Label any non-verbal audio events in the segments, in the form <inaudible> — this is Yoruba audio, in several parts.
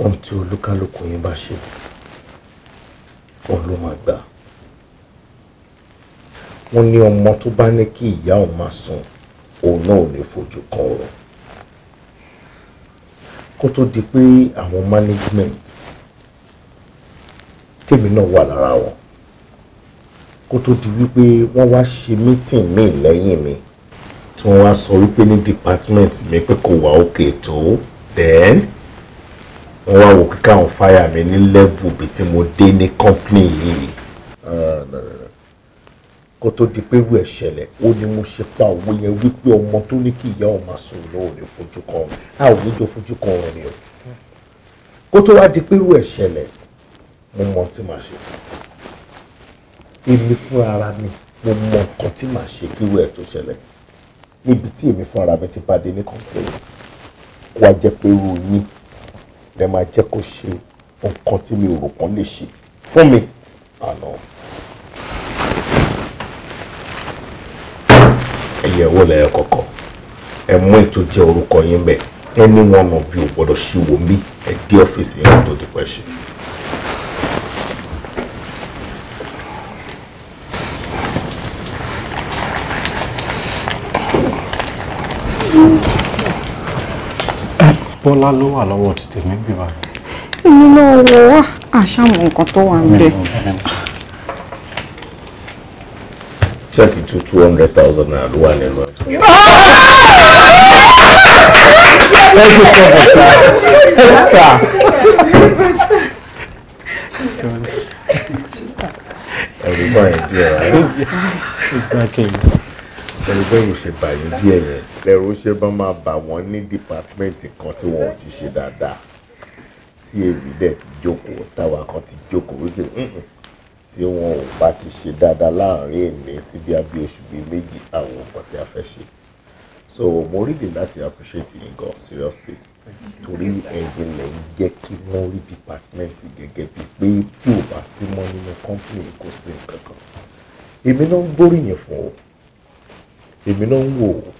ohun tí olúkálùkù yín bá ṣe òun ló máa gbà wọ́n ní ọmọ tó bá ní kí ìyá òun máa sùn òun náà ò ní fojú kan ọ̀rọ̀ kó tó di pé àwọn management tèmi náà wà lára wọn kó tó di wípé wọ́n wá ṣe meeting míì lẹ́yìn mi tí wọ́n wá sọ wípé ní department mi pé kò wá òkè tó then wọ́n wá wò kíkà àwọn fáyà mi ní lẹ́vù bí tí mo dé ní kọ́ńpìnì yìí. Ah, kó tó di pé irú ẹ̀ ó ní mo ṣe pa òwe yẹn wípé ọmọ tó ní kí ìyá ọmọ sùn lóò ní fojú kan a ò ní jọ fojú kan ọ̀rọ̀ ni o kó tó wá di pé irú ẹ̀ mo mọ tí màá ṣe èmi fúnra mi mo mọ nǹkan tí màá ṣe kí irú ẹ̀ tó ṣẹlẹ̀ níbi tí èmi fúnra mi ti bá dé ní kọ́ńpìnì wá jẹ́ pé irú yín ẹ máa jẹ́ kó ṣe nǹkan tí mi ò rò kán lè ṣe fún mi àná. ẹyẹ wo lẹyẹ kọkọ ẹ mú ètò jẹ orúkọ yín bẹ ẹni wọn nà bí o gbọ́dọ̀ ṣe wò mí ẹ dé ọfíìsì yẹn tó di pẹ ṣe. bọ́lá lo wà lọ́wọ́ ti tèmi bí wa. èmi náà wọ àṣàwọn mo nkan to wa nbe. Check it to 200,000 naira lo wa nínú thank you so much sir thank you sir. Everybody, dear. Exactly. pẹ̀lú bẹ́yìn ṣe bàyí díẹ̀ yẹn lẹ́rù ṣe bá máa bà wọ́n ní dìpátímẹ́ǹtì kan tí wọ́n ò ti ṣe dáadáa tí èmi dẹ̀ ti jókòó táwa kan ti jókòó wípé tí wọn ò bá ti ṣe dáadáa láàrin èmi sí bí abí oṣù bíi méjì àwọn nǹkan tí a fẹ́ ṣe so mo rí di láti appreciate yín gan seriously torí ẹ̀yin lè ń jẹ́ kí wọ́n rí department gẹ́gẹ́ bíi pé tí ò bá sí mọ́ nínú company kò sí nǹkan kan èmi náà ń gbóríyìn fún o èmi náà ń wò ó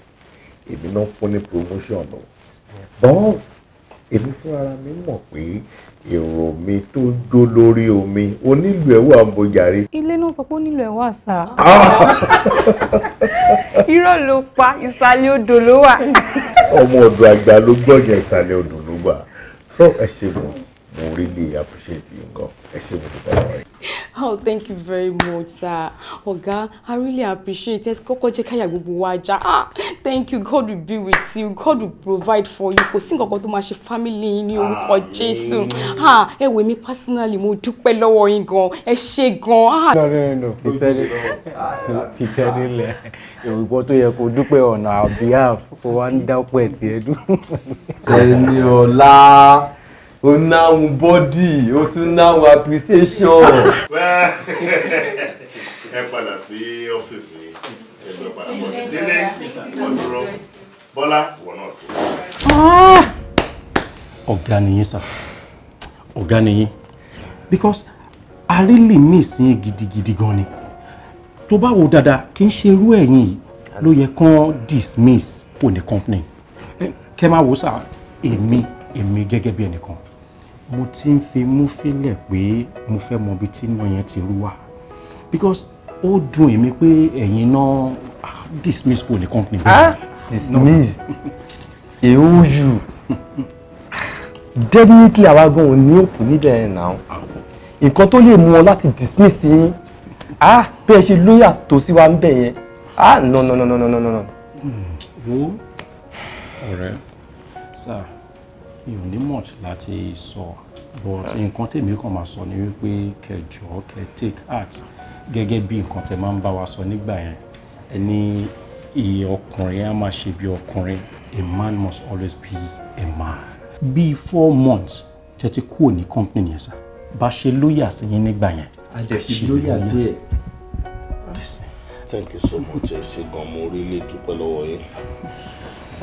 èmi náà fún ní promotion o bọ́n èmi fún ara mi mọ̀ pé èrò mi tó jó lórí omi onílù ẹ̀ wà ilé náà sọ pé onílù ẹ̀ wà ah! irọ́ ló pa ìsàlẹ̀ odò ló wà. ọmọ ọ̀dọ̀ àgbà ló gbọ́yàn ìsàlẹ̀ odò ló wà so ẹ ṣe mo mo really appreciate yín gan ẹ ṣe mo dúpẹ́ lọ́wọ́ yín oh thank you very much sir ọ̀gá i really appreciate it kọ́kọ́ jẹ́ káyà gbogbo wa já ah thank you god will be with you god will provide for you kò sí nǹkan kan tó máa family yín ní orúkọ jésù ah ẹ we mí personally mo dúpẹ́ lọ́wọ́ yín gan ẹ ṣe gan ah. no no no fìtẹ́nilẹ̀ ìwọ tó yẹ kó dúpẹ́ ọ̀nà our behalf kó wá ń dápẹ́ tiẹ̀ dùn. ẹni o náhun bọ́dì o tún náhun appreciation. <laughs> ẹ padà sí ọ́fíìsì ẹgbẹ́ padà bọ́ sí délé ìwọ dúró bọ́lá ìwọ náà tó. Ah! ọ̀gá nìyí sà ọ̀gá nìyí because a really miss yín gidigidi gan ni tó bá wo dáadáa kì í ṣe irú ẹ̀yin yìí ló yẹ kán dismiss kò ní company kẹ́ máa wò sà èmi èmi gẹ́gẹ́ bí ẹnìkan mo ti ń fi mú fílẹ̀ pé mo fẹ́ mọ ibi tí iná yẹn ti rú wá because ó dùn èmi pé ẹ̀yin náà ah, dismiss kò ní company bẹ́ẹ̀. Ah! dismissed èyí you. definitely àwa gan ò ní òkú níbẹ̀ now. náà nǹkan tó lè mú wọn láti dismiss yín ah bí ẹ ṣe lóyà tó sí wa ń bẹ̀ yẹn ah no no no no no no no. Hmm. wo ọ̀rẹ́ sáà. You need ní much láti sọ but nǹkan tèmi kàn máa sọ ni wípé kẹjọ kẹ take heart gẹ́gẹ́ bí nǹkan tẹ máa ń bá wa sọ nígbà yẹn ẹni iye ọkùnrin á máa ṣe bí ọkùnrin a man must always be a man. bí four months tẹ ti kúrò ní company yẹn sá bá ṣe lóyà sí yín nígbà yẹn. a lóyà díẹ̀. thank you so much ẹ ṣe gan mo rí ilé dúpẹ́ lọ́wọ́ yín.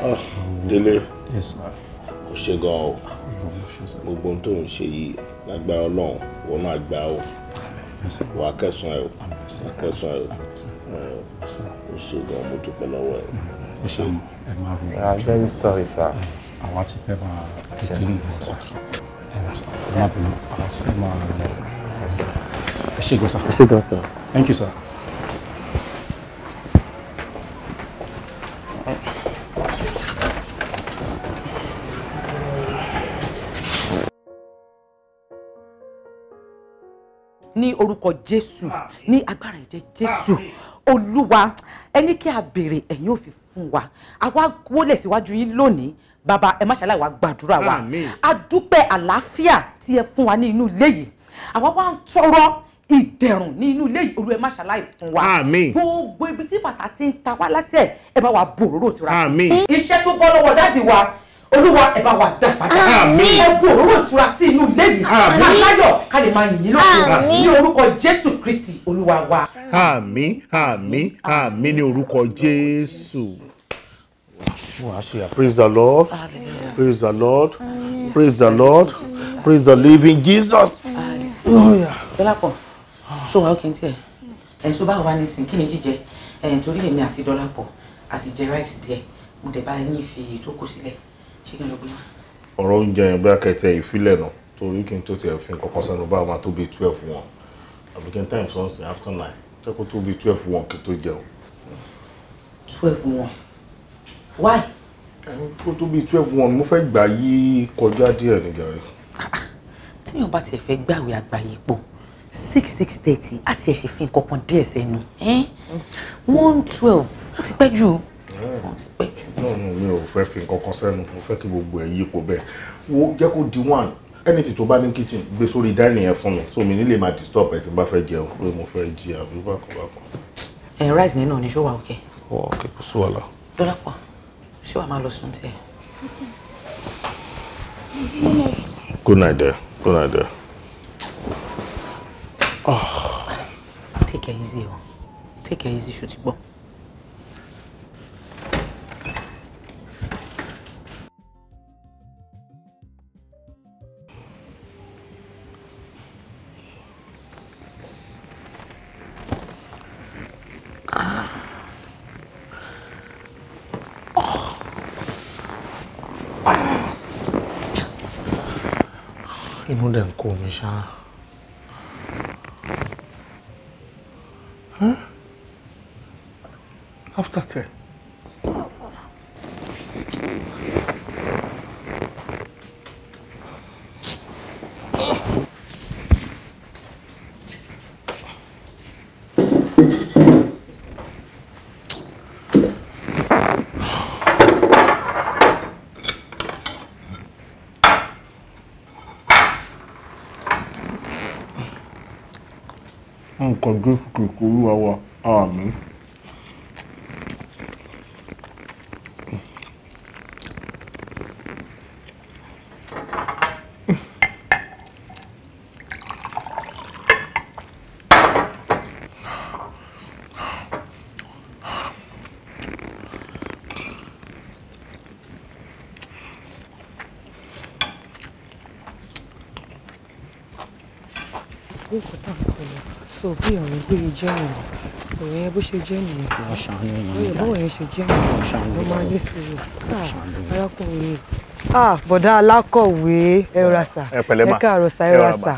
Ah, délé. yes sir o ṣe gan o gbogbo tó ń ṣe yìí lágbára Ọlọ́run wọn náà gbà o wà á ẹ o wà ẹ o o ṣe gan mo dúpẹ́ lọ́wọ́ ẹ. I'm very sorry sir. àwa ti fẹ́ máa kékeré ìfọ̀sà ẹ máa ti fẹ́ máa ẹ ṣe gan sir. ẹ ṣe gan sir. thank you sir. ní orúkọ jésù ní agbára ẹ̀jẹ̀ jésù olúwa ẹni kí a béèrè ẹ̀yin ò fún wa àwa wọlé síwájú yín lónìí bàbá ẹ má ṣàlàyé wa gbàdúrà wa a àlàáfíà tí ẹ fún wa ní inú ilé yìí àwa wá ń tọrọ ìdẹ̀rùn ní inú ilé olú ẹ má ṣàlàyé fún wa gbogbo ibi tí bàtà ti ń ta wá lásẹ̀ ẹ bá wa bò òróró tura iṣẹ́ tó bọ́ lọ́wọ́ dáàdi wa olúwa ẹ bá wa dá padà ẹ bu òróró ìtura sí inú ilé yìí láláyọ̀ ká lè máa yìnyín lókè ní orúkọ jésù kristi olúwa wa. àmín àmín àmín ní orúkọ jésù. praise the lord praise the lord praise the lord praise the living jesus. dọ́làpọ̀ ṣó wa ó kí n tiẹ̀ ẹ̀ tó bá wa ní sìn kí ni jíjẹ ẹ̀ torí èmi àti dọ́làpọ̀ àti jẹ rice díẹ̀ mo dẹ̀ bá yín fi ìtókò sílẹ̀ ṣé kí n lọ gbé wá. ọ̀rọ̀ oúnjẹ yẹn bí akẹ́tẹ̀ ìfilẹ̀ náà torí kí n tó tiẹ̀ fi kọ́kọ́ sẹ́nu bá máa tó bíi twelve one àbí kí n time something after nine jẹ́ kó tó bíi twelve one kí n tó jẹun. twelve one why. kó tó bíi twelve one mo fẹ́ gbà yí kọjá díẹ̀ ní gàrí. tíyàn bá tiẹ̀ fẹ́ gbàwé àgbáyé pọ̀ six six thirty àti ẹ̀ ṣe fi nǹkan kan díẹ̀ sẹ́nu one twelve ó ti pẹ́ jù wọ́n ti pẹ́ jù. náà nù mi ò fẹ́ fi nǹkan kan sẹ́nu mo fẹ́ kí gbogbo ẹ̀ yí ipò bẹ́ẹ̀ wo jẹ́ kó di one anything tó bá ní kitchen gbé sórí dining ẹ̀ fún mi so mi nílé máa disturb ẹ̀ tí n bá fẹ́ jẹun pé mo fẹ́ jí àbí bákan bákan. ẹ rice nínú ní ṣó wà òkè. wọ́n òkè kò sí wàhálà. dọ́là pọ̀ ṣé wàá máa lọ sùn tiẹ̀. good night there good night there. Oh. take it easy o take it easy ṣùtì gbọ́. kò mí ṣá. After ten. ìkúrú ọwọ́ àmín. àbí nǹkan tá à sọ yẹn so bí ọ̀rọ̀ gbé yẹn jẹ́ nìyẹn ọ̀rọ̀ yẹn bó ṣe jẹ́ nìyẹn ọ̀rọ̀ bọ́ọ̀ yẹn ṣe jẹ́ nìyẹn ló máa ní sùúrù arákùnrin ah, ah bọ̀dá alákọ̀wé ẹ̀rọ̀sà ẹ káàárọ̀ sà ẹ̀rọ̀sà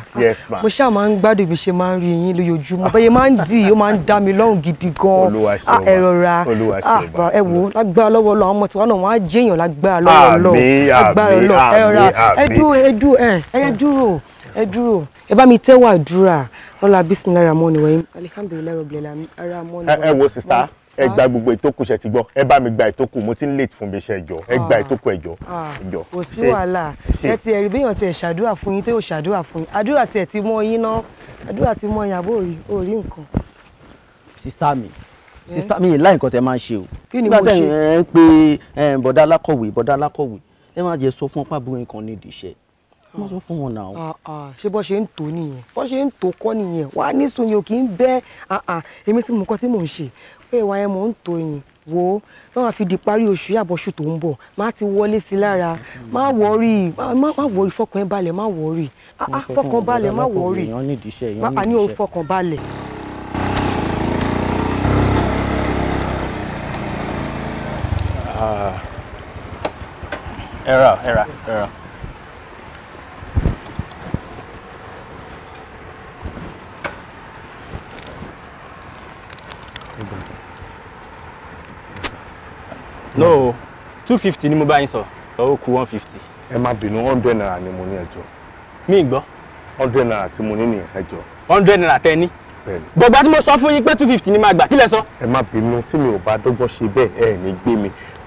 mo ṣáà máa ń gbádùn ibi ṣe máa ń rí yín lójoojúmọ́ bẹ́ẹ̀ máa ń dì ó máa ń dá mi lọ́rùn gidi gan ah, ẹ̀rọ̀ra ah, ẹ wò lágbára lọ́wọ́ lọ àwọn ọmọ tiwa náà wọ́n á jẹ́yàn lágbára lọ́wọ́ lọ lágbára lọ ẹ̀rọ̀ra ẹ dúró ẹ dúró ẹ ẹ dúró ẹ bá mi tẹ́wọ́ àdúrà ọlá bisimilahi ramoni wẹ̀yìn alihamdulilayi rọ̀bìlẹ̀ ramoni. ẹ wo sista ẹ gba gbogbo ìtókù ṣe ti gbọ́ ẹ bá mi gba ìtókù mo ti ń late fún mi ṣe ẹjọ́ ẹ gba ah. ìtókù ẹjọ́ ah, ẹjọ́ kò sí wàhálà ẹ ti ẹ̀rí béèyàn ti ẹ̀ ṣàdúrà fún yín tí yóò ṣàdúrà fún yín àdúrà tiẹ̀ ti mọ yín náà àdúrà ti mọ yàgò rí orí nǹkan. sista mi eh? sista mi láì nǹkan tẹ máa ń ṣe o nígbà tẹ ẹ ń pe bọ̀dá alákọ̀wé bọ̀dá alákọ̀wé ẹ má jẹ́ sọ fún pábùrin kan nídìí iṣẹ́ mo sọ fún wọn náà. Ah, ah, ṣé bó ṣe ń tò nìyẹn bó ṣe ń tò kọ́ nìyẹn wà á nísun yìí ò kì í bẹ́ ah, èmi tí mo kọ́ tí mò ń ṣe pé ìwà yẹn mò ń tò yìí wò ó wọn àfi di parí oṣù yàbọ̀ṣù tó ń bọ̀ má ti wọlé sí lára má wọrí má wọrí fọkàn balẹ̀ má wọrí fọkàn balẹ̀ má wọrí má ní o fọkàn balẹ̀. ẹ̀rọ ẹ̀rọ ẹ̀rọ. no two fifty ni mo bá yín sọ ọwọ́ one fifty. Emma binu hundred naira ni mo ní ẹjọ. mi gbọ́. hundred naira tí mo ní ní ẹjọ. hundred naira tẹ ní. gbọ̀gbà tí mo sọ fún yín pé two fifty ni màá gbà kí lẹ sọ. ẹ má bínú tí mi ò bá dọ́gbọ́n ṣe bẹ́ẹ̀ ẹ ní gbé mi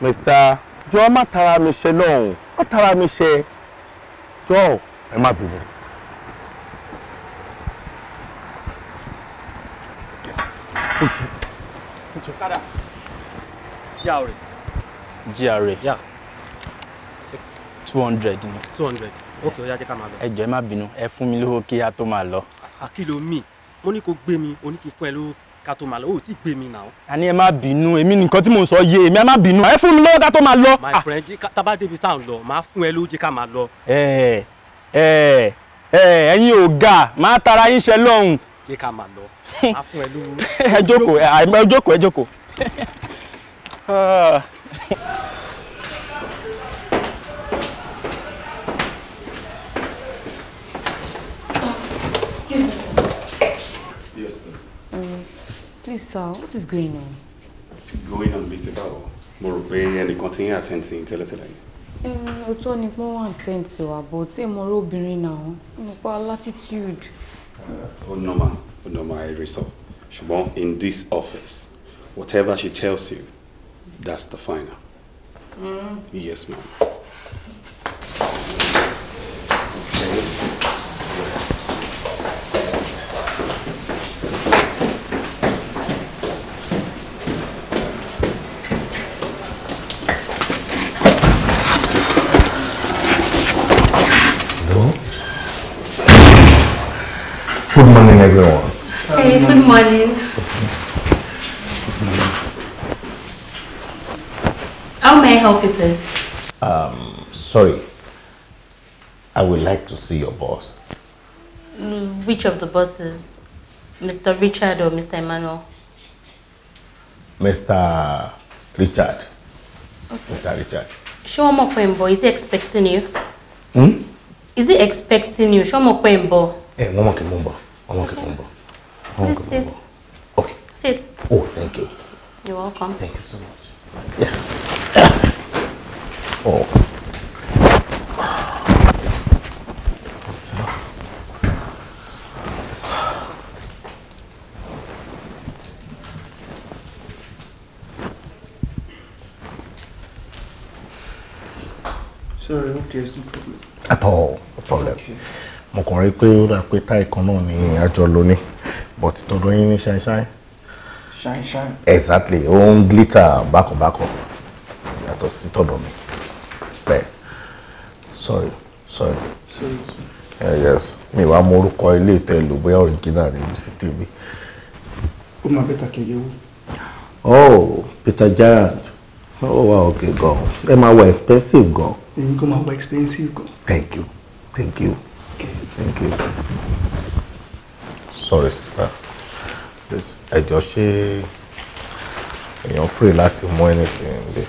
mr jọ má tara mi ṣe lọ́hùn má tara mi ṣe jọ ẹ má bínú. GRA. GRA. Yeah. two hundred ni. two hundred ok ó yá jẹ́ ká máa lọ. ẹ jọ̀ọ́ ẹ má bínú ẹ fún mi lówó kí a tó máa lọ. àkìlò mi mo ní kó gbé mi o fún ẹ lówó ká tó máa lọ o ti gbé mi náà. àní ẹ má bínú èmi nìkan tí mò ń sọ yé èmi ẹ má bínú ẹ fún mi lọ́wọ́ ká tó máa lọ. my friend tábà débi tá à ń lọ màá fún ẹ lóúnjẹ ká máa lọ. ẹ ẹ ẹ ẹ̀yin ò ga máa tara yín ṣe lọ́hùn. jẹ́ ká máa lọ <laughs> màá fún ẹ lówó. ẹ jókòó ẹ jókòó ẹ jókòó. <laughs> Please, sir, what is going on? Going on bíi ti báwo? Mo rò pé ẹnìkan ti ń àtẹ̀ǹtì tẹ́lẹ̀tẹ́lẹ̀ ni. Mm, òótọ́ ni pé wọ́n àtẹ̀ǹtì wa, bó tí mo rí obìnrin náà, nípa latitude. Ó nọ́mà, ó nọ́mà ẹ̀rí sọ. Ṣùgbọ́n in this office, whatever she tells you, that's the final. Mm. Yes, ma'am. help you, please? Um, sorry. I would like to see your boss. Mm, which of the bosses? Mr. Richard or Mr. Emmanuel? Mr. Richard. Okay. Mr. Richard. Show him up, boy. Is he expecting you? Hmm? Is he expecting you? Show him up, Embo. Eh, Mama Kimumba. Mama Kimumba. Please sit. Okay. Sit. Oh, thank you. You're welcome. Thank you so much. Yeah. Oh. Sorry, hope there's no problem. At Mo kàn rí pé ó dà pé táì kan náà ni àjọ lóní, but tọ̀dọ̀ yín ní shine shine. Shine shine. Exactly, ó ń glitter bákọ̀bákọ̀ yàtọ̀ sí tọ̀dọ̀ mi pẹ́ sorry sorry eh, yes mi wa mo orúkọ ilé ìtẹ́lù bóyá òrìjìnà rẹ̀ mi sì tèmi. ó máa bẹ́ta kẹyẹwò. oh Peter Giant oh wa ok gan ẹ máa wọ expensive gan. èyí kò máa wọ expensive gan. thank you thank you okay. thank you sorry sister please ẹ jọ ṣe èèyàn free láti mú anything there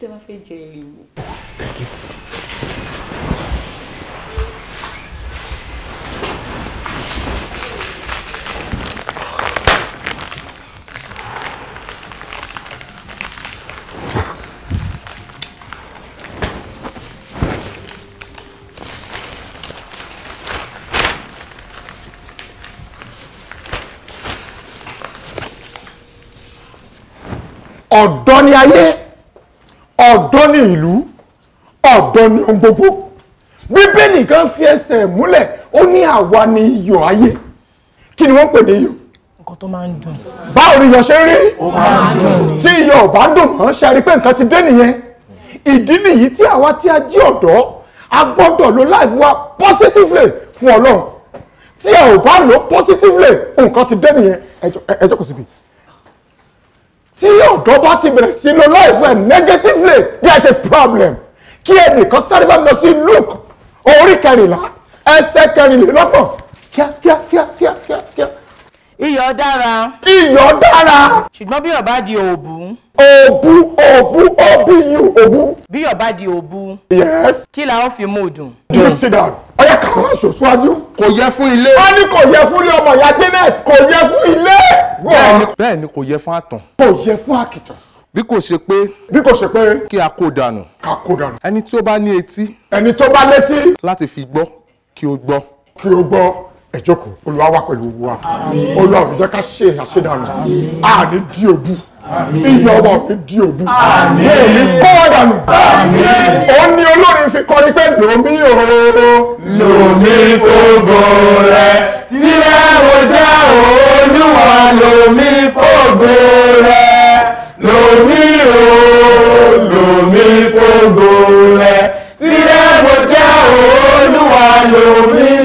tí wọ́n fẹ́ jẹ ìwò. Thank you. ọ̀dọ́ ni ayé ọ̀dọ́ ni ìlú ọ̀dọ́ ni ohun gbogbo bíbélì kan fi ẹsẹ̀ múlẹ̀ ó ní àwa ni iyọ̀ ayé kí ni wọ́n pè ní iyọ̀ nǹkan tó máa ń dùn báwo ni iyọ̀ ṣe rí tí iyọ̀ ò bá dùn mọ́ ṣe rí pé nǹkan ti dé nìyẹn ìdí nìyí tí àwa tí a jí ọ̀dọ́ a gbọ́dọ̀ lo life wa positively fún ọlọ́run tí a ò bá lò positively nǹkan ti dé nìyẹn ẹjọ́ kò síbi tí ọ̀dọ́ bá ti bẹ̀rẹ̀ sí lo life ẹ̀ negatively there is a problem kí ẹnìkan sáré bá lọ sí Luke orí kẹrìnlá ẹsẹ̀ kẹrìnlélọ́gbọ̀n kíákíákíákíákíá iyọ̀ dára. iyọ̀ dára. ṣùgbọ́n bí ọba di òbú. òbú òbú òbí yìí òbú. bí ọba di òbú. yes. kí la ó fi mú dùn. you sit down. ọyá kàwé aṣọ síwájú. kò yẹ fún ilé. wọ́n ní kò yẹ fún ilé ọmọ ìyá Janet kò yẹ fún ilé. bẹ́ẹ̀ ni kò yẹ fún àtàn. kò yẹ fún àkìtàn bí kò ṣe pé. bí kò ṣe pé. kí a kó dànù. ká kó dànù. ẹni tí ó bá ní etí. ẹni tó bá létí. láti fi gbọ́ kí o gbọ́. kí o gbọ́ ẹ jókòó olúwa wà pẹ̀lú owó wa olúwa ò ní ká ṣe àṣedànù àní di òbu iyọ̀ ọba ò ní di òbu mi ò ní kọ́ wá òun ni olórin fi kọrin pé lómi òróró lómi fògo rẹ tílẹ̀ mo já olúwa lómi fògo rẹ lómi òróró lómi fògo rẹ tílẹ̀ mo já olúwa lómi.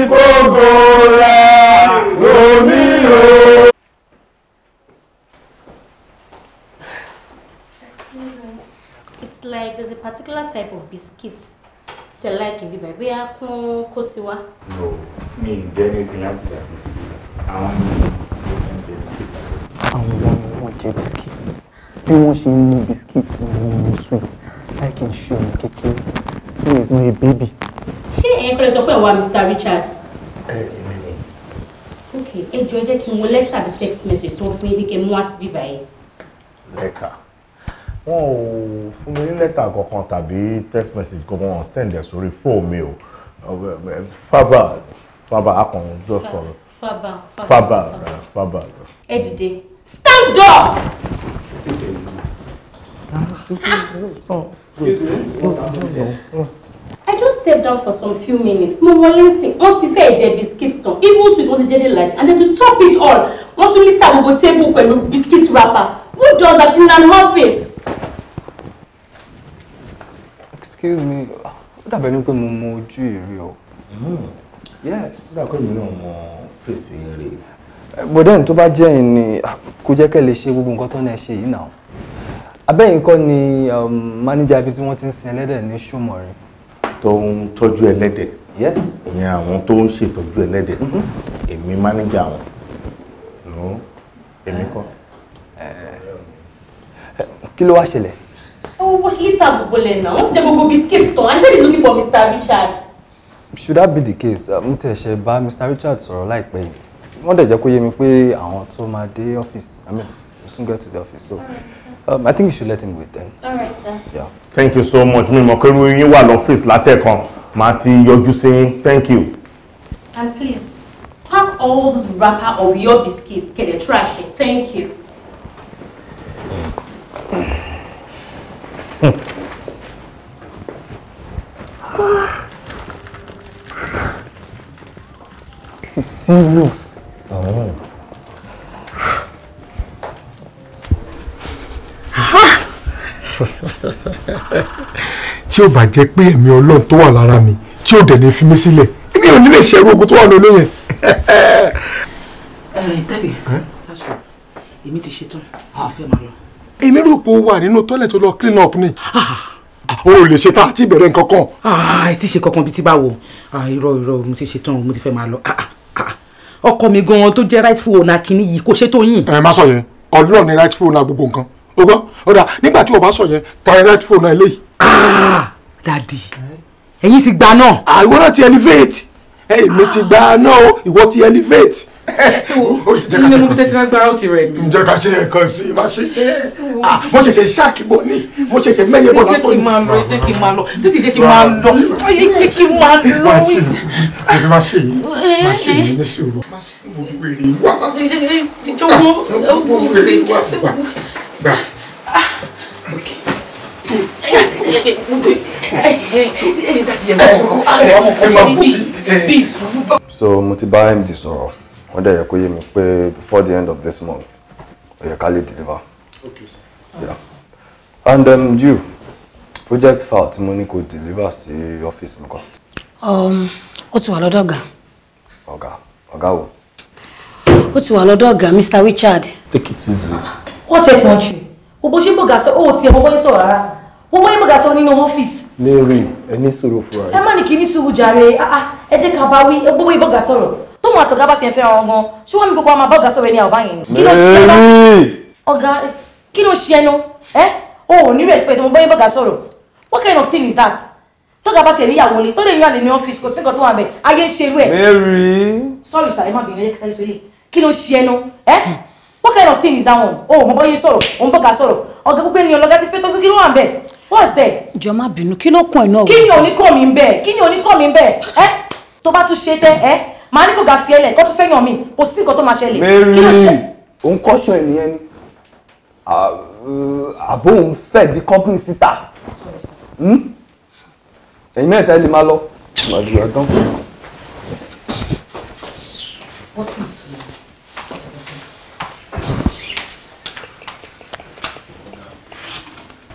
particular type of biscuits. tẹ láìkì bíbá ẹ bóyá kún kó sí wa. no mi ì jẹ́ ní ti láti gbà tí mo ti bí àwọn ní ìlú jẹ biscuit. àwọn ọmọ mi wọ́n jẹ biscuit bí wọ́n ṣe ń ní biscuit ni wọ́n mú sweet láìkì ń ṣe òun kékeré he is not a baby. ṣé ẹ̀yin kọ́lẹ̀ sọ pé ìwà Mr. Richard. ẹ ẹ mẹ́lẹ̀. ok ẹ jọ jẹ́ kí n wo lẹ́tà àti text message tó ń fún yín bí kẹ́ mú wá báyìí. lẹ́tà wọn ò fún mi ní lẹ́tà kankan tàbí text message kan wọn send ẹ̀ sórí fóònù mi o fábà fábà akàn jọ sọ̀rọ̀ fábà fábà fábà. ẹ dìde stand up. I just stepped out for some few minutes. Mo wọlé sí, wọ́n ti fẹ́ jẹ biscuit tán. Even sweet wọ́n ti jẹ́ dé large and then to top it all, wọ́n tún lítà gbogbo table pẹ̀lú biscuit wrapper. Who does that in an office? Excuse me, ó dàbẹ̀ ni pé mo mọ ojú ìrí o. Hmm, yes, ó dàbẹ̀ mi náà mọ fèsì rè. Bọ̀dẹ́n tó bá jẹ́ ẹ̀yìn ni kò jẹ́ kẹ́ lè ṣe gbogbo nǹkan tó náà ṣe yìí náà. Abẹ́yìn kọ́ ni máníjà um, ibi tí wọ́n ti ń sin ẹlẹ́dẹ̀ ní Ṣòmọ̀rẹ́. Tó ń tọ́jú ẹlẹ́dẹ̀. Yes. Ìyẹn to tó ń ṣètọ́jú ẹlẹ́dẹ̀. Mm-hmm. Èmi máníjà wọn. No, èmi kọ́. Eh, kí ló wá ṣẹlẹ̀. owó bó ṣe lè ta gbogbo lẹ̀ náà wọ́n ti jẹ gbogbo biscuit tán i said he's looking for mr richard. should that be the case n um, tẹ̀ ṣe bá mr richard sọ̀rọ̀ láìpẹ́ yìí wọ́n dẹ̀ jẹ́ kó yé mi pé àwọn tó máa dé office i mean we soon get to the office so um, i think you should let him wait then. all Yeah. thank you so much mi mọ̀ pé irú yín wà lọ́fíìsì látẹ̀kan màá ti yọjú sí yín thank you. and please pack all those wrapper of your biscuits get a trash it thank you serious. Oh. tí ó bá jẹ́ pé ẹ̀mí ọlọ́run tó wà lára mi tí ó dẹ̀ lè fi mí sílẹ̀ èmi ò ní lè ṣerú ogun tó wà lólo yẹn. ẹ ẹ tẹ́lẹ̀ èmi ti ṣetán mo fẹ́ máa lọ èmi rò pé o wà nínú tọ́lẹ̀ tó lọ clean up ni ah, o ò lè ṣe tá a ti bẹ̀rẹ̀ nǹkan kan. Ah, ẹ ti ṣe kankan bíi ti báwo ah, irọ́ irọ́ mo ti ṣe tán mo ti fẹ́ máa lọ ọkọ mi gan-an tó jẹ́ rightful owner kìíní yìí kò ṣe tó yìn. ẹ má sọ yẹn ọlọ́run ni rightful owner gbogbo nǹkan o gbọ́ ọ̀dà nígbà tí o bá sọ yẹn ta ni rightful owner eléyìí. dadi ẹ̀yin ti gba náà. àwọn náà ti elevate èmi ti gba náà o ìwọ ti elevate ilé mo tẹ́tí máa gbára ó ti rẹ̀ mí. ǹjẹ́ ká ṣe ẹ̀kan sí i má ṣe é ah, mo ṣẹ̀ṣẹ̀ ṣàkíbò ni mo ṣẹ̀ṣẹ̀ mẹ́yẹ bọ̀ lápò ni. jẹ́ kí n máa lọ títí jẹ́ kí n máa lọ jẹ́ kí n máa lọ. má ṣe yìí má ṣe yìí má ṣe yìí eh, eh. ní ṣòro má ṣe mo wèrè wá. Eh, jọ̀wọ́ mo wèrè wá fún wa gbà. so mo ti bá md sọ̀rọ̀ wọ́n dẹ̀ yẹ kó yé mi pé before the end of this month ó yẹ ká lè deliver. okay sir. yeah and um, you project file tí mo ní kó deliver sí ọ́fíìsì mi kan. Um, ó ti wà lọ́dọ̀ ọ̀gá. ọ̀gá ọ̀gá wo. ó ti wà lọ́dọ̀ ọ̀gá Mr. Richard. take it easy. wọ́n tẹ fún ọ̀tún gbogbo ṣé bọ̀gá sọ ó tiẹ̀ gbogbo yín sọ̀rọ̀ rárá gbogbo yín bọ̀gá sọ nínú ọ́fíìsì. lérí ẹ ní sùúrù fúra yín. ẹ má ní kí ní sùúrù jàre ah, ah, ẹ jẹ́ ká bá wí gbogbo yín sọ̀rọ̀ tóun àtọ̀gá bá ti fẹ́ ọ̀rọ̀ gan ṣé wọ́n mi gbogbo ọmọ abọ́gà sọ̀rọ̀ ẹni àbá yẹn kí ló ṣe ẹnu ọ̀gá kí ló ṣe ẹnu ẹ o ò ní respect mo bọ́yìn bọ́gà sọ̀rọ̀ what kind of thing is that tọ́gà bá tiẹ̀ níyàwó ni tó lè yàn ní ọ́fíìsì kò sí nǹkan tó wà bẹ̀ ayé ń ṣe irú ẹ̀. Mary sorry sir ẹ má bìnrin ẹ sáré sóyè kí ló ṣe ẹnu ẹ what kind of thing is that one o mo bọ́yìn sọ̀rọ̀ òun bọ́gà sọ̀rọ̀ ọ̀gá gbogbo ènìyàn lọ́gá ti fẹ́ tó kí ló wà bẹ̀ what's there. jọ má bínú kí ló kún ẹ náà. kí ni oníkọ́ mi ń bẹ̀ kí ni oníkọ́ mi ń bẹ̀ màá ní kò gà fi ẹlẹ̀ kó tún fẹ́yàn mi kò sí nǹkan tó máa ṣẹlẹ̀. Mary òun kọ́ṣọ́ ènìyàn ni àbó òun fẹ́ di company síta hmm? ẹ̀yin mẹ́ta lè máa lọ. What is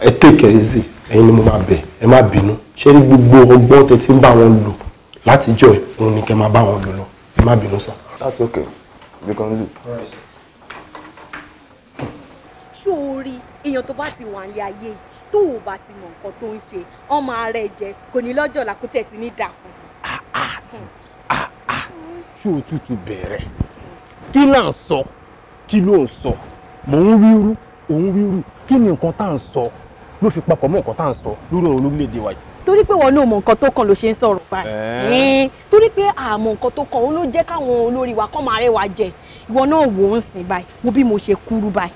ẹ take it easy ẹ̀yin ni mo máa bẹ̀ ẹ má bínú ṣé ní gbogbo ọgbọ́n tẹ ti ń bá wọn lò látijọ́ òun ni kẹ máa bá wọn lò lọ má bínú sir. that's okay We can do. Sorry, in your èèyàn one year, ti wà nílé ayé yìí tó o bá ti mọ nǹkan tó ń ṣe ọmọ Ah ah ah kò ní to làkútẹ̀ tún ní dà fún. Ah, ah, ah, ṣé o tútù bẹ̀rẹ̀ kí là ń sọ kí ló ń sọ mò ń wíru òun ni nǹkan tá torí pé wọn náà mọ nǹkan tó kàn ló ṣe ń sọ̀rọ̀ báyìí torí pé àmọ́ nǹkan tó kàn òun ló jẹ́ káwọn olórí wa kọ́ máa rẹwà jẹ ìwọ náà wò ó ń sìn báyìí wo bí mo ṣe kúrú báyìí.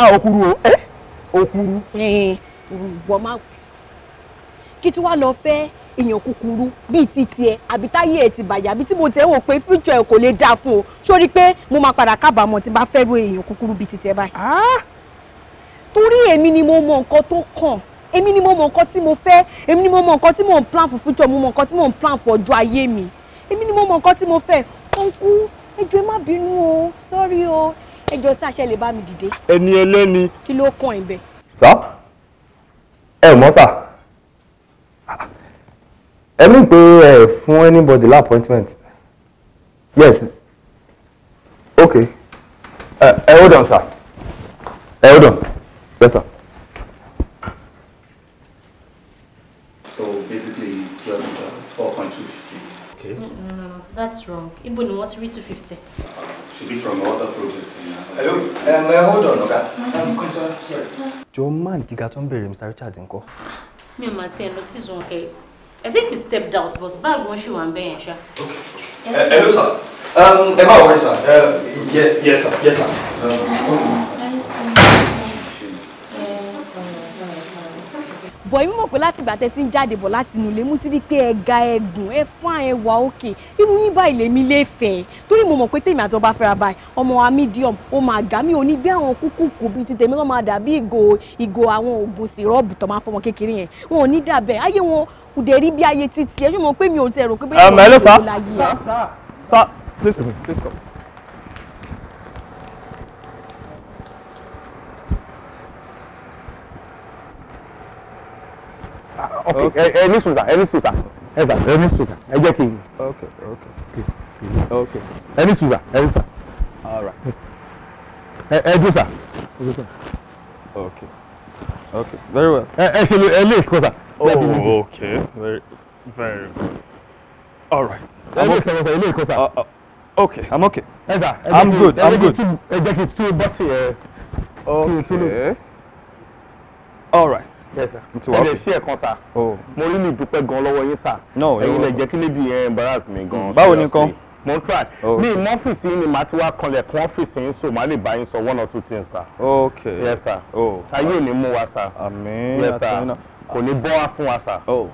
a ò kúrú o ẹ ò kúrú. ìwọ máa kí tí wàá lọ fẹ́ èèyàn kúkúrú bíi ti tiẹ̀ àbí táyé ẹ̀ ti bàjẹ́ àbí tí mo tẹ́ wò pé future ẹ̀ kò lè dáa fún o sórí pé mo máa padà kábàámọ̀ tí bá fẹ́ ru èèyàn kúkúrú bíi ti tiẹ̀ báyìí. Ah! torí èmi ni mo mọ nǹkan tó kàn èmi ni mo mọ nǹkan tí mo fẹ́ èmi ni mo mọ nǹkan tí mo ń plan for future mo mọ nǹkan tí mo ń plan for ọjọ́ ayé mi èmi ni mo mọ nǹkan tí mo fẹ́ ọ̀nkú ẹjọ́ ẹ má bínú o sorry o ẹjọ́ sí àṣẹ lè bá mi dìde. ẹni ẹlẹ́ni. kí ló kàn ẹ̀ bẹ̀. sá ẹ mọ̀ sá ẹ mí pé ẹ fún anybody la appointment yes okay ẹ hold on sir ẹ hold on yes sir. That's wrong. Ibu, what's wọ́n ti Should be from another project. Hello? Um, uh, hold on, okay. Mm-hmm. Um, concern, sorry. Jọ man gíga got on bèrè Mr. Richard inko. Me, ò máa tiẹ̀ notice wọn kẹ́. I think he stepped out but báàgì wọn ṣì wà bear bẹ̀yẹn Okay. Uh, hello sir. Um, ẹ má wọrí sir. Uh, yes yes, sir. Yes sir. Um, bọ̀ èmi mọ̀ pé láti ìgbà tẹ́ ti ń jáde bọ̀ láti inú ilé mo ti rí i pé ẹ̀ga ẹ̀gùn ẹ̀ fún àyẹ̀ wà òkè irú yín báyìí lèmi lè fẹ́ torí mo mọ̀ pé tèmi àti ọba fẹ́ra báyìí ọmọ wa medium ó máa gà mí ò ní bí àwọn kúkú kù bíi ti tèmi kọ́ máa dàbí ìgò ìgò àwọn oògùn sírọ́ọ̀bù tó máa fọmọ kékeré yẹn wọn ò ní dàbẹ̀ ayé wọn kò dẹ̀ rí bí ayé ti tiẹ̀ ṣùgbọ́n pé mi ò tẹ̀ rò pé bí wọ́n ń Okay. ní sùn sà ẹ ní sùn sà ẹ sà ẹ ní sùn sà ẹ jẹ́ kí n. ok ok ok ẹ sùn sà ẹ ní sà. all right. ẹ dùn sà ẹ dùn sà. ok ok very well. ẹ ṣe ẹ lè sọ sà. oh Okay. very very good. all right. ẹ lè sọ sà ẹ lè kọ sà. ok i'm ok. ẹ sà i'm good i'm good. ẹ jẹ́ kí two bọ́tì ẹ. ok all right ẹ̀jẹ̀ sí ẹ̀kan sà mo rí ní ìdúpẹ́ gan lọ́wọ́ yín sà ẹ̀yin lè jẹ́ kí lédi yẹn embarrass mi gan. Mm, báwo ni kan mo ń try ní oh, ìmọ̀ ọ́fíìsì yín ni màá ti wá kanlẹ̀ kan ọ́fíìsì yín so màá lè bá yín sọ one or two things sà. ok yes sà oh. ayé ò ní mú wa sà yes sà kò ní bọ́ wá fún wa sà oh,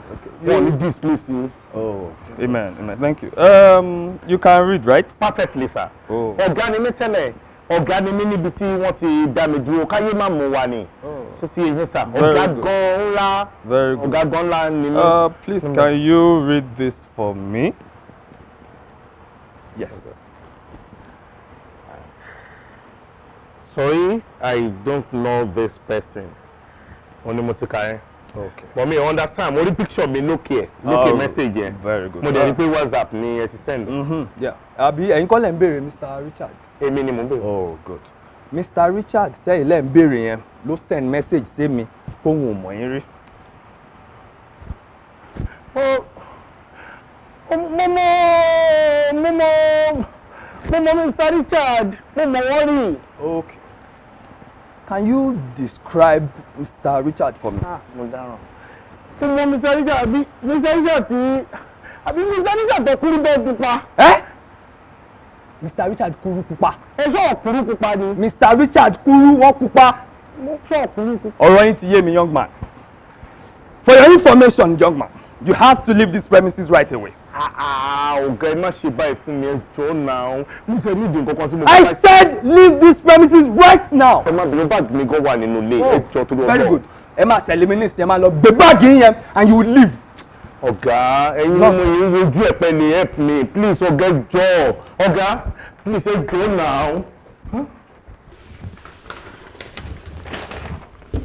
wọn ní dismiss yín. Oh, yes, amen, sir. amen. Thank you. Um, you can read, right? Perfectly, sir. Oh. Ọ̀gá ni mí tẹ́lẹ̀, ọ̀gá ni mí níbi tí wọ́n ti dá mi dúró, káyé má mú wa ni. Oh sí ti yín sà ọ̀gágun please can you read this for me? yes. sorry i don't know this person wọn ni mo ti but me understand Only rí picture mi lókè ẹ lókè oh, message here. Very good. rí uh, pé whatsapp me ẹ ti send. Mm-hmm, àbí ẹ̀yin kọ́ lẹ̀ ń béèrè mr richard. A minimum. oh good. mr richard tẹ́yìn lẹ́ ń béèrè yẹn ló send message sí mi kóhun ò mọ̀ yín rí. mo mọ mo mọ mo mọ Mr. Richard mo mọ wọ́n okay can you describe Mr. Richard for me. ah mo dáràn. mo mọ Mr. Richard àbí Mr. Richard tí àbí Mr. Richard tó kúrú bẹ́ẹ̀ pupa. ẹ́ Mr. Richard kúrú pupa. ẹ sọ kúrú pupa ni. Mr. Richard kúrú wọ́n pupa ọ̀rọ̀ yín ti yé mi young man for your information young man you have to leave these premises right away. ọ̀gá ah, ẹ ah, má ṣe báyìí fún mi ẹ náà mo ti ní ìdí nǹkan tí mo. I said leave these premises right now. ẹ má bẹ̀rẹ̀ báàgì mi gan wà nínú ilé oh, ẹ jọ̀ọ́ torí ọgbọ́n. very good ẹ máa tẹ̀lé mi nísìnyí ẹ máa lọ gbé báàgì yẹn and you leave. ọ̀gá ẹ̀yin ọmọ yìí ń rojú ẹ̀pẹ́ ni help me please ọ̀gá ẹ ọ̀gá please ẹ jọ̀ọ́ náà.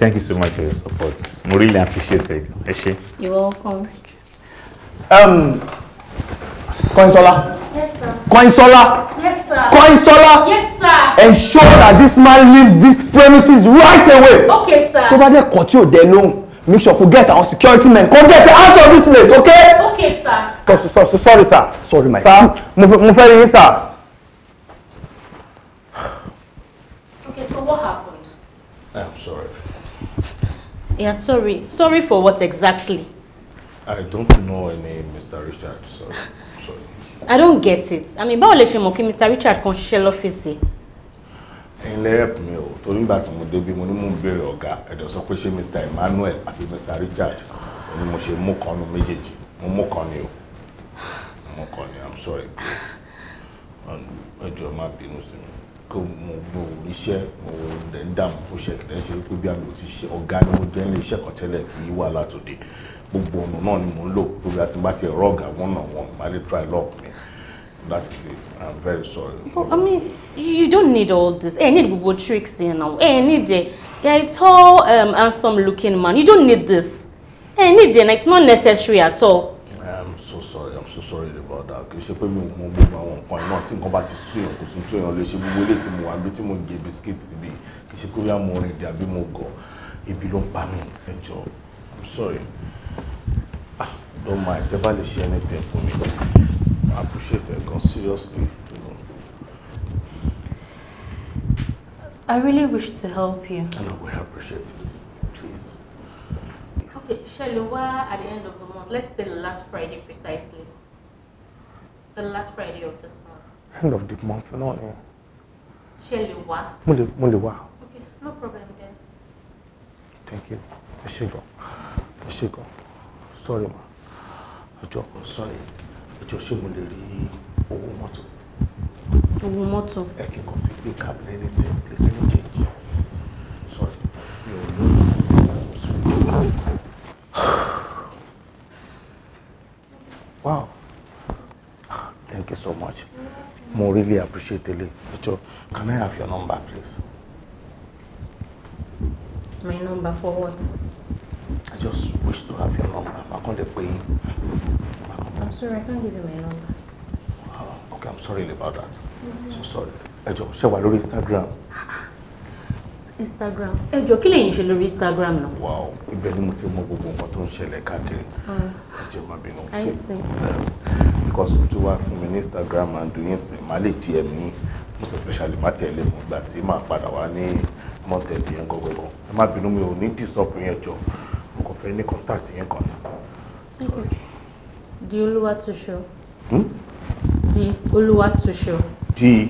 Thank you so much for your support. We really appreciate it. Eshe. You're welcome. Um, Koinsola. Yes, sir. Koinsola. Yes, sir. Koinsola. Yes, sir. Ensure that this man leaves this premises right away. Okay, sir. Tó bá dé kọ̀ tí ò make sure kò get our security men come get out of this place, okay? Okay, sir. So sorry, sorry, sir. Sorry, my. Sir, move, move rí sir. Yeah, sorry. Sorry for what exactly? I don't know any Mr. Richard, sorry. sorry. I don't get it. I mean, báwo lẹ ṣe mọ̀ kí Mr. Richard kan ṣiṣẹ́ lọ́fíìsì? Ẹ̀yin lẹ help me, o, torí nígbà tí mo débi mo ní mò ń béèrè ọ̀gá, ẹ̀dọ̀ sọ pé ṣé Mr. Emmanuel àti Mr. Richard ni mo ṣe mú kan nu méjèèjì, mo mú kan ni o, mo mú ni, I'm sorry. And <sighs> jọ̀ọ́ má bínú sí mo mo iṣẹ́ mo dẹ̀ ń dààmú fún iṣẹ́ kìlẹ̀ ṣe pé bí àmì ò ti ṣe ọ̀gá ni mo jẹ́ ní iṣẹ́ kan tẹ́lẹ̀ kì í wà látòde gbogbo ọ̀nà náà ni mo ń lò lórí àti bá ti ẹ̀rọ ọ̀gá wọn náà wọn máa lè try lock mi that is it i'm very sorry. but i mean you don't need all this ẹ eh, need gbogbo tricks yẹn now ẹ eh, need ẹ ẹ tall um, handsome looking man you don't need this ẹ eh, need ẹ na it's not necessary at all so sorry about that kì í ṣe pé mi ò mọ gbogbo àwọn nǹkan iná tí nǹkan bá ti sú èèyàn kò sún tó èèyàn lè ṣe gbogbo ilé tí mo wà níbi tí mo gé biscuit síbi kì í ṣe pé bí mo rìn dé àbí mo gọ̀ ebi ló ń pa mí ẹ jọ i'm sorry ah don't mind tẹ bá lè ṣe anything for me i appreciate it gan seriously. You know. I really wish to help you. I know, we appreciate it. Please. Please. Okay, Shelly, at the end of the month, let's say last Friday precisely, the last Friday of this month. End of the month náà ni. Ṣé lè wá? Mo lè Okay, no problem then. Thank you. Ẹ ṣé gan. Ẹ ṣé gan. Sorry ma. I just sorry. I just mo lè rí owó mọ́tò? Owó mọ́tò. Ẹ kì í kàn fi gbé cab lẹ́ni tí n change. Sorry, mi ò <sighs> Wow. Thank you so much. Mo really appreciate it. Ejo, can I have your number, please? My number for what? I just wish to have your number. I'm not going I'm sorry, I can't give you my number. Oh, okay, I'm sorry about that. Mm-hmm. So sorry. Ejo, ṣé wà lórí Instagram? Instagram. Ejo, kí lẹ̀yin ṣe lórí Instagram now. Wow, you better not ti my gbogbo nǹkan tó ń ṣẹlẹ̀ káàkiri. Ejo, ah. má bínú. I see because o tún wá fún mi ní Instagram and doing sin má lè DM ní most especially má tiẹ̀ lè mú gbà tí padà wá ní mọ́tẹ̀ẹ̀dì yẹn gọ́gọ́ ẹ má bínú mi ò ní dìsọ́pù yẹn jọ mo kàn fẹ́ ní contact yẹn kan di olúwa tó hmm? di olúwa tó di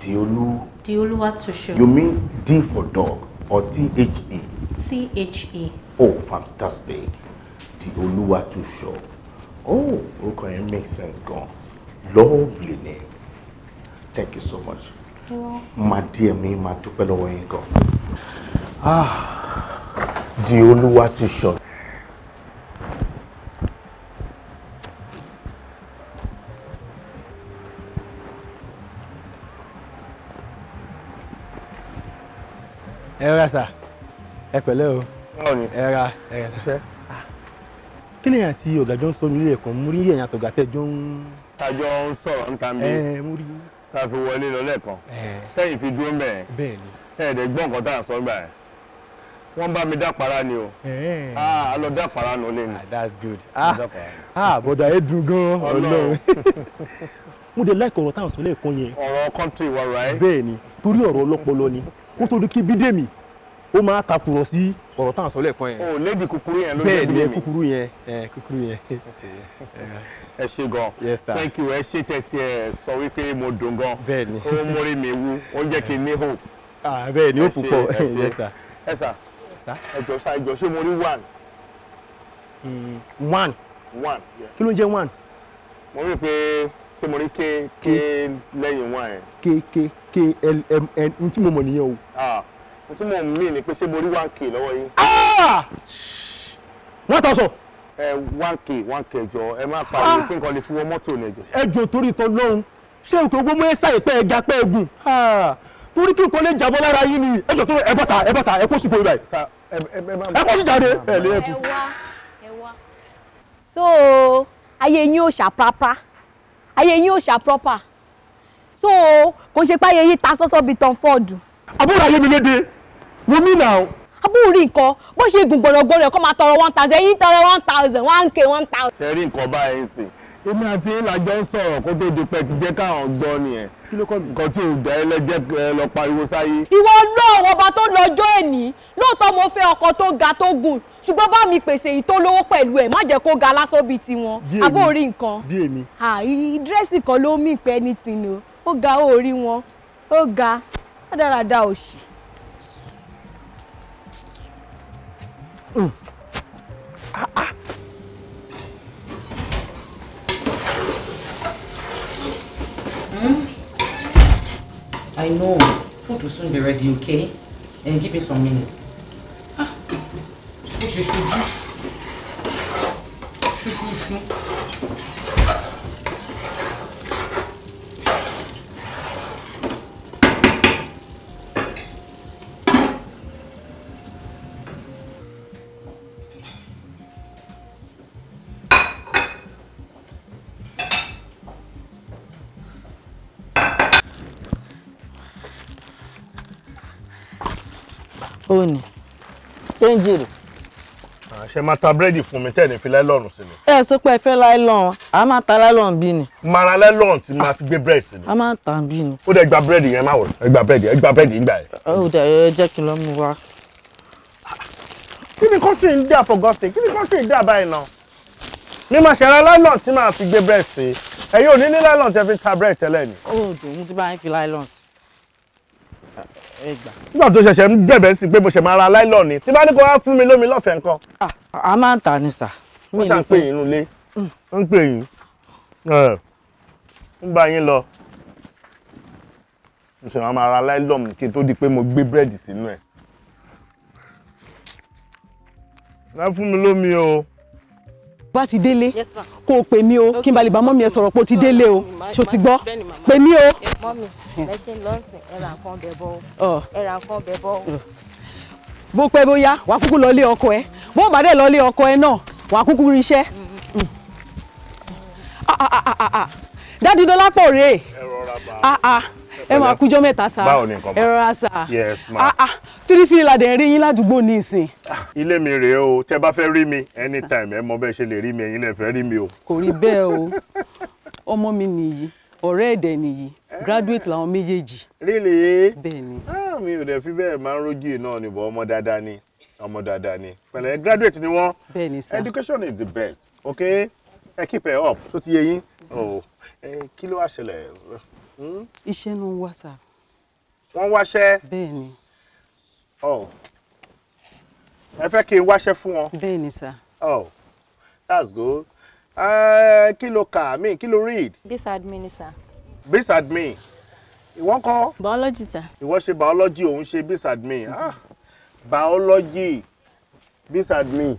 di olú. di olúwa tó you mean d for dog or t-h-e. t-h-e. oh fantastic di olúwa tó ṣọ oh okay. It makes sense gan lovely name thank you so much my dear. Me, my dúpẹ́ way, yín ah the only way to show. ra sà ẹ hello. o ẹ ra kílẹ̀ àti ọ̀gá ń sọ nílé ẹ̀kọ́ mú rí ẹ̀yìn àtọ̀gá tẹ́ ń. tajọ ń sọ̀rọ̀ ń tàbí tá a fi wọlé lọ lẹ́ẹ̀kan tẹ́yìn fi dúró mẹ́ẹ̀ ẹ̀ẹ́dẹ̀ gbọ́ nǹkan tá à ń sọ gbà ẹ̀ wọ́n bá mi dápara ni o a lọ dápara nù lé ni. Ah, that's good ah, ah bọ̀dà ẹ dùn gan-an ọlọ́run mo dé láìka ọ̀rọ̀ táwọn sọ lẹ́ẹ̀kan yẹn. ọ̀rọ̀ country wa right. bẹ́ẹ̀ ni torí ọ̀rọ̀ ọlọ́pọlọ ni kó tó dúkìá bídèmí ó máa takùrọ̀ sí ọ̀rọ̀ tá à ń sọ lẹ́ẹ̀kan yẹn. o lédi kúkúrú yẹn ló lédi mi bẹ́ẹ̀ ni kúkúrú yẹn kúkúrú yẹn. ẹ ṣe gan yes sir thank you ẹ ṣe tẹ́tí ẹ sọ wípé mo dùn gan bẹ́ẹ̀ ni ó mórí mi wú ó jẹ́ kí n ní hope. bẹ́ẹ̀ ó púpọ̀ ẹ sà ẹ sà ẹ jọ sà ẹ jọ ṣé mo rí one. Hmm, one. kí ló ń jẹ́ one. mo rí pé pé mo rí k k lẹ́yìn one k k k l m n tí mo mọ̀ nìyẹn o. Ah tí mo mí ni pé ṣé mo rí one k lọ́wọ́ yín. Ah! one thousand. ẹ one k one k jọ ẹ má pariwo ah! pé nǹkan lè fi wọ mọ́tò ní ẹjọ́. ẹ jọ torí tọ lọ́hùn ṣé òkè ogun mú ẹ́sà ìpẹ́ ẹja pẹ́ egun ah! torí kí nǹkan lè jábọ́ lára yín ni ẹ jọ tó ẹ bọ́ta ẹ bọ́ta ẹ kó sí bóyá ẹ kó sí jáde ẹ lè ẹ fi. so ayé yín ò ṣàpápá ayé yín ò ṣàpọ́pà so kò ṣe pé ayé ta sọ́sọ́ bíi tán fọ́ọ̀dù. àbúrò ayé mi léde mo mí nà ó. abúrú nǹkan bó ṣe gùn gbọ̀rọ̀gbọ̀rọ̀ kó máa tọrọ one thousand èyí tọrọ one thousand one k one thousand. ṣe rí nǹkan báyìí ń sìn èmi àti yín la jọ ń sọ̀rọ̀ kó tó di pẹ́ ti jẹ́ káwọn gbọ́ nìyẹn kí ló kọ́ mi. nǹkan tí ò dá ẹ lẹ́jẹ́ ẹ lọ pariwo sáyé. ìwọ ọlọ́run ọba tó lọ́jọ́ èní lóòótọ́ mo fẹ́ ọkọ tó ga tó gùn ṣùgbọ́n bá mi pèsè èyí tó lówó pẹ̀lú ẹ̀ má jẹ́ kó ga lásán bíi tiwọn abó orí nǹkan. bí èmi. àì dírẹ́sì kan ló mí pẹ́ ní tinú ó ga ó rí wọn ó ga ó dáradá òṣì. Ah. I know. Food will soon be ready, okay? And give me some minutes. Ah. Shoo, shoo, shoo. Shoo, shoo, shoo. ó ní ṣéǹjì rè. ṣe máa ta búrẹ́dì fún mi tẹ́ẹ̀ ni. fi láìlọ́ọ̀nù sí mi. ẹ sọ pé ẹ fẹ́ láìlọ́ọ̀n a máa ta láìlọ́ọ̀n bí ni. mara láìlọ́ọ̀n tí máa fi gbé búrẹ́dì sí ni. a máa ta bí ni. ó dẹ̀ gba búrẹ́dì yẹn máa wọ̀ ẹ gba búrẹ́dì ẹ gba búrẹ́dì ìgbà yẹn. ó dẹ̀ ẹ jẹ́ kí n lọ mú wa. kí ni kọ́ńtì ń dà for god sake kí ni kọ́ńtì ń dà báyìí náà ní máa ṣe ara láìlọ́ọ̀n tí fi gbé búrẹ́dì sí ẹ̀yin ò ní ní láìlọ́ọ̀n tẹ́ fi ta búrẹ́dì tẹ́lẹ̀ ni. ó dùn mo ti bá fi láìlọ́ọ̀n nígbà tó ṣẹ̀ṣẹ̀ ń bẹ̀bẹ̀ sí pé mo ṣẹ̀ máa ra láìlọ́ọ̀ ni tí bá ní kó wá fún mi lómi lọ́fẹ̀ẹ́ nǹkan. Ah, a máa ń tà ní sà. wọ́n ṣà ń pè yín nulẹ̀ hmm. ń pè yín ń bá yín lọ mo ṣe máa ra láìlọ́ọ̀ mi kí n tó di pé mo gbé búrẹ́dì sínú ẹ̀. ẹ fún mi lómi o bá ti délé kó o pè mí o kí n bá lè bá mọ́mí ẹ sọ̀rọ̀ pé o ti délé o mm, ṣó ti gbọ́ pè mí o. mọ́mí ẹ ṣe lọ́sìn ẹ̀rà kan bẹ̀ bọ́ o ẹ̀rà kan bẹ̀ bọ́ o. bó pẹ́ bóyá wàá kúkú lọ lé ọkọ ẹ bó bá dẹ̀ lọ lé ọkọ ẹ náà wàá kúkú ríṣẹ́. dádì Dọlápọ̀ rèé ẹ máa kújọ́ mẹ́ta sá báwo ni yes ma ah ah fírífírí la dẹ̀ ń rí yín ládùúgbò ní ìsìn. Ah, ilé mi rèé o tẹ bá fẹ́ rí mi anytime ẹ mọ bẹ́ẹ̀ ṣe lè rí mi ẹ̀yin lè fẹ́ rí mi o. kò rí bẹ́ẹ̀ o ọmọ mi nìyí ọ̀rẹ́ ẹ̀dẹ̀ nìyí eh. graduate làwọn méjèèjì. really bẹ́ẹ̀ ni. Ah, mi ò dẹ̀ fi bẹ́ẹ̀ máa ń rojú iná ni bọ̀ ọmọ dáadáa ni ọmọ dáadáa ni pẹ̀lẹ́ graduate ni wọ́n. bẹ́ẹ̀ ni sir education is the best okay ẹ keep it up so ti yẹ yín. Oh, eh, kí ló wá ṣẹlẹ̀ Hmm? iṣẹ́ ló ń wá sà. wọ́n wáṣẹ́. bẹ́ẹ̀ ni. ọ ẹ fẹ́ kí n wáṣẹ́ fún wọn. bẹ́ẹ̀ ni sà. oh that's good. Uh, kí ló kà mí kí ló read. bis admin ni sà. bis admin ìwọ́n kọ́. biology sà. ìwọ́n ṣe biology òun ṣe bis admin. ah biology bis admin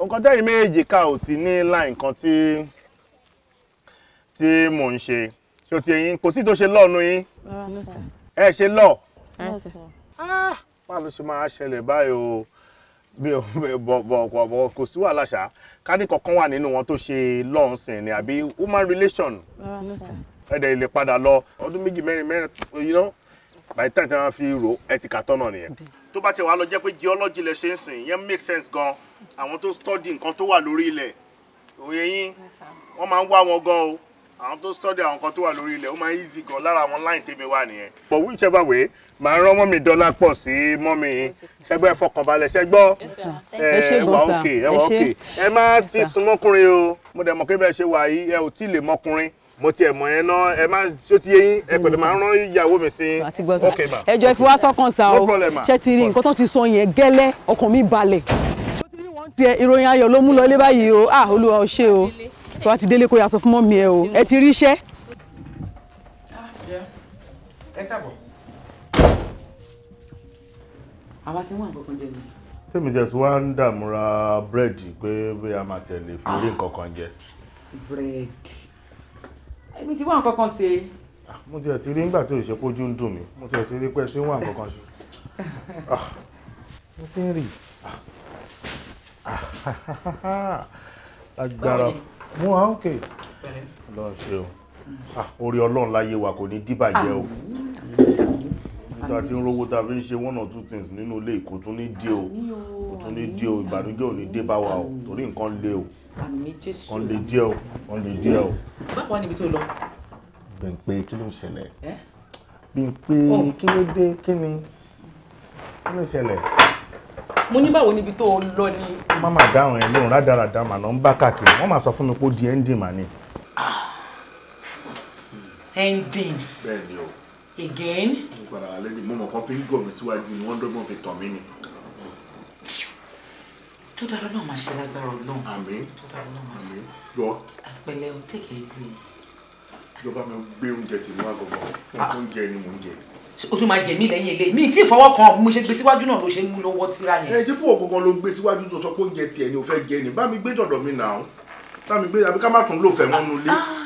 nǹkan tẹ́yìn méjèèjì ká ò sí ní láì nǹkan tí tí mò ń ṣe ṣé o ti ẹ̀yin kò sí tó ṣe lọ́ọ̀nù yín ẹ ṣe lọ́ọ̀ máa ah, ló ṣe máa ṣẹlẹ̀ báyìí o bí o bọ̀bọ̀ kò sí wàhálà ṣá ká ní kankan wà nínú wọn tó ṣe lọ́ọ̀nsìn ni àbí human relation ẹ̀dẹ̀ ilé padà lọ ọdún méjì mẹ́rin mẹ́rin you know by the time tí wọ́n fi rò ẹ ti kà tọ́nà nìyẹn. tó bá ti wàá lọ jẹ́ pé geology lè ṣe ń sìn yẹn make sense gan àwọn tó study nǹkan tó wà lórí ilẹ̀ òye yín wọ́n máa ń wá wọn gan o àwọn tó study àwọn kan tó wà lórí ilẹ̀ ó máa ń easy gan lára àwọn line tèmi wà nìyẹn. but whichever way màá rán mọ́mì dọ́là pọ̀ sí mọ́mì ṣẹgbẹ́ fọkànbalẹ̀ ṣẹgbọ́ eh, ẹ wà òkè ẹ wà òkè ẹ má ti sún mọ́kùnrin o mo dẹ̀ mọ̀ pé bẹ́ẹ̀ ṣe wà yìí ẹ ò tí ì lè mọ́kùnrin mo tiẹ̀ mọ̀ ẹ́ náà ẹ má ṣó ti yé yín ẹ pẹ̀lú máa ń rán ìyàwó mi sí ok ma ẹ jọ ìfiwá sọ́kàn sá o ṣe ti rí nǹkan tó ti sọ yẹn gẹ́lẹ́ ọkàn mi balẹ̀ ṣó ti rí wọ́n tiẹ̀ ìròyìn ayọ̀ ló mú lọ ilé báyìí o ah olúwa ò ṣe o tó bá ti délé kó yá sọ fún mọ́mí ẹ o ẹ ti rí iṣẹ́. ẹ káàbọ̀ àwa ti mú àgbọ̀kan jẹ ni. tèmi jẹ tí wàá ń dààmúra búrẹ́dì pé bí a máa tẹ̀lé fi rí nǹkan kan jẹ. búrẹ́dì èmi ti wá nǹkan kan ṣe. Ah, mo tiẹ̀ ti rí nígbà tó ìṣekójú ń dùn mí mo tiẹ̀ ti rí pé ṣé ń wá nǹkan kan ṣe. <laughs> Ah, mo ti ń rì agbára ah, <laughs> mo wà ókè ọlọ́run ṣe o ah, orí ọlọ́run láyé wa kò ní dìbàjẹ́ o nígbà tí ń rówó tá ń ṣe one or two things nínú ilé kò tún ní dé o kò tún ní dé o ìbànújẹ́ ò ní dé bá wa o torí nǹkan le o nǹkan le díẹ̀ o nǹkan le díẹ̀ o. báwo wá níbi tó lọ. Bímpé kí ló ń ṣẹlẹ̀ Bímpé oh. kí ló dé kí ni kí ló ń ṣẹlẹ̀ mo ní báwo níbi tó o lọ ni. má má dáhùn ẹ lóhùn rádaràdà mà lọ ń bá káàkiri wọn máa sọ fún mi pé ó di ending mà ni. Ah, ending. bẹ́ẹ̀ni o. again. mo gbàdá alẹ́ ni mo mọ̀ kán fi ń gọ̀ mí síwájú ni wọ́n dọ́gbọ́n fi tàn mí ni. tó dára náà máa ṣe lágbára ọlọ́run. àmín àmín yọ. àpẹlẹ o take easy. ìjọba mi gbé oúnjẹ tèmi wá gbọgbọ ah. oúnjẹ ni mò ń jẹ o tún máa jẹ mí lẹ́yìn ilé mi tí ìfọwọ́ kan mo ṣe gbé síwájú náà ló ṣe ń mú lọ́wọ́ tíra yẹn. ẹ ṣé pọ̀ gbọ̀ngàn ló gbé síwájú tó sọ pé oúnjẹ tiẹ̀ ni o fẹ́ jẹ ni bá mi gbé dọ̀dọ̀ mi nà ó bá mi gbé àbí ká má tún lò fẹ́ mọ́nu ilé. Ah.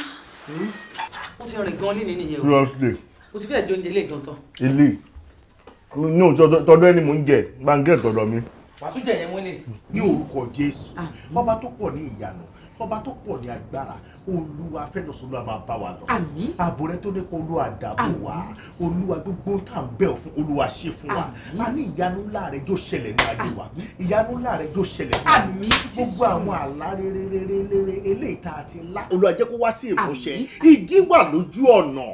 ó ti rìn gan-an lẹ́ni nìyẹn o. seriously. o ti fẹ́ẹ̀ jẹ oúnjẹ ilé gan-an tán. ilé o tọdọ ẹni mò ń jẹ bá ń gẹ̀ tọ̀dọ̀ mi. wàá tún jẹ yẹn mọ́lẹ̀. ní orúkọ Jésù ah. bọ́ba ọba tó pọ̀ ní agbára olúwa fẹ́lọ́sọ olúwa máa bá wa lọ. àmín. ààbò tó nípa olúwa dàbò wa olúwa gbogbo tá à ń bẹ̀ fún olúwa ṣe fún wa a ní ìyanu ńlá yóò ṣẹlẹ̀ ní ayé wa ìyanu ńlá yóò ṣẹlẹ̀ ní ayé wa. gbogbo àwọn àlá eléyìí tá a ti lá. olúwa jẹ́ kó wá sí ìmúṣẹ igi wà lójú ọ̀nà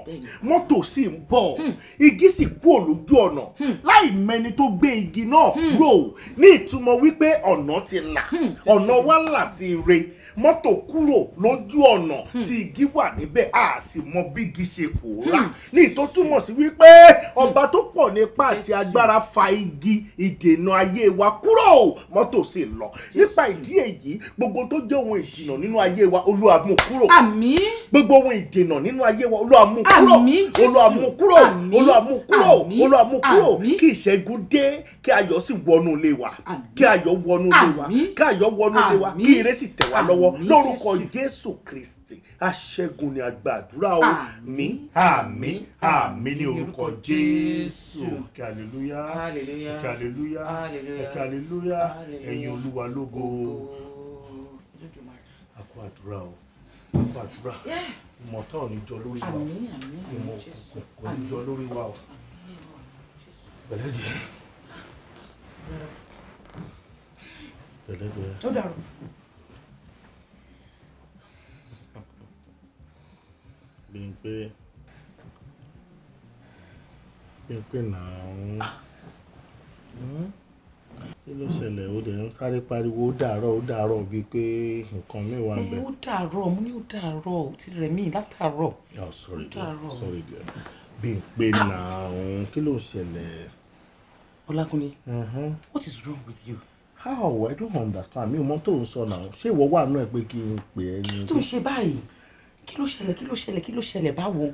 mọ́tò sì ń bọ̀ hmm. igi sì kú lójú ọ̀nà hmm. láì mẹni tó gbé igi náà hmm. rò ní ìtumọ̀ wípé ọ̀nà ti là ọ̀nà wa là sí ire mọ́tò kúrò lójú ọ̀nà hmm. tí igi wà níbẹ̀ a sì mọ bí igi ṣe pòórá hmm. ní ìtó túmọ̀ sí wípé ọba tó pọ̀ nípa hmm. àti agbára fa igi ìdènà ayé wa kúrò mọ́tò sì lọ nípa ìdí èyí gbogbo tó jẹ́ ohun ìdènà nínú ayé wa Olúwa mú kúrò àmín gbogbo ohun ìdènà nínú ayé wa Olúwa mú kúrò Olúwa mú kúrò Olúwa mú kúrò Olúwa mú kúrò kí ìṣẹ́gun dé kí ayọ̀ sì wọnú ilé wa kí ayọ̀ wọnú ilé wa kí ayọ̀ wọnú ilé wa kí ire sì tẹ̀ wá lọ́wọ́ lọ́wọ́ lórúkọ jésù kristi aṣẹ́gun ni àgbàdúrà o mi àmì àmì ní orúkọ jésù òkè àlelúyá òkè àlelúyá òkè àlelúyá ẹ̀yin olúwa lógo àkó àdúrà o àkó àdúrà ìmọ̀tọ́ ò ní jọ lórí wa ìmọ̀ òkùnkùn kò ní jọ lórí wa o pẹ̀lẹ́dìẹ pẹ̀lẹ́dìẹ. dàrú. Bímpé. Bímpé now. Ah. Hmm? kí ló ṣẹlẹ̀ ó dẹ̀ ń sáré pariwo ó dàárọ̀ ó dàárọ̀ bíi pé nǹkan mi wà bẹ̀. ó dàárọ̀ mo ní ó dàárọ̀ ó ti rẹ̀ mí látàárọ̀. oh sorry dear sorry dear bí n pè ah. nà òun kí ló ṣẹlẹ̀. ọlákùnrin mm-hmm. what is wrong with you. how i don't understand mi ò mọ tó ń sọ náà ṣé ìwọ wà náà pé kí n pè é kí ló ń ṣe báyìí kí ló ṣẹlẹ̀ kí ló ṣẹlẹ̀ kí ló ṣẹlẹ̀ báwo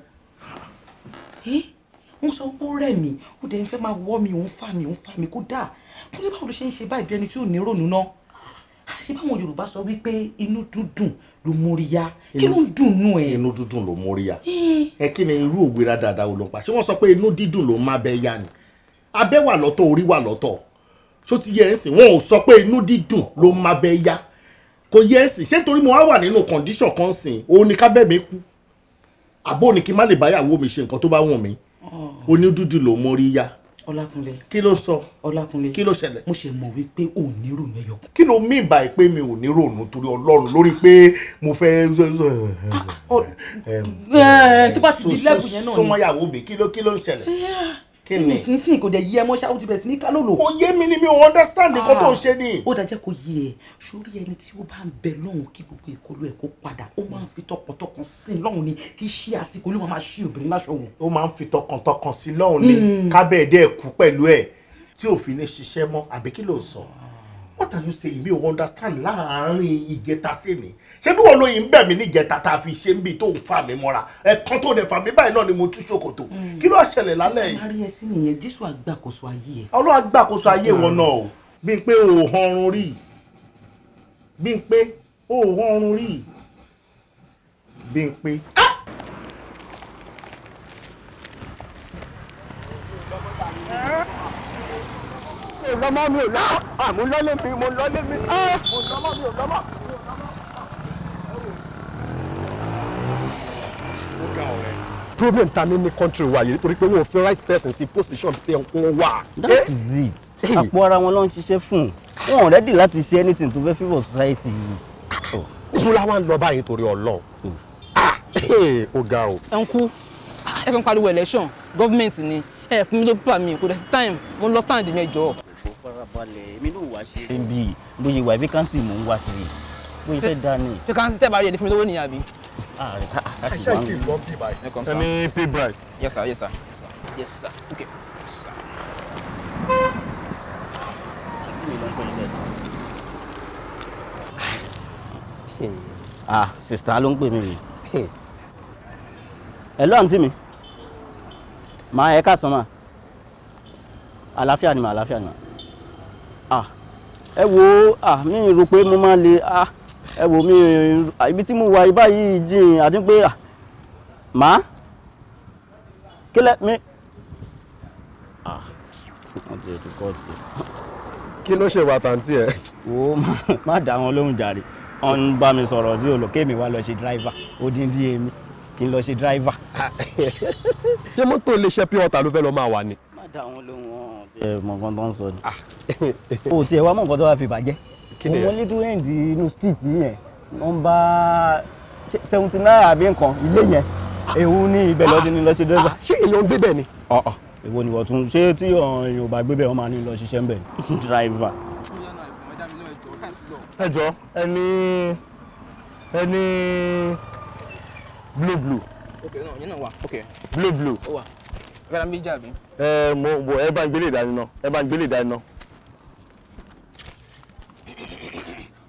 wọ́n sọ pé ó rẹ̀ mí ó dẹ̀ ń fẹ́ máa wọ́ mi òun fà mí òun fà mí kó dáa kí ló báwo ló ṣe ń ṣe báyìí bí ẹni tí ò ní rònú náà ṣé báwọn yorùbá sọ wípé inú dúndùn ló móríyá kí ló ń dùnnú ẹ. inú dúndùn ló móríyá ẹ kí ni irú ògbéra dáadáa wo ló ń pa ṣé wọ́n sọ pé inú dídùn ló má bẹ yá ni abẹ́ wà lọ́tọ̀ orí wà lọ́tọ̀ ṣó ti yẹ ẹ ń sìn wọn ò sọ pé inú dídùn ló má bẹ yá kò yẹ ẹ sì ṣé nítorí mo wá wà nínú condition kan sìn òun ni kábẹ́ mi kú àbó ni kí n má lè báyàwó mi ṣe nǹkan tó bá wù mí onídùúdù oh. ló mórí yá. Ọlákúnlé kí ló sọ Ọlákúnlé kí ló ṣẹlẹ̀. mo ṣe mọ̀ wípé ò ní rònú ẹyọ. kí ló mí ìbà pé mi ò ní rònú torí Ọlọ́run lórí pé mo fẹ́. Ah, oh, eh, tó bá ti di lẹ́bùn yẹn náà ni. sọmọ ìyàwó mi kí ló kí ló ń ṣẹlẹ̀ kí ni ìsinsìnyí kò dẹ̀ yí ẹ mọ́ ṣáà ó ti bẹ̀rẹ̀ sí ní kálòlò. kò yé mi ni mi ò understand nǹkan tó ń ah, ṣe ni. ó dàjẹ́ kò yé ẹ sórí ẹni tí ó bá ń bẹ lọ́hùn kí gbogbo ìkọlù ẹ̀ kó padà ó máa ń fi tọkàntọkàn sí lọ́hùn ni kì í ṣe àsìkò ló máa ṣí obìnrin láṣọwọ́. ó máa ń fi tọkàntọkàn sí lọ́hùn ni hmm. kábẹ́ẹ̀dẹ́ ẹ̀kú pẹ̀lú ẹ̀ tí òfin ní ṣiṣẹ́ mọ́ àbí kí ló sọ what are you saying mi ò understand láàárín ìjẹta sí ni ṣé bí wọn ló yìn bẹ̀ mí ní ìjẹta tá a fi ṣe ń bì tó ń fa mi mọ́ra ẹ̀kan tó dẹ̀ fa mi báyìí náà ni mo tú ṣòkòtò mm. kí ló ṣẹlẹ̀ lálẹ́ yìí. ìtàrí ẹ sí nìyẹn jésù àgbàkóso ayé ẹ. ọlọ́run àgbàkóso ayé wọn mm. náà o bí n pé o ò hàn ọrùn bí n pé o ò hàn ọrùn bí n pé. ò lọ́mọ́ mi ò lọ́mọ́ àmú lọ́lé mi mo lọ́lé mi mo lọ́mọ́ mi ò lọ́mọ́. problem ta ni ní country wa yìí nítorí pé wọn ò fi right person sí position tí wọn wà. that eh? is it àpò ara wọn ló ń ṣiṣẹ́ fún wọn ò ready láti ṣe anything to fẹ́ favour society yìí. kúlá ah, wa ń lọ báyìí torí ọlọ́run hmm. ah, ó ga o. ẹ ń kú ẹ fi pariwo election government ni ẹ fún mi ló pípa mi kò dẹ̀ sí time mo lọ stand mi ẹ jọ̀ọ́ kò farabalẹ̀ èmi náà wá ṣe. ṣé bí bóyá ìwà vacancy mò ń wá kiri bóyá ìfẹ́ dání. vacancy tẹ́ bá rí ẹni fún mi lówó nìyà ẹni ah, pay bright. yes sir yes sir yes sir okay yes sir. ah sista ló ń pè mí rè. ẹ lọ́n tí mi màá ẹ ká sọ ma àlàáfíà ni mà àlàáfíà ni mà ẹ wo mi rò pé mo máa le ẹ wo mi ibi tí mo wà báyìí jìn àti pé màá kílẹ̀ mi. kí ló ṣe wà tàǹtí ẹ. wo má dá wọn lóhùn jàre wọn ń bá mi sọ̀rọ̀ sí olókè mi wá lọ ṣe dráìvà odindi èmi kí n lọ ṣe dráìvà. <laughs> ṣé mọ́tò lè ṣe pure water ló fẹ́ lọ́ọ́ máa wà ni. má dá wọn lóhùn ẹ mọ nǹkan tó ń sọ ni. Ah. o tiẹ̀ wá mọ̀ nǹkan tó wá fi bàjẹ́ mo ní tó end inú street yẹn nọ́mbà seventy nine àbí nǹkan ilé yẹn èwo ní ibẹ̀ lọ́ọ́ ti ní lọ́ọ́ ṣe dẹ́gbà. Ah, ṣé èèyàn ń gbé bẹ́ẹ̀ ni. Ah, èwo ni wọ́n tún ṣé tí èèyàn ò bá gbé bẹ́ẹ̀ wọ́n máa ní lọ́ọ́ ṣiṣẹ́ ń bẹ̀ driver. ẹ jọ ẹni ẹni blue blue. ok náà yẹn náà wà ok. blue blue. ó wà fẹ́ràn méjì àbí ẹ mo wo ẹ bá ń gbélé ìdání náà ẹ bá ń gbélé ìdání náà.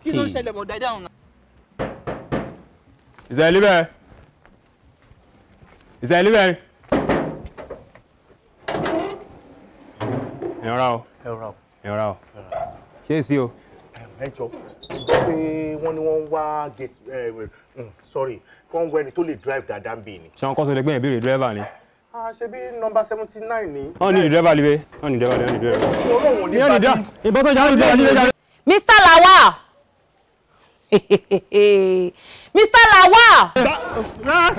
kí ló ṣẹlẹ̀ bọ̀ dáadáa ọ̀nà. ìsẹ̀lí bẹ́ẹ̀ ìsẹ̀lí bẹ́ẹ̀. ẹ rà o ẹ rà o ẹ rà o ṣé èsì o. ẹ jọ gbọ́ pé wọ́n ní wọ́n ń wá gate sorry wọ́n ń wẹ́ni tó lè drive dáadáa ń bì ní. ṣé wọn kọ́ sọ lẹ́gbẹ̀ẹ́ ìbéèrè driver ni. Ah, ṣebí nọ́mbà seventy nine ni. wọ́n ní ìdírẹ́bà libẹ́ wọ́n ní ìdírẹ́bà libẹ́ wọ́n ní ìdírẹ́bà. ìbọn tó jáde jáde jáde jáde. Mr. Lawal Mr. Lawal.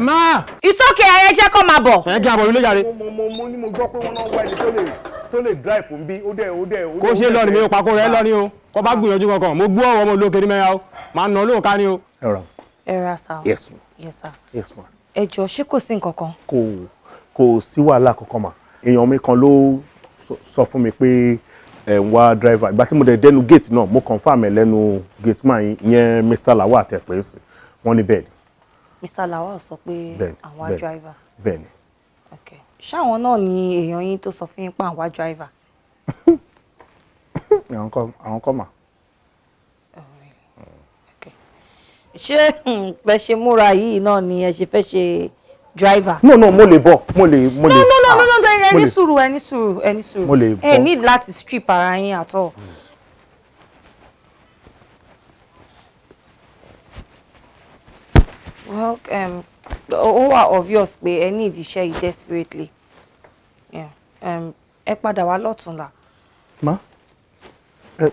ma. It's ìtọ́kẹ̀ ẹ jẹ́ kó máa bọ̀. ẹ jẹ́ àbọ̀ ilé jáde. mo mo mo ní mo gbọ́ pé wọ́n náà wá ẹni tó lè tó lè drive fún bí ó dẹ̀ ó dẹ̀. kó ṣe lọ ni mi ò pa kó rẹ lọ ni o kó bá ah. gbìyànjú kankan mo gbọ́ ọ̀rọ̀ mo lókè ní mẹ́ra o máa nà lóòka ni o. ẹ ra. ẹ ra sir. yes ma. yes sir. yes ma. ẹ jọ ṣé kò sí nǹkan kan. kò kò sí wàhálà kankan mà èèyàn mi kan ló sọ fún mi pé ẹ̀ ń wá driver ìgbà tí mo dẹ̀ dẹnu gate náà mo confirm ẹ̀ lẹ́nu gate man ìyẹn Mr. Lawal àtẹ̀pẹ́ sí wọ́n ní bẹ́ẹ̀ ni. Mr. Lawal sọ pé àwa driver. bẹ́ẹ̀ ni. ok ṣáwọn náà ni èèyàn yín tó sọ fún yín pé àwa driver. <laughs> àwọn kọ́ àwọn kọ́ mà. ṣé hmm, bẹ́ẹ̀ ṣe múra yìí náà ni ẹ ṣe fẹ́ ṣe driver. no no mo lè bọ̀ mo lè mo lè. no no no no no ẹ ní suru, ẹ suru, sùúrù ẹ ní sùúrù mo lè bọ̀ ẹ ní láti strip ara yín at all. Hmm. well um, ó wà obvious pé ẹ ní ìdíṣẹ́ yìí desperately um, ẹ padà wá lọ́túnla. ma ẹ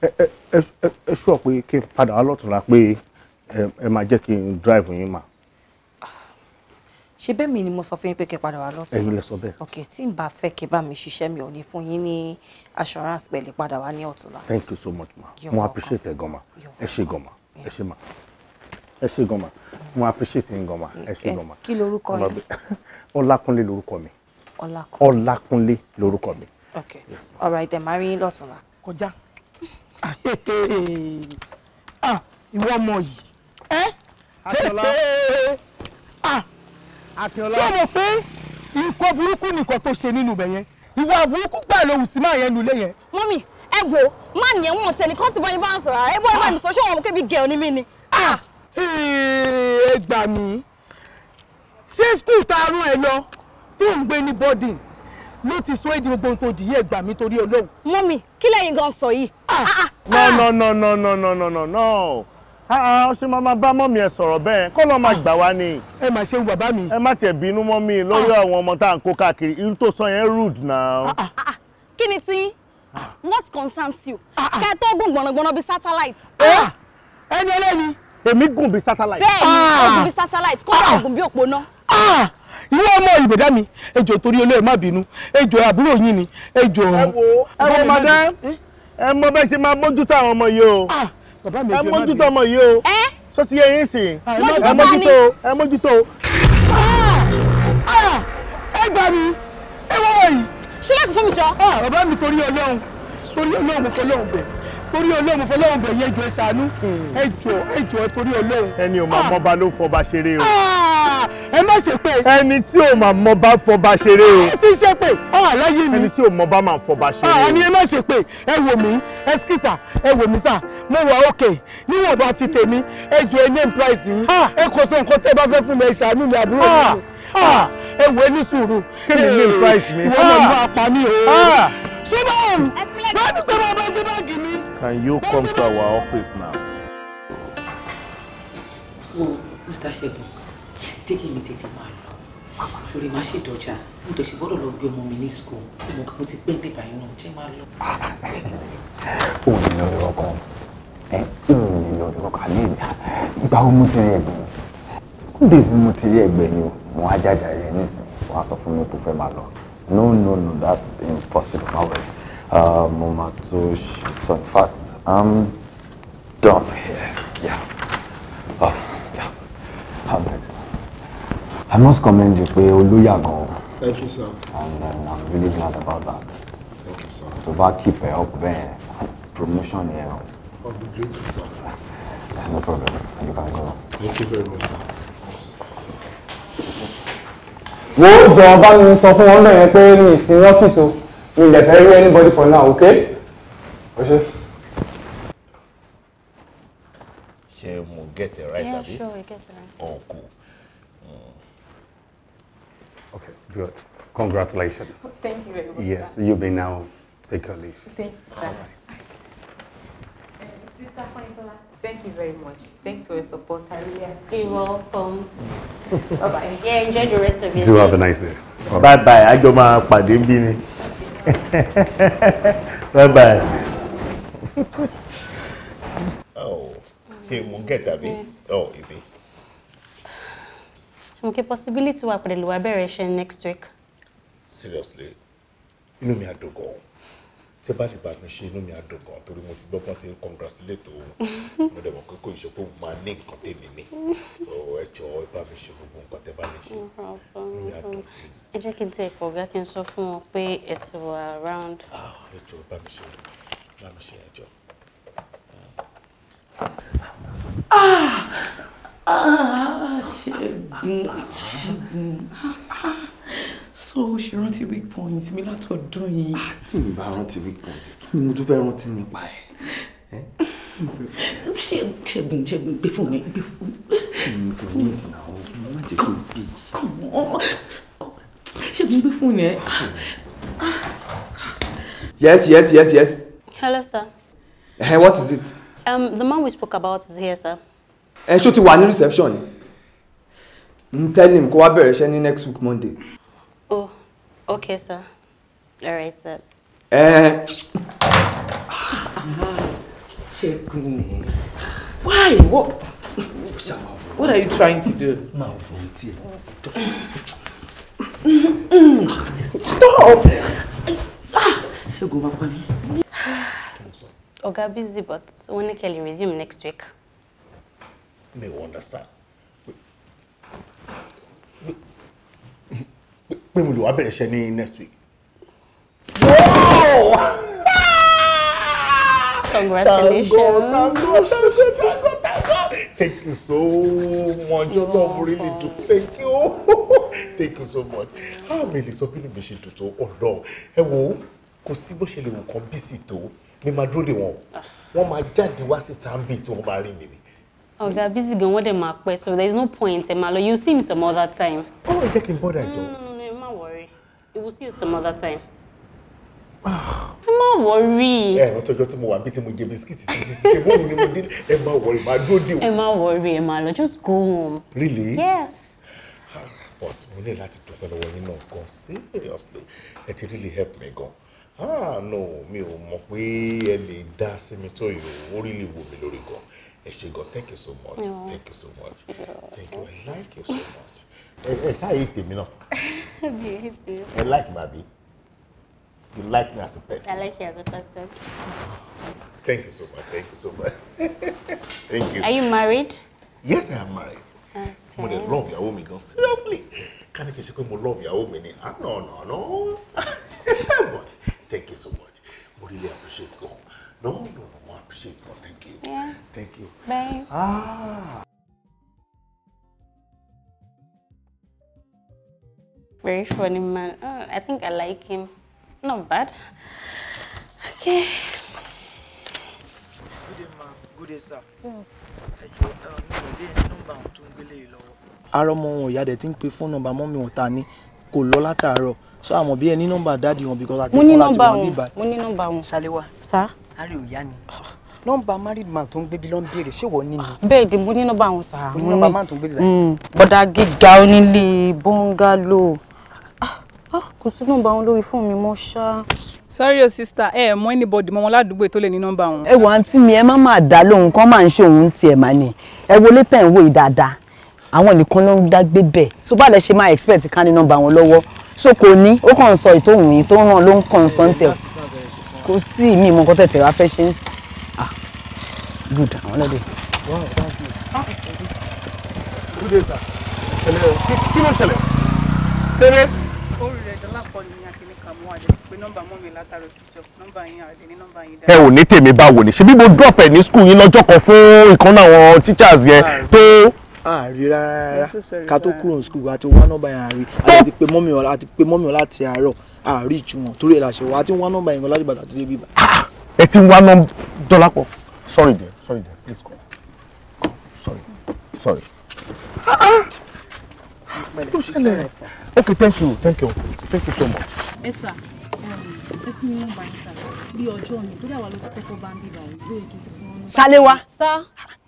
ẹ sọ pé kí n padà wá lọ́tùnla pé ẹ máa jẹ́ kí n drive yín mà. ṣe bẹ́ẹ̀ mi ni mo sọ fún yín pé kẹ́ padà wá lọ́tùn. ẹ̀yin lẹ sọ bẹ́ẹ̀. ok tí n bá fẹ́ kẹ́ bá mi ṣiṣẹ́ mi ò ní fún yín ní assurance pẹ̀lú padà wá ní ọ̀túnla. thank you so much ma mo appreciate ẹ gan ma ẹ ṣe gan ma ẹ ṣe ma ẹ ṣe gan ma mo appreciate yín gan ma ẹ ṣe gan ma. kí lorúkọ yín. <laughs> Ọlákúnlé lorúkọ mi. Ọlákúnlé. lorúkọ mi. ok yes, all right then màá rí yín lọ́tùnla. kọjá. Ah, ah, ìwọ ọmọ yìí ẹ Akínọlá tí o mọ̀ pé nǹkan burúkú nìkan tó ṣe nínú ibẹ̀ yẹn ìwà burúkú gbà ló wù sí máa yẹn nulẹ̀ yẹn. mọ́mì ẹ gbọ́ máa nìyẹn wọn tẹ nìkan ti bọ́ yín bá ń sọ̀rọ̀ ẹ bọ́ yín bá mi sọ ṣé wọn mú kébi gẹ̀ọ́ ní mí ni. Ah, ẹ gbà mí ṣé skul tá a rún ẹ lọ tó ń gbé ní boarding ló ti sọ èdè gbogbo tó dìí ẹgbà mi torí Ọlọ́run. mọ́mì kí lẹ́yìn gan sọ yìí. Ah, ah, ah, no no no no no no no no no ọṣẹ máa bá mọ́mì ẹ sọ̀rọ̀ bẹ́ẹ̀ kọ́ ló máa gbà wá ni. ẹ má ṣe bàbá mi. ẹ má tiẹ̀ bínú mọ́mì lórí àwọn ọmọ tá à ń kó káàkiri irú tó sọ yẹn rude náà. kí ni tí what concerns you kẹ tó gùn gbọ̀nàgbọ̀nà bíi satellite. Eh? ẹni ẹlẹ́ni. èmi gùn bíi satellite. bẹ́ẹ̀ ni ó gùn bíi satellite kọ́ńtà gùn bíi òpó ìwọ ọmọ ìbẹ̀dá mi ejò torí olóyè má bínú ejò àbúrò yín ni ejò. ẹ ẹ madam ẹ mọ bẹ́ẹ̀ ṣe máa mójútó àwọn ọmọ yìí o ah, ẹ mójútó ọmọ yìí o sọ ti yẹ yín ah, ẹ mójútó ẹ ah, mójútó. ẹ gbà mí ẹ wọ́n wọ̀nyí. ṣílẹ̀kùn fún mi jọ. bàbá mi torí ọlọ́run torí ọlọ́run mo fọlọ́run bẹ̀ torí olóhùn fọlọ́hùn bẹ̀yẹ jọ ṣàánú hmm. ẹ jọ torí olóhùn. ẹni ò máa ah. mọba ló fọba ṣeré o. Ah, ẹ má ṣe pé. ẹni tí ò máa mọba fọba ṣeré o. Ah, ẹ ti ṣe pé ọ láyé mi. ẹni tí ò mọba máa fọba ṣeré o. àní ẹ má ṣe pé ẹ wò mí ẹ skisa ẹ wò mí sà mo wà òkè níwọ̀nba ti tèmi ẹ jọ ẹ name price yìí ẹ kò sọ nǹkan tẹ́ bá fẹ́ fún mi ẹ ṣàánú mi àbúrò mi ẹ wò ẹ ní sùúrù. kí ni name price mi. ìwọ náà ló máa pa mí o. sọ́dọ̀ bá mi pé bá bá gbé báàgì mi. Can you come to our office now? Oh, Mr. Ṣẹ́gun, jẹ́ kí mi tètè máa my Ṣòrí máa ṣe ìdọ́jà, mo tẹ̀sí gbọ́dọ̀ lọ gbé ọmọ mi ní school. You mo ti pẹ́ bíbá inú, jẹ́ máa lọ. O ò ní lórí ọkọ, ẹ ò ní lórí ọkọ àlẹ́ ìgbà. Ìgbà wo mo ti rí ẹgbẹ́ yẹn? School days ni mo ti rí ẹgbẹ́ yẹn o. Mo á jàjà rẹ̀ nísìnyí, wàá sọ mi kó fẹ́ máa lọ. No, no, no, that's impossible. How Um, máa tó so in fact i'm done here yeah oh yeah how nice i must commend you pé olóyà gan. thank you sir. and um, i'm really glad about that. thank you sir. To back keep ẹ up bẹ́ẹ̀ promotion here. i'll be grateful sir. there's no problem you can go. thank you very much sir. wo jọ̀ọ́ bá mi sọ fún wọn náà pé mi ì ọ́fíìsì o. We'll let anybody for now, okay? Okay. Ṣé will get it right, Yeah, sure, we get it right. Oh, cool. Mm. Okay, good. Congratulations. Thank you very much. Yes, sir. you may now take your leave. Thank you, sir. All right. <laughs> thank you very much. Thanks for your support. I really appreciate You're welcome. Bye-bye. Yeah, enjoy the rest of your day. Do have a nice day. Bye-bye. I go my party ń <laughs> bye bye. oh ṣe mo ń gẹ̀ tàbí oh ibi. ṣùgbọ́n kí possibility wà pẹ̀lú abẹ́rẹ́ iṣẹ́ next week. seriously inú mi á dùn tí bá lè bá mi ṣe inú mi á dùn gan torí mo ti gbọ́gbọ́n ti ń congratulate òun mo dẹ̀ mọ̀ pé kò ìṣòpọ̀ máa ní nǹkan tèmi ni so ẹ jọ ẹ bá mi ṣe gbogbo nǹkan tẹ bá lè ṣe mi á please. ẹ jẹ́ kí n tẹ ẹ̀kọ́ ọ̀gá kí n sọ fún wọn pé ẹ ti wà round. Ah, ẹ jọ ẹ bá mi ṣe bá mi ṣe ẹ ah, ah, ṣẹ́gun ṣẹ́gun so ó ṣe rántí weak point mi látọ̀dún yìí. àti ah, mi bá rántí weak point kí ni mo tún fẹ́ rántí nípa ẹ̀. ṣẹ́gun ṣẹ́gun gbé fún mi gbé fún mi. mi kò ní ìtìnà ọ̀hún má jẹ́ kí n bí. ṣẹ́gun gbé fún mi. yes yes yes yes. hello sir. Hey, eh, what is it? Um, the man we spoke about is here, sir. Ẹ eh, ṣó ti wà ní reception? N tell him kó wá bẹ̀rẹ̀ iṣẹ́ ní next week Monday. Okay, sir. All right, sir. Eh. Why? What? What are you trying to do? Now, Stop! Oga busy, but when can to resume next week? May Me understand. pé mo lè wá bẹ̀rẹ̀ iṣẹ́ ní next week. Wow! Congratulations. Thank you so much. Your love really do. Thank you. Thank you so much. How many so many bí mi ṣe dùn tó ọ̀dọ́? Ẹ wo, kò sí bó ṣe lè wò kán bísí tó. Mi máa dúró de wọn. Ah. Wọ́n máa jáde wá síta ń bì tí wọ́n bá rí mi ni. Ọ̀gá bísí gan wọ́n dẹ̀ máa so there is no point ẹ̀ You see me some other time. Ọlọ́run jẹ́ kí n bọ́dà jọ. Hmm will see you some other time. <sighs> ẹ má wọrí. ẹ ẹran tọjọ tí mo wà bí tí mo jẹ bisikíìtì sí sí sí mo ní mo dé ẹ má wọrí má dóde o. ẹ má wọrí ẹ má lọ just go home. really. yes. Ah, but mo ní láti dúpẹ́ lọ́wọ́ yín náà gan seriously ẹ ti really help me gan ah no mi ò mọ̀ pé ẹ lè dá sí mi tó yìí ó really wù mí lórí gan ẹ ṣé gan thank you so much thank you so much thank you i like you so much ẹ ẹ ṣáà yìí tèmi náà. Beautiful. You like Mabi? You like me as a person? I like you as a person. Thank you so much. Thank you so much. <laughs> Thank you. Are you married? Yes, I am married. Okay. Mo dey love your woman. gan. Seriously. Ká ní kí n love your woman. Ah, no, no, no. <laughs> But thank you so much. Mo really appreciate God. No, no, no, mo appreciate God. Thank you. Yeah. Thank you. Bye. Ah. Very funny man. Oh, I think I like him. Not bad. Okay. Good day, ma'am. Good day, sir. Àárọ̀ ọmọ wọn ìyá dẹ̀ ti ń pe fóònù nọ́mbà mọ́mí wọn ta ni kò lọ látàárọ̀ so àmọ́ bí ẹ ní nọ́mbà dáàdì wọn because àti kọ́lá tí wọ́n bí báyìí. mo ní Number wọn. ṣàlẹ́wà Sir. Are ò yá ni nọ́mbà married man tó ń gbé bi ló ń béèrè ṣé wọ́n ní ni. bẹ́ẹ̀ de mo ní nọ́mbà wọn sá. mo ní nọ́mbà man tó ń gbé bi báyìí. bọ́dà gíga onílé bọ́ngálò. Ah, kò sí nọ́mbà wọn lórí fóònù mi mọ́ ṣá. sorry o sista ẹ ẹ mọ anybody mọ wọn ládùúgbò tó lè ní nọ́mbà wọn. ẹ wọ àǹtí mi ẹ má máa dá lóhùn kan máa ń ṣe òun tiẹ̀ máa ní ẹ wọlé tẹ̀ ń wò yìí dáadáa àwọn nìkan ló ń dágbé bẹ́ẹ̀ so bá lẹ ṣe máa expect ká ní nọ́mbà wọn lọ́wọ́ so kò ní ó kàn ń sọ ìtòhùn yìí tó ń ràn ló ń kàn ń sọ tiẹ̀ kò sí mi ìmọ̀ nǹkan tẹ̀tẹ̀ wá fẹ́ ṣe ń sìn ah, kí ló ṣẹlẹ̀ tẹ́lẹ̀ nọ́mbà mọ́ mi látàrí òtítọ́ nọ́mbà yín àdé ní nọ́mbà yín dáadáa. ẹ ò ní tèmi bá wò ni ṣebí mo drop ẹ ní school yín lọ́jọ́ kan fún ìkan náà àwọn teachers yẹn ah, tó. àárí ah, rárá ká tó kúrò ní school àti wá nọ́mbà yẹn àárí àti pé mọ́mí ọ̀la àti pé mọ́mí ọ̀la ti àárọ̀ àárí ìtumọ̀ torí ẹ̀ làṣẹ wa àti wá nọ́mbà yẹn gan láti bàtà tó dé bíbá. Ah, ẹ ti wá nọ́mbà dọ́là pọ̀ sorry dear sorry dear please go sorry sorry. Okay, thank you, thank you, thank you so much. Yes, sir ti fún yín bá yín sá bí ọjọ́ mi torí àwa ló ti kọ́kọ́ bá ń bí báyìí lóye kí n ti fún wọn. ṣáléwá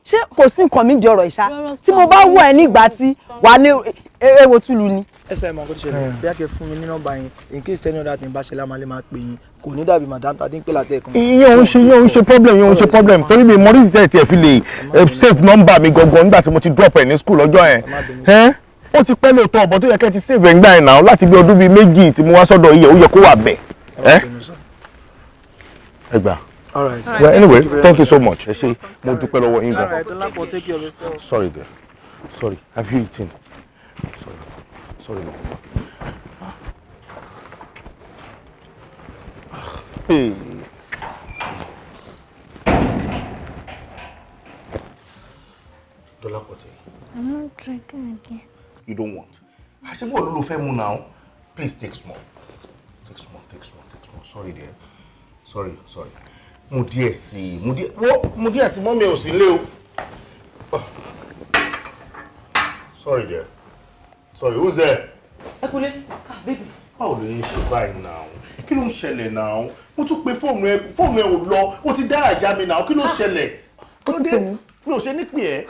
ṣé kò sí nǹkan mi di ọ̀rọ̀ ìṣá tí mo bá wọ̀ ẹ́ nígbà tí wà ní ewo túlù ni. ẹsẹ̀ ìmọ̀ kò ṣẹlẹ̀ bí a kẹ́ fún mi ní nọ́mbà yẹn in case any other thing bá ṣẹlẹ̀ àmàlẹ́ máa pè yín kò ní dàbí madam tàbí ń pè látẹ̀ kan. iye òun ṣe iye òun ṣe problem iye òun ṣe problem torí mi mọ́rí ìsìtẹ́ tiẹ̀ fi lè save nọ́mbà mi gangan nígbà tí mo ti drop ẹ̀ ní school lọ́jọ́ yẹn ó ti pẹ́ lóòótọ́ ọ̀bọ tó yẹ kẹ́ ti save ẹ̀ ńgbà yẹn náà láti bí ọdún bíi méjì tí mo wá sọ́dọ̀ iye ó yẹ kó wà bẹ́ẹ̀ Eh? ẹ All right. Sir. Well, anyway, thank you, thank you so much. Ẹ ṣé, mo dúpẹ́ lọ́wọ́ yín gan. Sorry there. Sorry, have you eaten? Sorry, sorry no. Hey. Dolapote. I'm not drinking again. You don't want. I say what do you want now? Please take small sorry there sorry sorry mu díẹ̀ sí i mu díẹ̀ wo mu díẹ̀ sí mọ́mi ò sí lé o ah. sorry there sorry who's there. ẹ kúlé ah baby. báwo ló ń ṣe báyìí náà kí ló ń ṣẹlẹ̀ náà mo tún pe fóònù ẹ fóònù ẹ ò lọ o ti dá àjà mi náà kí ló ah. ṣẹlẹ̀. ó ti pè mí. mi ò ṣe ní pè ẹ́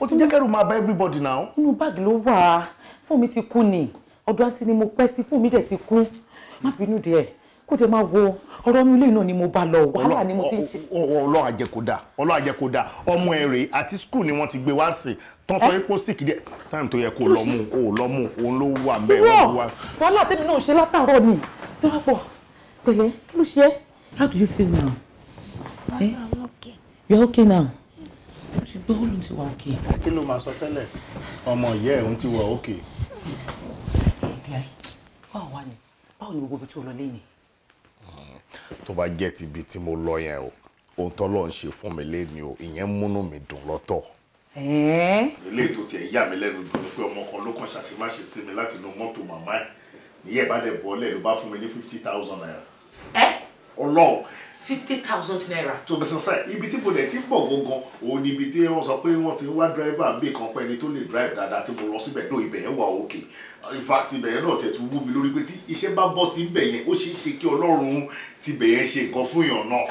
o ti jẹ́ kẹ́rù máa bá everybody náà. inú báàgì ló wà á fóònù mi ti kú ni ọ̀dọ̀ àǹtí ni mo pẹ́ sí fóònù mi dẹ̀ ti kú má bínú díẹ̀ kó tẹ máa wo ọ̀rọ̀ inú ilé náà ni mo bá lọ wàhálà ni mo ti ń ṣe. ọlọ́run àjẹkọ̀dà ọlọ́run àjẹkọ̀dà ọmọ ẹ̀rẹ̀ àti skul ni wọ́n ti gbé wá sí tán sọ epo sick díẹ̀ táìmù tó yẹ kó lọ o lọ òun ló wà bẹ́ẹ̀ wọ́n wàhálà tèmi náà ṣe látàárọ̀ ni dọ́rọ̀pọ̀ pẹ̀lẹ́ kí ló ṣe é. how do you feel now? Eh? you are okay now? ṣùgbọ́n olùn ti wà okay. kí ló máa sọ tẹ́lẹ̀ ọmọ ìyá ẹ̀ ń ti wà okay. báwo wà báwo ni gbogbo ibi tó lọ lẹ́yìn tó bá jẹ́ ti ibi tí mo lọ yẹn o ohun tó lọ́ọ́ ń ṣe fún mi lẹ́ni o ìyẹn múnú mi dùn lọ́tọ̀. ilé ètò tiẹ̀ yà mí lẹ́nu dùn pé ọmọ kan ló kàn ṣàṣemáṣe sí mi láti inú mọ́tò màmá ẹ̀ ìyẹn bá dẹ̀ bọ́lẹ̀ ló bá fún mi ní fifty thousand naira. ọlọ́run fifty thousand naira. tó bẹ́ẹ̀ sọ sáì ibi tí mo dẹ̀ ti pọ̀ gangan òun ni ibi tí wọ́n sọ pé wọ́n ti wá driver mi kan pẹ́ni tó lè drive dáadáa tí mo lọ síbẹ̀ náà ibẹ̀ yẹn wà òkè in fact ibẹ̀ yẹn náà tiẹ̀ tún wú mi lórí pé tí iṣẹ́ bá bọ́ sí ibẹ̀ yẹn ó ṣeé ṣe kí ọlọ́run tibẹ̀ yẹn ṣe nǹkan fún èèyàn náà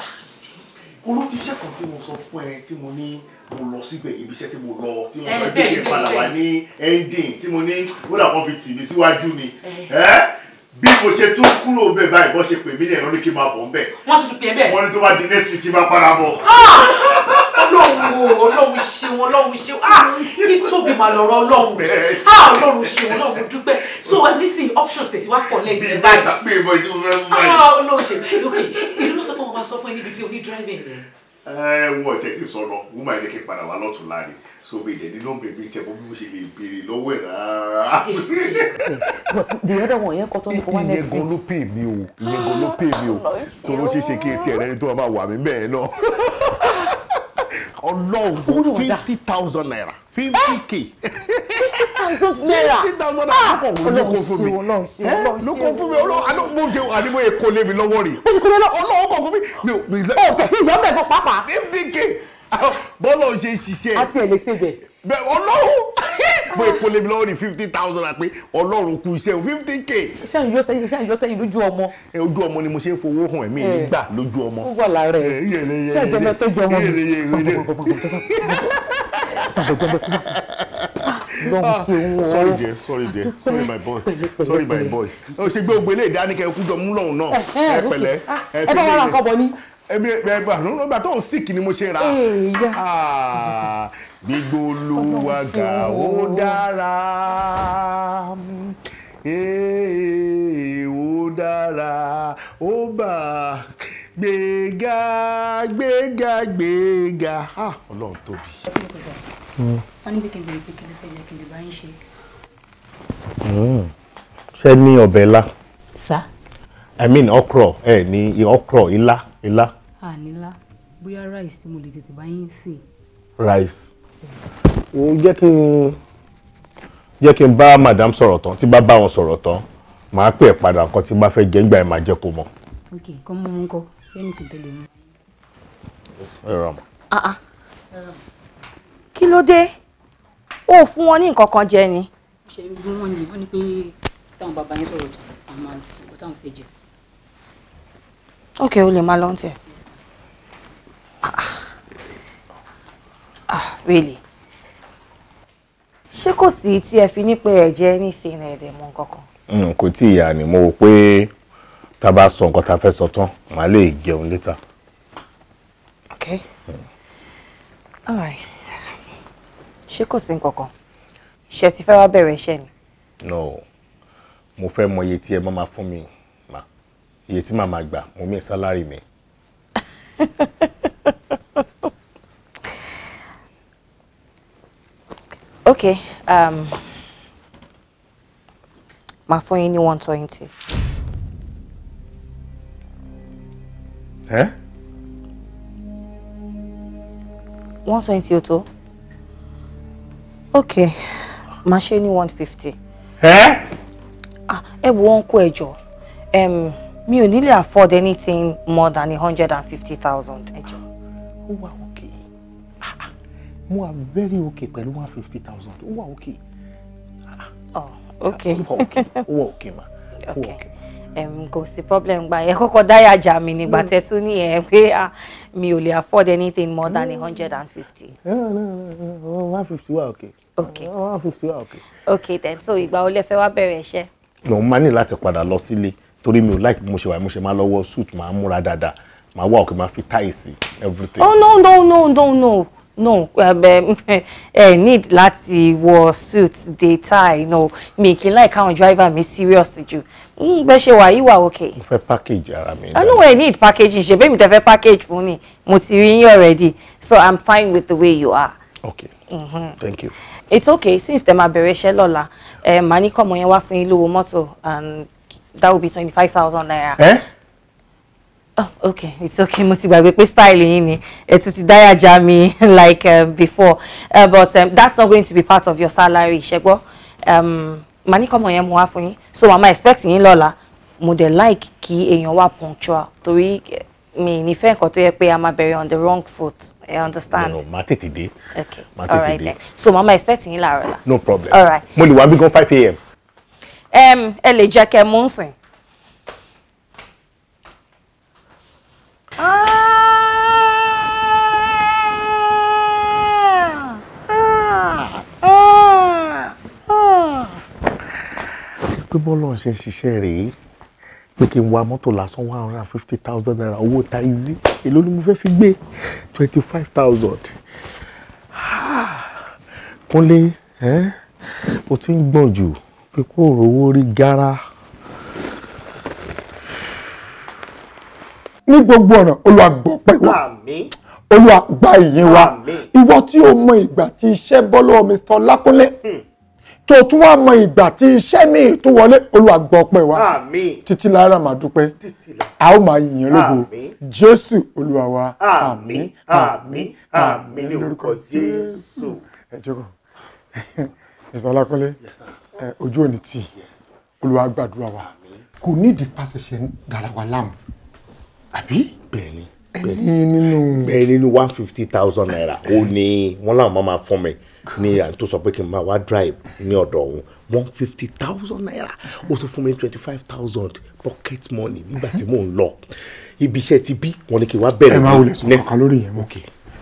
olóòtú iṣẹ́ kan tí mo sọ fún ẹ tí mo ní mo lọ síbẹ̀ ibi iṣẹ́ tí mo lọ tí wọ́n sọ eh, ẹgbẹ́ yẹn padà wá ní ending tí mo ní wúdà kan fi tì mí síwájú ni ẹ́ eh. eh? bí mo ṣe tún kúrò ń bẹ báyìí bọ́ ṣe pè mí ní ẹ̀rọ ní kí n máa bọ̀ ń bẹ̀. wọ́n ti tún pè é bẹ́ẹ̀. wọ́n ní tó bá di next week kí n máa para bọ̀. Ah! ọlọ́run o ọlọ́run ṣeun ọlọ́run ṣeun ah títóbi mà lọ́rọ̀ ọlọ́run ah ọlọ́run ṣeun ọlọ́run dúpẹ́ so listen options tẹ̀sí wá pọ̀ lẹ́gbẹ̀ẹ́ báyìí. bí ìbọn ìtumọ̀ fẹ́ mú báyìí. ah ọlọ́run ṣeun ok ìlú ló sọ pé mo máa sọ fún ẹ níbi tí o ní driving yẹn. Eh, wọ tẹ̀tí sọ̀rọ̀ woman yẹn kẹ́ padà wá lọ́tún láàrin so bẹ́ẹ̀ dẹ̀ ní tẹ̀ bó bí mo ṣe lè béèrè lọ́wọ́ ẹ̀ rárá. but the other one yẹn kọ́ tó ní kó wá next ìyẹn gan ló pè mí o ìyẹn gan ló pè mí o ah, tó ló ṣeé ṣe kí n tiẹ̀ tó máa wà mí bẹ́ẹ̀ náà ọlọ́run fifty thousand naira fifty eh? k. fifty thousand naira fifty thousand naira ah! lóko fún mi eh? lóko fún mi lóko fún mi ọlọ́run àdó mo ṣe àdìmọ̀ èkó lé mi lọ́wọ́ rè. o ṣe kó lé lọ ọlọ́run kọ̀ fún mi. o fẹ́ fi ìyọ́ bẹ̀ fún pápá. fifty k bọ́lá ò ṣe ṣiṣẹ́. a ti ẹ̀ lè ṣe bẹ̀ bẹ́ẹ̀ ọlọ́run pé <laughs> epo lèmi lọ́wọ́ ní fifty thousand àpé ọlọ́run kú iṣẹ́ fifty k. iṣẹ́ ìyọ́ sẹ́yìn iṣẹ́ ìyọ́ sẹ́yìn lójú ọmọ. ẹ ojú ọmọ ni mo ṣe ń fowó hàn ẹ̀mí nígbà eh, lójú ọmọ. ó wà lára eh, ẹ ah, ṣe ìjọba tó jọ ọmọ mi. sorry dear sorry dear sorry my boy sorry my boy o oh, ṣe gbé ogbélé ìdánikẹ́ kújọ mú lọ́hùn náà eh, ẹ pẹ̀lẹ́ ah, ẹ fi lè. ẹ bá wàrà nǹkan bọ̀ ni ẹbí ẹgbà nígbà tó ń sìkì ni mo ṣe rà á ah, gbígbóluwàgà ó dára ó dára ó bà gbéga gbéga gbéga ah, ọlọ́run tóbi. wọ́n ní pékin bèrè pékin ló fẹ́ jẹ́ kí n lè bá yín ṣe. Hmm. ṣé ní ọbẹ̀ ilá. Sa. i mean okra ẹ eh, ní okra ilá ilá ànílá bóyá rice tí mo lè tètè bá yín sè. rice ó jẹ́ kí n jẹ́ kí n bá madam sọ̀rọ̀ tán tí bá bá wọn sọ̀rọ̀ tán màá pè é padà nǹkan tí bá fẹ́ jẹ́ gbà ẹ̀ máa jẹ́ kó mọ̀. ok kọ́ mú un kọ́ yẹ́nì sì tẹ̀lé mi. ẹ rà mọ́. Ah, ah. kí ló dé ó fún wọn ní nǹkan kan jẹ ni. ṣe gbogbo wọn ni wọn ni pé táwọn bàbá yẹn sọ̀rọ̀ tán àwọn máa nǹkan táwọn fẹ́ jẹ. ok o lè máa lọ́ntẹ̀ ah ah really ṣé kò sí tí ẹ fi ní pé ẹ jẹ anything ẹ̀dẹ̀ mọ́ kankan. Mm, kò tí ì ni mo rò pé tá a bá sọ nǹkan tá fẹ́ sọ tán màá lè jẹun later. okay all right ṣé kò sí nǹkan ṣe ti fẹ́ wá bẹ̀rẹ̀ iṣẹ́ ni. no mo fẹ́ mọ iye tí ẹ máa ma fún mi ma iye tí màá ma gbà mo mí sálárì mi. <laughs> <laughs> okay um máa fún yín ní one twenty. ẹ. one twenty o tó okay máa ṣe ní one fifty. ẹ. Ah, ẹ wo wọn kó ẹ jọ mi ò afford anything more than a hundred and fifty thousand ó wà ah, ah, mo wà very òkè pẹ̀lú one fifty thousand ó wà òkè. Ah, ah, oh, ok ó wà òkè ó wà òkè ma ó wà òkè. kò sí problem gba ẹ kọ́kọ́ dáyà jà mí nígbà tẹ tún ní ẹ pé mi ò lè afford anything more than a mm. hundred and fifty. one fifty wà òkè. ok one fifty wà òkè. ok then so ìgbà wo lẹ fẹ́ wá bẹ̀rẹ̀ iṣẹ́. lòun máa ní láti padà lọ sílé torí mi ò láì mo ṣe wà mo ṣe máa lọ́wọ́ suit máa múra dáadáa màá wá ọ̀kẹ́ màá fi táìsì everything. oh no no no no no no ẹ um, ẹ um, <laughs> eh, need láti wọ suit dey tie no mi kì í láì káwọn driver mi serious jù mm, bẹ́ ṣe wà yíwà òkè. mo fẹ́ package ara mi. i ah, know i need packaging ṣe bẹ́ẹ̀ mi tẹ́ fẹ́ package fún mi mo ti rí yín already so i'm fine with the way you are. okay mm-hmm. thank you. it's okay since dem abẹ̀rẹ̀ iṣẹ́ lọ́la eh, màá ní kọ́mọ yẹn wá fún yín lówó mọ́tò and that will be twenty five thousand naira. Eh? oh okay it's okay mo ti gbàgbé pé style yín ni ẹ tún ti dáyà já mi <laughs> like um, before uh, but um, that's not going to be part of your salary ṣẹgbọ́ um, màá ní kọ́mọ yẹn mo wá fún yín so mama expect yín lola. mo dẹ̀ like ki èèyàn wà punctual torí eh, mi nífẹ̀ẹ́ nǹkan tó yẹ pé a máa bẹ̀rẹ̀ on the wrong foot I understand. No, no, màá tètè dé. Okay, all right then. So mama expect yín láàárọ̀ la. No problem. All right. Mo lè wá bí gan five a.m. Um, ẹ lè jẹ́ kẹ́ mú sìn. pé bọ́ọ̀lù ṣe ń ṣiṣẹ́ rèé pé kí n wa mọ́tò lásán one hundred and fifty thousand naira owó táìsì èló ni mo fẹ́ fi gbé twenty five thousand kúnlé ó ti ń gbọ̀n jù pé kó rówó rí gárá. ní gbogbo ọ̀nà olúwa gbọ́ pẹ̀ wá olúwa gba ìyìn wa ìwọ tí o mọ ìgbà tí iṣẹ́ bọ́ lọ́wọ́ Mr. Lákúnlé hmm. tó tún wá mọ ìgbà tí iṣẹ́ míì tó wọlé olúwa gbọ́ pẹ̀ wá títí lára máa dúpẹ́ a ó máa yìn lógo Jésù olúwa wa àmín àmín àmín ní orúkọ Jésù. ẹ jókòó <laughs> Mr. Lákúnlé ojú òní tí olúwa gbàdúrà wa kò nídìí pàṣẹ ṣe ń dára wa láàmú àbí. bẹ́ẹ̀ ni nínú bẹ́ẹ̀ nínú one fifty thousand naira ó ní wọn làwọn máa máa fún mi ní à ń sọ pé kí n máa wá drive ní ọ̀dọ̀ òun one fifty thousand naira ó tún fún mi twenty five thousand pocket money nígbà tí mò ń lọ ibi iṣẹ́ ti bí wọn ni kí n wá bẹ̀rẹ̀ ní next. ẹ máa wulẹ̀ sọ kàn lórí yẹn mọ́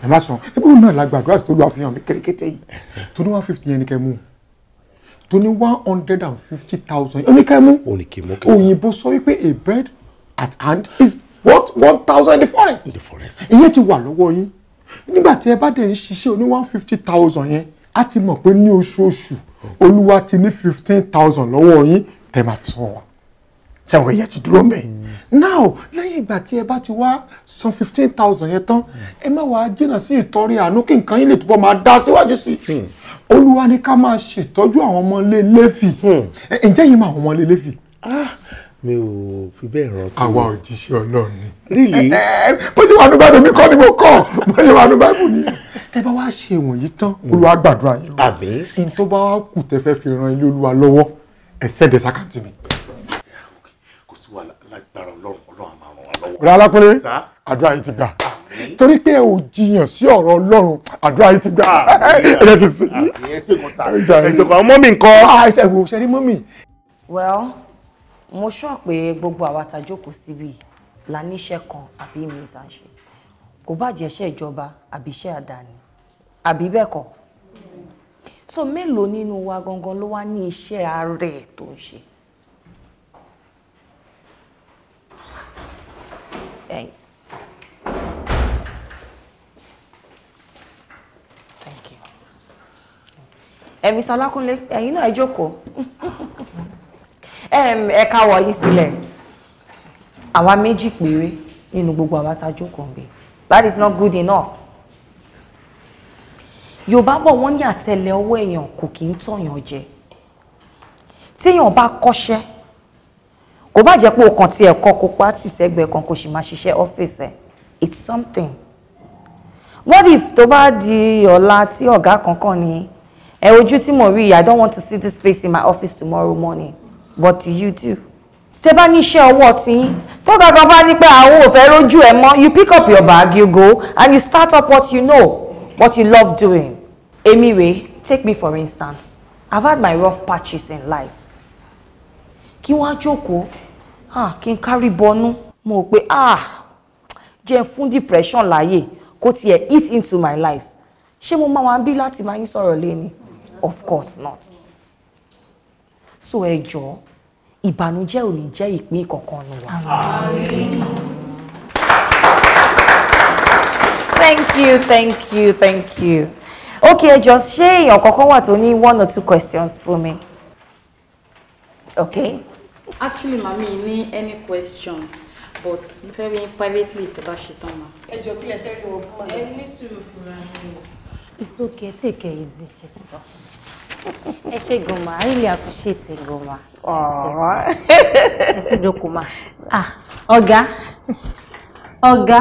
ẹ má sọ ẹbí òun náà la gbàdúrà sí tó lọ́ọ́ àfihàn mi kérékété yìí tó ní one fifty yẹn ni kẹ́ mú tó ní one hundred and fifty thousand yẹn ni kẹ́ mú un òyìnbó sọ wípé a bird at hand is what one thousand in the forest. in the forest. ìyẹn ti wà lọ́wọ́ yín nígbà tí ẹ bá dẹ̀ ń ṣiṣẹ́ oní one fifty thousand yẹn a ti mọ̀ pé ní oṣooṣù olúwa ti ní fifteen thousand lọ́wọ́ yín tẹ́ máa fi sanwó wa ṣàwọn èèyàn ti dúró mẹ́. Hmm. now lẹ́yìn ìgbà tí ẹ bá ti wá san fifteen thousand yẹn tán hmm. ẹ má wàá jìnnà sí ìtọrẹ àánú kí nǹkan yín lè túbọ̀ máa dá síwájú sí i. Hmm. olúwa ní ká máa ṣètọ́jú àwọn ọmọ ilé lẹ́fì ǹjẹ́ yìí máa àwọn ilé lẹ́fì mi ò fi bẹ́ẹ̀ rántí. àwa òjíṣẹ́ ọlọ́run ni. really. bó ṣe wà ní báyìí mi kọ́ ni mo kọ́ bó ṣe wà ní báyìí nìyẹn. tẹ bá wá ṣe wọ̀nyí tán hmm. olúwa gbàdúrà yín o. àmín. n tó bá kù tẹ fẹ́ fi ran ilé olúwa lọ́wọ́ ẹ sẹ́dẹ̀ sákàtì mi. kò sí wàhálà lágbára ọlọ́run ọlọ́run àmà ràn wá lọ́wọ́. bùrọ̀ alákùnrin àdúrà yìí ti gbà torí pé ò jiyàn sí ọ̀rọ̀ ọlọ́run àdúrà yìí ti gbà ẹ̀rẹ́ kìí sí. ẹ̀sìn kan mọ́mì nǹkan. ẹ̀sìn kan mọ́mì. well mo sọ pé gbogbo àwa tá jókòó síbi la níṣẹ́ kan àbí mi ìta ń ṣe kò bàjẹ́ iṣẹ́ ìjọba àbí iṣẹ́ àdáni àbí bẹ́ẹ̀ kọ́ so mélòó nínú wa gangan ló wá ní iṣẹ́ ààrẹ tó ń ṣe. Thank you. ẹ̀mí sálákúnlé ẹ̀yin náà ẹ jókòó. <laughs> ẹ káwọ́ sílẹ̀ àwa méjì péré nínú gbogbo àwa tá a jókòó nbẹ that is not good enough yorùbá bọ̀ wọ́n ní àtẹlẹ ọwọ́ èèyàn kò kì í tọ̀yàn jẹ téèyàn bá kọ́ṣẹ́ kò bá jẹ́ pé o kàn tiẹ̀ kọ́ kó pátì sẹ́gbẹ̀ẹ́ kan kò sì máa ṣiṣẹ́ ọ́fíìsì ẹ̀ it's something what if tó bá di ọ̀la tí ọ̀gá kankan ni ẹ ojú tí mo rí i i don't want to see this face in my office tomorrow morning What do you do tẹ́ bá ní iṣẹ́ ọwọ́ tí tó kankan bá ní pé àwọn ò fẹ́ rójú ẹ mọ́ you pick up your bag you go and you start up what you know what you love doing èmi take me for instance I've had my rough patches in life kí wọ́n á ah kí n kárí bọnú mo rò ah jẹ́ fún depression láàyè kó tiẹ̀ eat into my life ṣé mo máa wá ń bí láti máa yín sọ̀rọ̀ ni of course not so ẹ jọ̀ọ́ ìbànújẹ́ ò ní jẹ́ ìpín kankan nù wá. thank you thank you thank you okay ẹ jọ̀ọ́ ṣé èèyàn kankan wà tó ní one or two questions for me okay. actually mami ní any question but mo fẹ́ rí privately tẹ́ bá ṣe tán ma. ẹ jọ̀ọ́ kí lẹ fẹ́ lọ fún wa. ẹ ní sùúrù fúnra mi. it's okay take it easy ẹ ṣe gòmà i really appreciate it gòmà. ọ̀ọ́ dọ̀kùmà ọ̀gá ọ̀gá.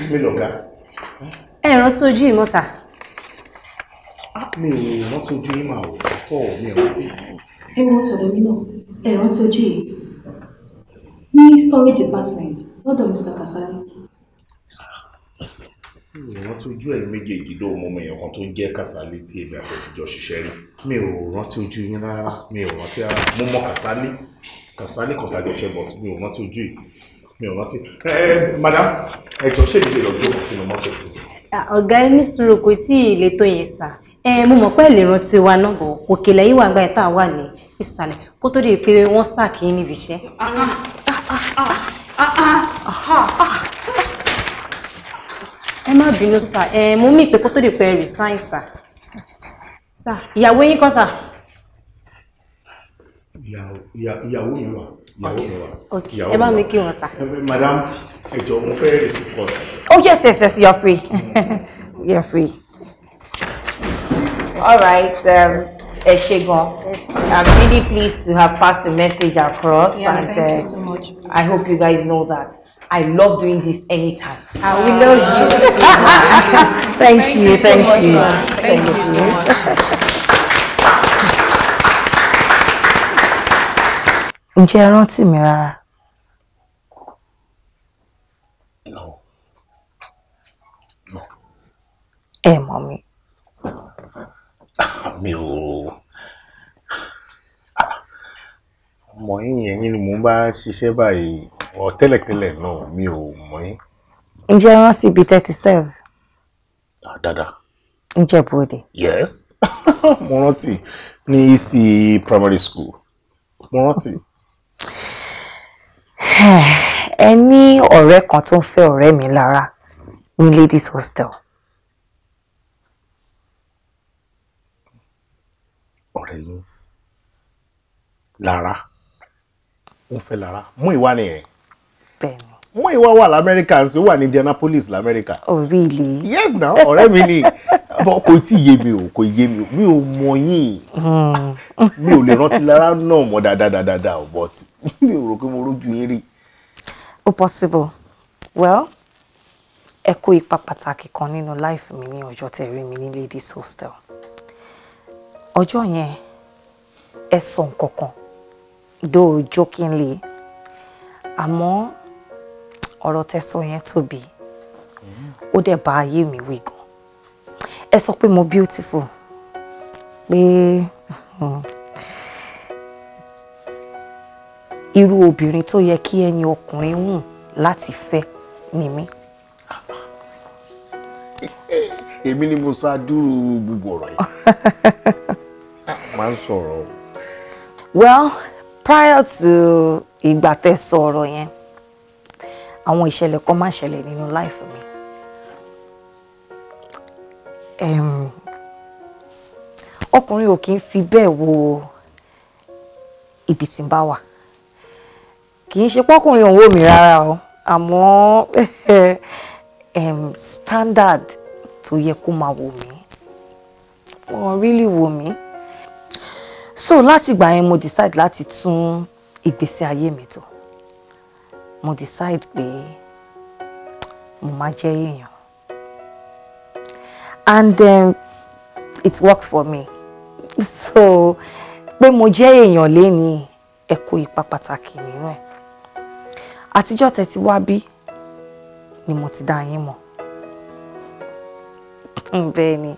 èmi lọ̀gá. ẹ rántí ojú ìmọ̀ sà. Ah, mi ò rántí ojú yìí máa wò tọ́ mi ò rántí. ẹ wọ́n tọ̀dọ̀ mi náà ẹ rántí ojú yìí ní storage department lọ́dọ̀ Mr. Kasari ìrántí ojú ẹ̀ méjèèjì ló mọ ọmọ èèyàn kan tó jẹ́ Kàsálí tí èmi àti ẹ̀tìjọ́ ṣiṣẹ́ rí mi ò rántí ojú yín rárá mi ò rántí rárá mo mọ Kàsálí Kàsálí kan tàbí ọ̀ṣẹ́ bọ̀ mi ò rántí ojú yìí mi ò rántí. ẹ ẹ madam ẹjọ ṣé èmi lè lọ jókòó sínú mọ́tò. ọ̀gá ẹ ní sùúrù kò tí ì lè tó yẹn sà ẹ mo mọ̀ pé lè rántí wa náà bọ̀ òkè lẹ́yìn wà gbà tá wà ní ìsàlẹ̀ kó tó di pé wọ́n sàkíyín níbi iṣẹ́ ẹ má bínú sà ẹ mo mí ìpè kó tó di pé resign sà sà ìyàwó yín kọ́ sà. ìyàwó mi wà ìyàwó mi wà. ẹ bá mi kí wọn sà. madam ẹ jọ̀ọ́ mo fẹ́ receive call. oh yes yes yes you are free <laughs> you are free. all right. Um, Eshegon. I'm really pleased to have passed the message across. Yeah, and, thank uh, you so much. I hope you guys know that. I love doing this anytime. Oh, we love <laughs> you. So thank, thank you. Thank so you. Much, thank, thank you so much. Ǹjẹ́ ẹ rántí mi rárá? No. No. Ẹ mọ̀ mi. <laughs> Mi ò ah, mọ̀ yín yẹn ni mo bá ṣiṣẹ́ báyìí ọ tẹ́lẹ̀tẹ́lẹ̀ náà mi ò mọ̀ yín. ǹjẹ́ wọ́n sì bí thirty seven. dáadáa. ǹjẹ́ bòde. yes <laughs> mo rántí ní ec primary school mo rántí. <sighs> ẹ ní ọ̀rẹ́ kan tó ń fẹ́ ọ̀rẹ́ mi lára ní ladies hostel. ọ̀rẹ́ yín lára ó ń fẹ́ lára mú ìwá nìyẹn bẹ́ẹ̀ni wọ́n ìwà wà lamẹ́ríkà sí wà ní Indianapolis lamẹ́ríkà. oh really. yes na ọ̀rẹ́ mi ni kò tí yé mi o kò yé mi o mi ò mọ yín hmm. mi ò lè rántí lára náà mọ dáadáa but <laughs> mi ò rò pé mo rójú yín rí. o oh, possible well ẹ kó ipa pàtàkì kan nínú life mi ní ọjọ́ tẹ́ mi ní ladies hostel ọjọ́ yẹn ẹ sọ nǹkan kan though jokingly àmọ́ ọ̀rọ̀ tẹ́ sọ yẹn tóbi ó dẹ̀ bá ayé mi wí gan ẹ sọ pé mo beautiful pé <laughs> irú obìnrin tó yẹ kí ẹ̀yin ọkùnrin wù láti fẹ́ ni mí. <laughs> èmi ni mo sá gbogbo ọ̀rọ̀ yìí <laughs> máa ń sọ̀rọ̀. well prior to ìgbà tẹ́ sọ ọ̀rọ̀ yẹn àwọn ìṣẹ̀lẹ̀ kan máa ṣẹlẹ̀ nínú life mi. ọkùnrin ò kì í fi bẹ́ẹ̀ wo ibi tí ń bá wà kì í ṣe pọ́kùnrin òun wò mí rárá o àmọ́ <laughs> standard tó yẹ kó máa wò mí wọ́n really wò mí so láti ìgbà yẹn mo decide láti tún ìgbésí ayé mi tò mo decide pé mo máa jẹ́ èèyàn and um, it works for me <laughs> so pé mo jẹ́ èèyàn lénìí ẹ kó ipa pàtàkì nínú ẹ̀ àtijọ́ tẹ́ wá bí ni mo ti dá yín mọ̀ <laughs> bẹ́ẹ̀ ni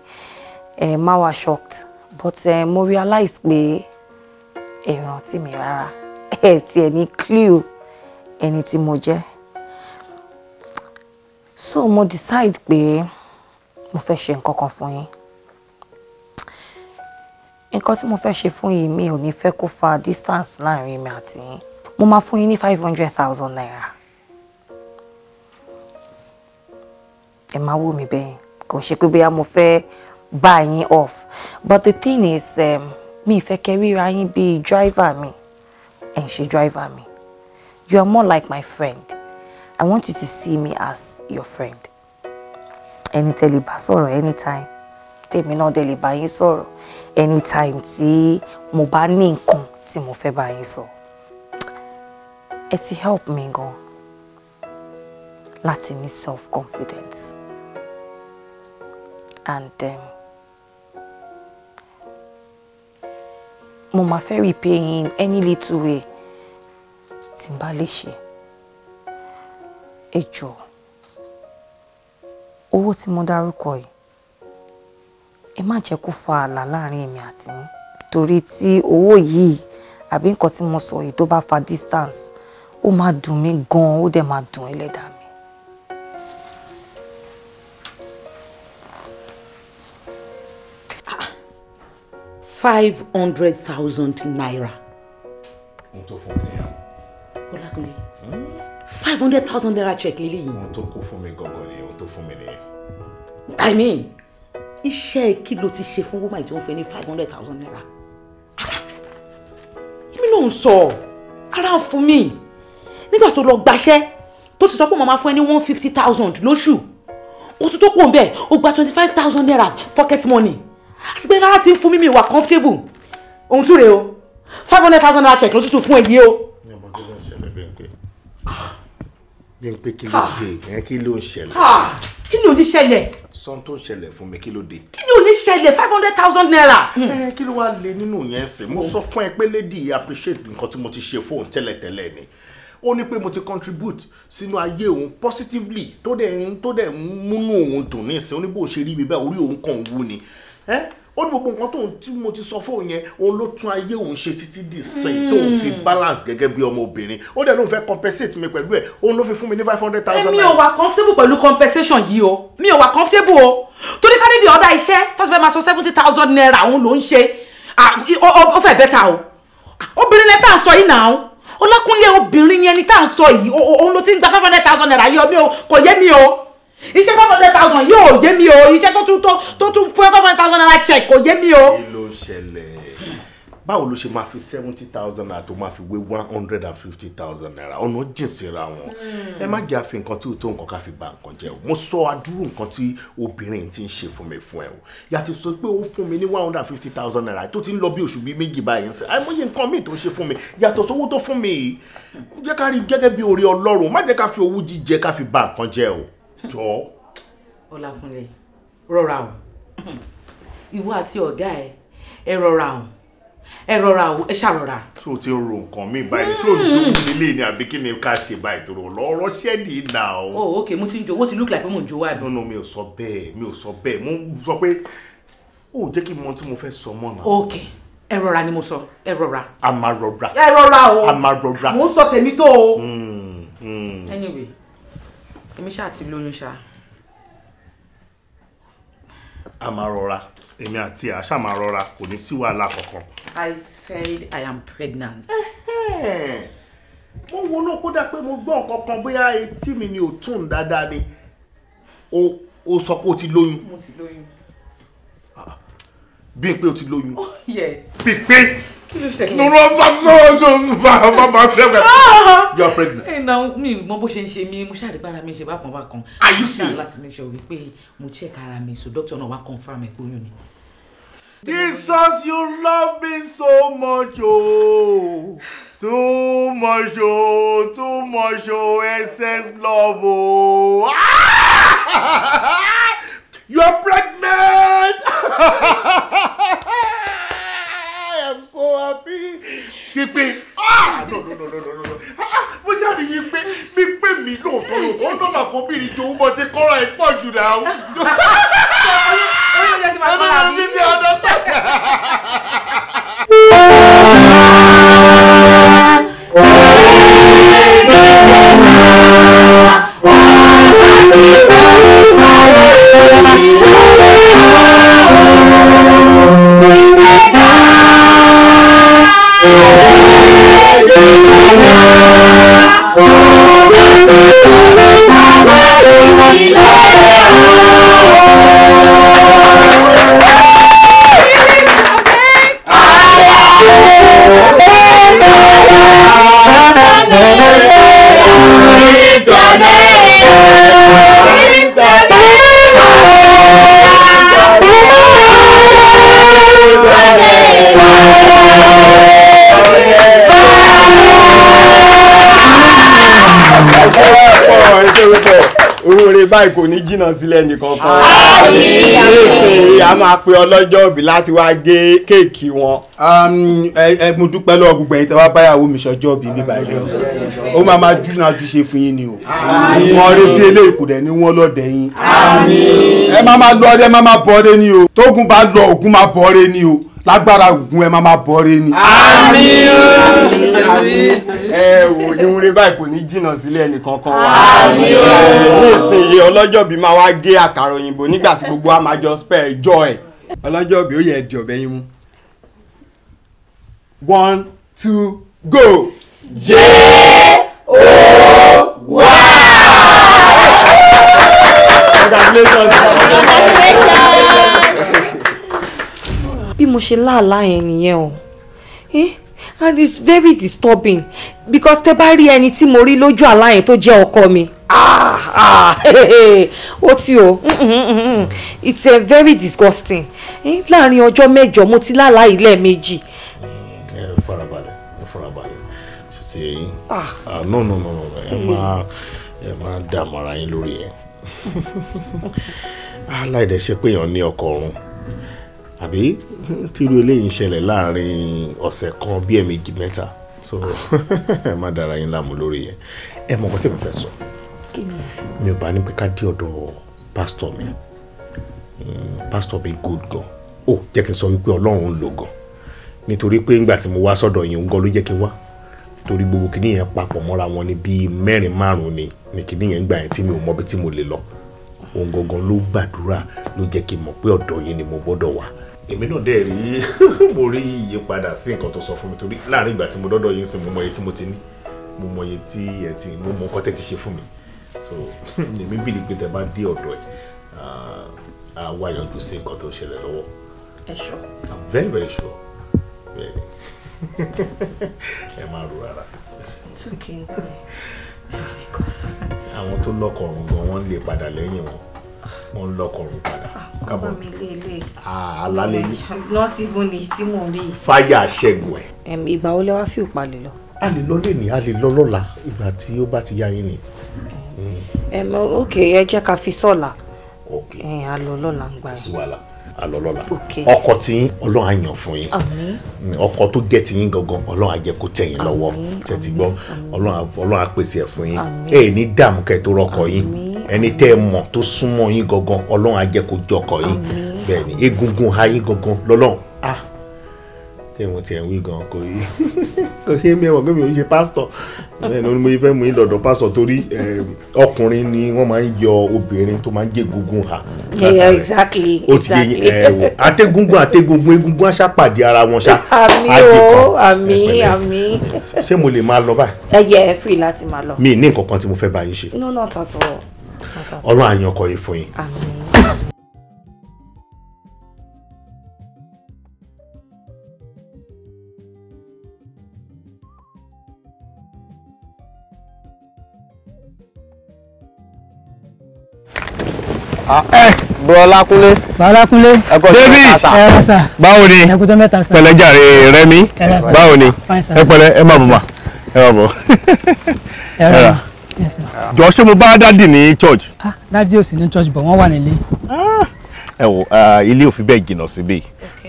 ẹ má wá shocked but ẹ mo realize pé ẹ rántí mi rárá <laughs> ẹ tiẹ̀ ní clue ẹni tí mo jẹ́ so mo decide pé mo fẹ́ ṣe nǹkan kan fún yín nǹkan tí mo fẹ́ ṣe fún yín mi ò ní fẹ́ kó fa distance láàrin mi àti yín mo máa fún yín ní five hundred thousand naira ẹ máa wò mí bẹ́ẹ̀ kò ṣe pé bóyá mo fẹ́ bá yín off but the thing is um, mi ìfẹ́ kẹ́ ríra yín bíi driver mi ẹ̀ ń ṣe driver mi You are more like my friend. I want you to see me as your friend. Ẹni tẹ́ lè anytime. Tèmi náà dẹ̀ lè bá anytime tí mo bá ní nǹkan tí mo fẹ́ bá yín sọ. Ẹ ti help me go. Latin is self-confidence. And um, mo máa fẹ́ repay in any little way tí n bá lè ṣe ẹ jọ̀ọ́ owó tí mo dárúkọ yìí ẹ má jẹ́ kó fa ààlà láàrin èmi àti yín torí tí owó yìí àbí nǹkan tí mo sọ yìí tó bá fa distance ó máa dùn mí gan ó dẹ̀ máa dùn ẹlẹ́dàá mi. five hundred thousand naira. mo tó fún mi ní Ọlákúnlé five hundred thousand naira check lélẹ́yìí. ohun tó kó fún mi gangan ni ohun tó fún mi nìyẹn. i mean iṣẹ́ kí ló ti ṣe fún woman tí wọ́n fẹ́ ní five hundred thousand naira. èmi náà ń sọ ara ń fún mi nígbà tó lọ gbaṣẹ́ tó ti sọ pé màmá fún ẹ ní one fifty thousand lóṣù kó tó tó kó ń bẹ̀ ó gba twenty five thousand naira pocket money àti pé náírà ti ń fún mi mi wà comfortable ohun tó rè o five hundred thousand naira check lóṣù tó fún ẹ yìí o bí n pé kí ló dé ẹ kí ló ń ṣẹlẹ̀. kí ni ò ní ṣẹlẹ̀. sọ́n tó ń ṣẹlẹ̀ fún mi kí ló dé. kí ni ò ní ṣẹlẹ̀ five hundred thousand naira. Hmm. ẹ kí ló wá lé nínú yẹn sè mo sọ fún ẹ pé lady appreciate nǹkan tí mo ti ṣe fóun tẹ́lẹ̀tẹ́lẹ̀ ni ó ní pé mo ti contribute sínú ayé òun positively tó dẹ̀ tó dẹ̀ múnú òun dùn ní ìsìn ó ní bó ṣe rí mi báyìí orí òun kàn wú ni. Eh? ó ní gbogbo nǹkan tóun tí mo ti sọ fóun yẹn òun ló tún ayé òun ṣe títí di sẹ́yìn tóun fi hmm. balance gẹ́gẹ́ bí ọmọbìnrin ó dẹ̀ lóun fẹ́ compensate mi pẹ̀lú ẹ̀ òun ló fi fún mi ní five hundred thousand naira. èmi ò wà comfortable pẹ̀lú compensation yìí o mi ò wà comfortable o torí ká nídìí ọ̀dà iṣẹ́ tó ti fẹ́ máa sọ seventy thousand naira òun ló ń ṣe ó fẹ́ bẹ́tà o obìnrin lẹ́tà ń sọ yìí náà Ọlákúnlé obìnrin yẹn ni tá à ń sọ yìí òun ló ti ń gba five hundred thousand naira yọ mi o kò yé mi o iṣẹ́ five hundred thousand yóò yé mi o iṣẹ́ tó tún tó tún fún five thousand naira check kò yé mi o. kí ló ṣẹlẹ̀ báwo ló ṣe máa fi seventy thousand naira tó máa fi wé one hundred and fifty thousand naira ọ̀nà jìn síra wọn ẹ má jẹ́ àfi nǹkan tí o tó nǹkan ká fi bà nǹkan jẹ́ o mo sọ adúrú nǹkan tí obìnrin ti ń ṣe fún mi fún ẹ o yàtọ̀ sọ pé ó fún mi ní one hundred and fifty thousand naira tó ti ń lọ bí oṣù bíi méjì báyìí ń sìn àìmọye nǹkan míì tó ń ṣe fún mi yàtọ̀ sówó tó fún mi jẹ́ ká rí gẹ́gẹ́ bí oore ọlọ́run má jẹ́ ká fi owó jíjẹ ká fi bà nǹkan jẹ́ o jọ. ọlá ìwọ àti ọ̀gá ẹ ẹ rọra hàn ẹ rọra o ẹ ṣàrọra. tó o ti ro nǹkan mi báyìí tó o dùn hmm. nílé ni àbí kí ni ká ṣe báyìí tó o lọ́ọ́rọ́ ṣẹ́ẹ̀dì ìlà o. oh ok mo ti ń jó owó ti look like pé mo ń jó wá bí. no no mi ò sọ bẹ́ẹ̀ mi ò sọ bẹ́ẹ̀ mo sọ pé o jẹ́ kí n mọ tí mo fẹ́ sọ mọ́ náà. ok ẹ rọra ni mo sọ ẹ rọra. a máa rọra. ẹ rọra o a máa rọra. mo ń sọ tèmi tó o. Hmm, hmm. anyway èmi ṣáà ti lóyún ṣáà. a máa rọra èmi àti àṣà máa rọra kò ní sí wàhálà kankan. I said I am pregnant. mo wo náà kódà pé mo gbọ́ nǹkan kan bóyá etí mi ni ò tún dáadáa ni o sọ pé o ti lóyún. mo ti lóyún. Ah, bí pé o ti lóyún. Oh, yes. pípé kí ló ṣe kí ló rọ bá bá fẹ́rẹ̀ you are pregnant. ẹ na mi mọ bó ṣe ń ṣe mí mo ṣàdìpá ara mi ṣe bákan bákan. are you serious. láti make sure wípé mo check ara mi so doctor náà wá confirm ẹ pé oyún ni. Jesus, you love me so much, oh. Too much, oh. Too much, oh. Excess love, oh. <laughs> You are pregnant! <laughs> I am so happy pípé ah no no no no no no ah, ah mo ṣáàdì yìí pé pípé mi lóòótọ́ lóòótọ́ nọ́mà kan bí ìrìjọ owó ti kọ́ra ẹ̀ pọ̀ jù náà. ẹnu ló fi ti ọdọ tẹ. Yeah. Yeah. ṣe pọ̀ nítorí pé oríire báyìí kò ní jìnnà sílẹ̀ nìkan kan. àmín. ṣé a máa pe ọlọ́jọ́ òbí láti wá gé kéèkì wọn. Um, ẹ mo dúpẹ́ lọ́wọ́ gbogbo ẹ̀yin tẹ́ wá báyàwó mi sọjọ́ bí mi báyìí lọ ó máa máa dúnà àdúṣe fún yín ni o wọn rí bí eléyìí kò dẹ̀ ní wọ́n lọ́dẹ̀ yín ẹ máa máa lọ ọdẹ ẹ máa máa bọ́ọ́rẹ́ ni o tógun bá lọ ògùn máa bọ́ọ́rẹ́ ni o lágbára ògùn ẹ máa máa bọ́ọ́rẹ́ ni. àmín ẹ wò ní wúre báyìí kò ní jìnnà sílé ẹnìkankan wa àmín ní ìsinyìí ọlọ́jọ́ bí máa wá gé àkàrà òyìnbó nígbà tí gbogbo wa spẹ́ẹ̀ jọ ẹ̀ ọlọ́jọ́ bí ó yẹ ẹ̀dì ọ̀bẹ yín mú one two go. j o y. congratulations. congratulations. bí mo ṣe láàlá yẹn nìyẹn o. Eh? and it's very disturbing because tẹ bá rí ẹni tí mo rí lójú àlá yẹn tó jẹ́ ọkọ mi ah ah ó ti o mm-hmm, mm-hmm. it's uh, very disgusting eh, láàrin ọjọ́ mẹ́jọ mo ti lálàá ilé méjì ti ẹ̀yin ah. ah, no no no no ẹ máa ẹ máa dààmú ara yín lórí ẹ aláìdẹ <laughs> ah, ṣe pé èèyàn ní ọkọ ọrùn àbí tírú eléyìí ń ṣẹlẹ̀ láàrin ọ̀sẹ̀ kan bí ẹ̀ẹ̀mejì mẹ́ta so ẹ <laughs> má dára yín láàmú lórí yẹn ẹ mọ̀ nǹkan tí mo fẹ́ sọ mi ò bá ní pé ká dé ọ̀dọ̀ pásítọ̀ mi hmm, pásítọ̀ mi good gan o oh, jẹ́ kí n sọ wípé ọlọ́run ń lò gan nítorí pé ńgbà tí mo wá sọ́dọ̀ yìí ń gan ló jẹ́ kí n wá torí gbogbo kìíní yẹn papọ̀ mọ́ra wọn ní bíi mẹ́rin márùn-ún ni kìíní yẹn gbà yẹn tí mi ò mọ bí tí mo lè lọ òun gangan ló gbàdúrà ló jẹ́ kí n mọ̀ pé ọ̀dọ̀ yín ni mo gbọ́dọ̀ wà èmi náà dẹ̀ rí <laughs> mo rí ìyípadà sí nǹkan tó sọ fún mi torí láàrin ìgbà tí mo dọ́dọ̀ yín sí mo mọ iye tí mo ti ní mo mọ iye tí ẹ ti mo mọ nǹkan ti ṣe fún mi so <laughs> èmi bí ni pé tẹ́ bá dé ọ̀dọ̀ ẹ̀ àwa yọjú sí nǹkan tó ṣẹlẹ̀ lọ́wọ́. ẹ ṣọ. very very sure. Really ẹ máa rò rárá. túkì ń pè é kò sí. àwọn tó lọ́kọ̀ọ̀rùn gan wọ́n lè padà lẹ́yìn wọn wọ́n ń lọ́kọ̀ọ̀rùn padà. kọ́mọ mi lé alálẹ́ yìí. not even ní tí mò ń rí. fáyà ṣẹ́gun ẹ̀. ìgbà wo lẹ wá fi òpàlẹ̀ lọ. a lè lọ lẹ́nìí a lè lọ lọ́la ìgbà tí ó bá ti yá yín ni. ok ẹ jẹ́ ká fi sọ́la. ok ẹ a lọ lọ́la ń gbà yín. sí wàhálà alọ́lọ́la ọkọ tí yín ọlọ́run á yàn fún yín mm, ọkọ tó jẹ́ ti yín gangan ọlọ́run á jẹ́ kó tẹ̀ yín lọ́wọ́ ṣe ti gbọ́ ọlọ́run á pèsè ẹ̀ fún yín ẹ̀ ní dààmú kẹ́ tó rọ́kọ yín ẹni tẹ́ ẹ mọ̀ tó súnmọ́ yín gangan ọlọ́run á jẹ́ kó jọkọ yín bẹ́ẹ̀ ni egungun ha yín gangan lọ́lọ́run á ah! kẹ́ ìwọ̀n tiẹ̀ ń wí gan kò yí. <laughs> ṣé mi ẹ̀wọ̀n pé mi ò ṣe pásítọ̀ ẹnu mo fẹ́ mú yín lọ́dọ̀ pásítọ̀ torí ọkùnrin ni wọ́n máa ń yọ obìnrin tó máa ń jẹ́ egungun ha. exactly exactly atégúngún atégúngún egúngún àṣà pàdé ara wọn ṣá. àmì o àmì àmì. ṣé mo lè máa lọ báyìí. ẹ yẹ ẹ free láti máa lọ. mi ní nǹkan kan tí mo fẹ́ bá yín ṣe. no not at all. ọlọ́run àyànkọ́ yìí fún yín. àmì. Ah, eh, bro Lákúnlé. Lákúnlé. David báwo ni pẹ̀lẹ́jàre Rẹ́mi báwo ni ẹ pẹ̀lẹ́ ẹ má bọ̀ ma ẹ má bọ̀ ẹ rà jọ ṣé mo bá dádì ní church. Ah, dádì ò sí ní church bọ̀ wọ́n wà nílé. Ah. ẹ wo ilé ò fi bẹ́ẹ̀ jìnnà síbí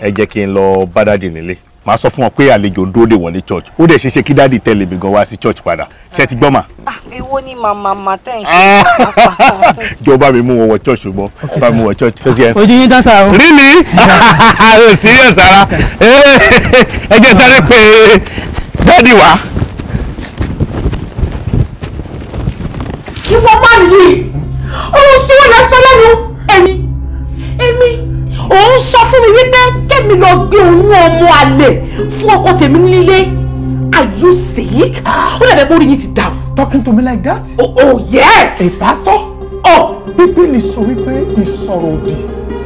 ẹ jẹ́ kí n lọ bá dádì nílé màá sọ fún wọn pé àlejò ń dúró dè wọlé church ó dẹ̀ ṣeéṣe kí dáàdì tẹ̀lé mi gan wá sí church padà ṣe ti gbọ́ mà. Ah, èwo ni màmá mà tẹ̀ ń ṣe pàápàá. <laughs> jọba mi mú wọn wọ church ṣùgbọ́n bá mi wọ church. ojú yín dán sára o. rí mi o <laughs> serious ara eh, ẹ jẹ́ sáré pé dáàdì wá. ìwọ máa nìyí ọ̀rọ̀ sọ́wọ́n lásán lẹ́nu ẹ̀mí ẹ̀mí òun sọ fún mi wípé kémi lọ gbé oyún ọmọ àlè fún ọkọ tèmi nílé are you sick ó dàbẹ̀ pé orí yín ti dàrú. talking to me like that. oh, oh yes. a pastor. oh. bíbélì sọ wípé ìsọ̀rọ̀ òdì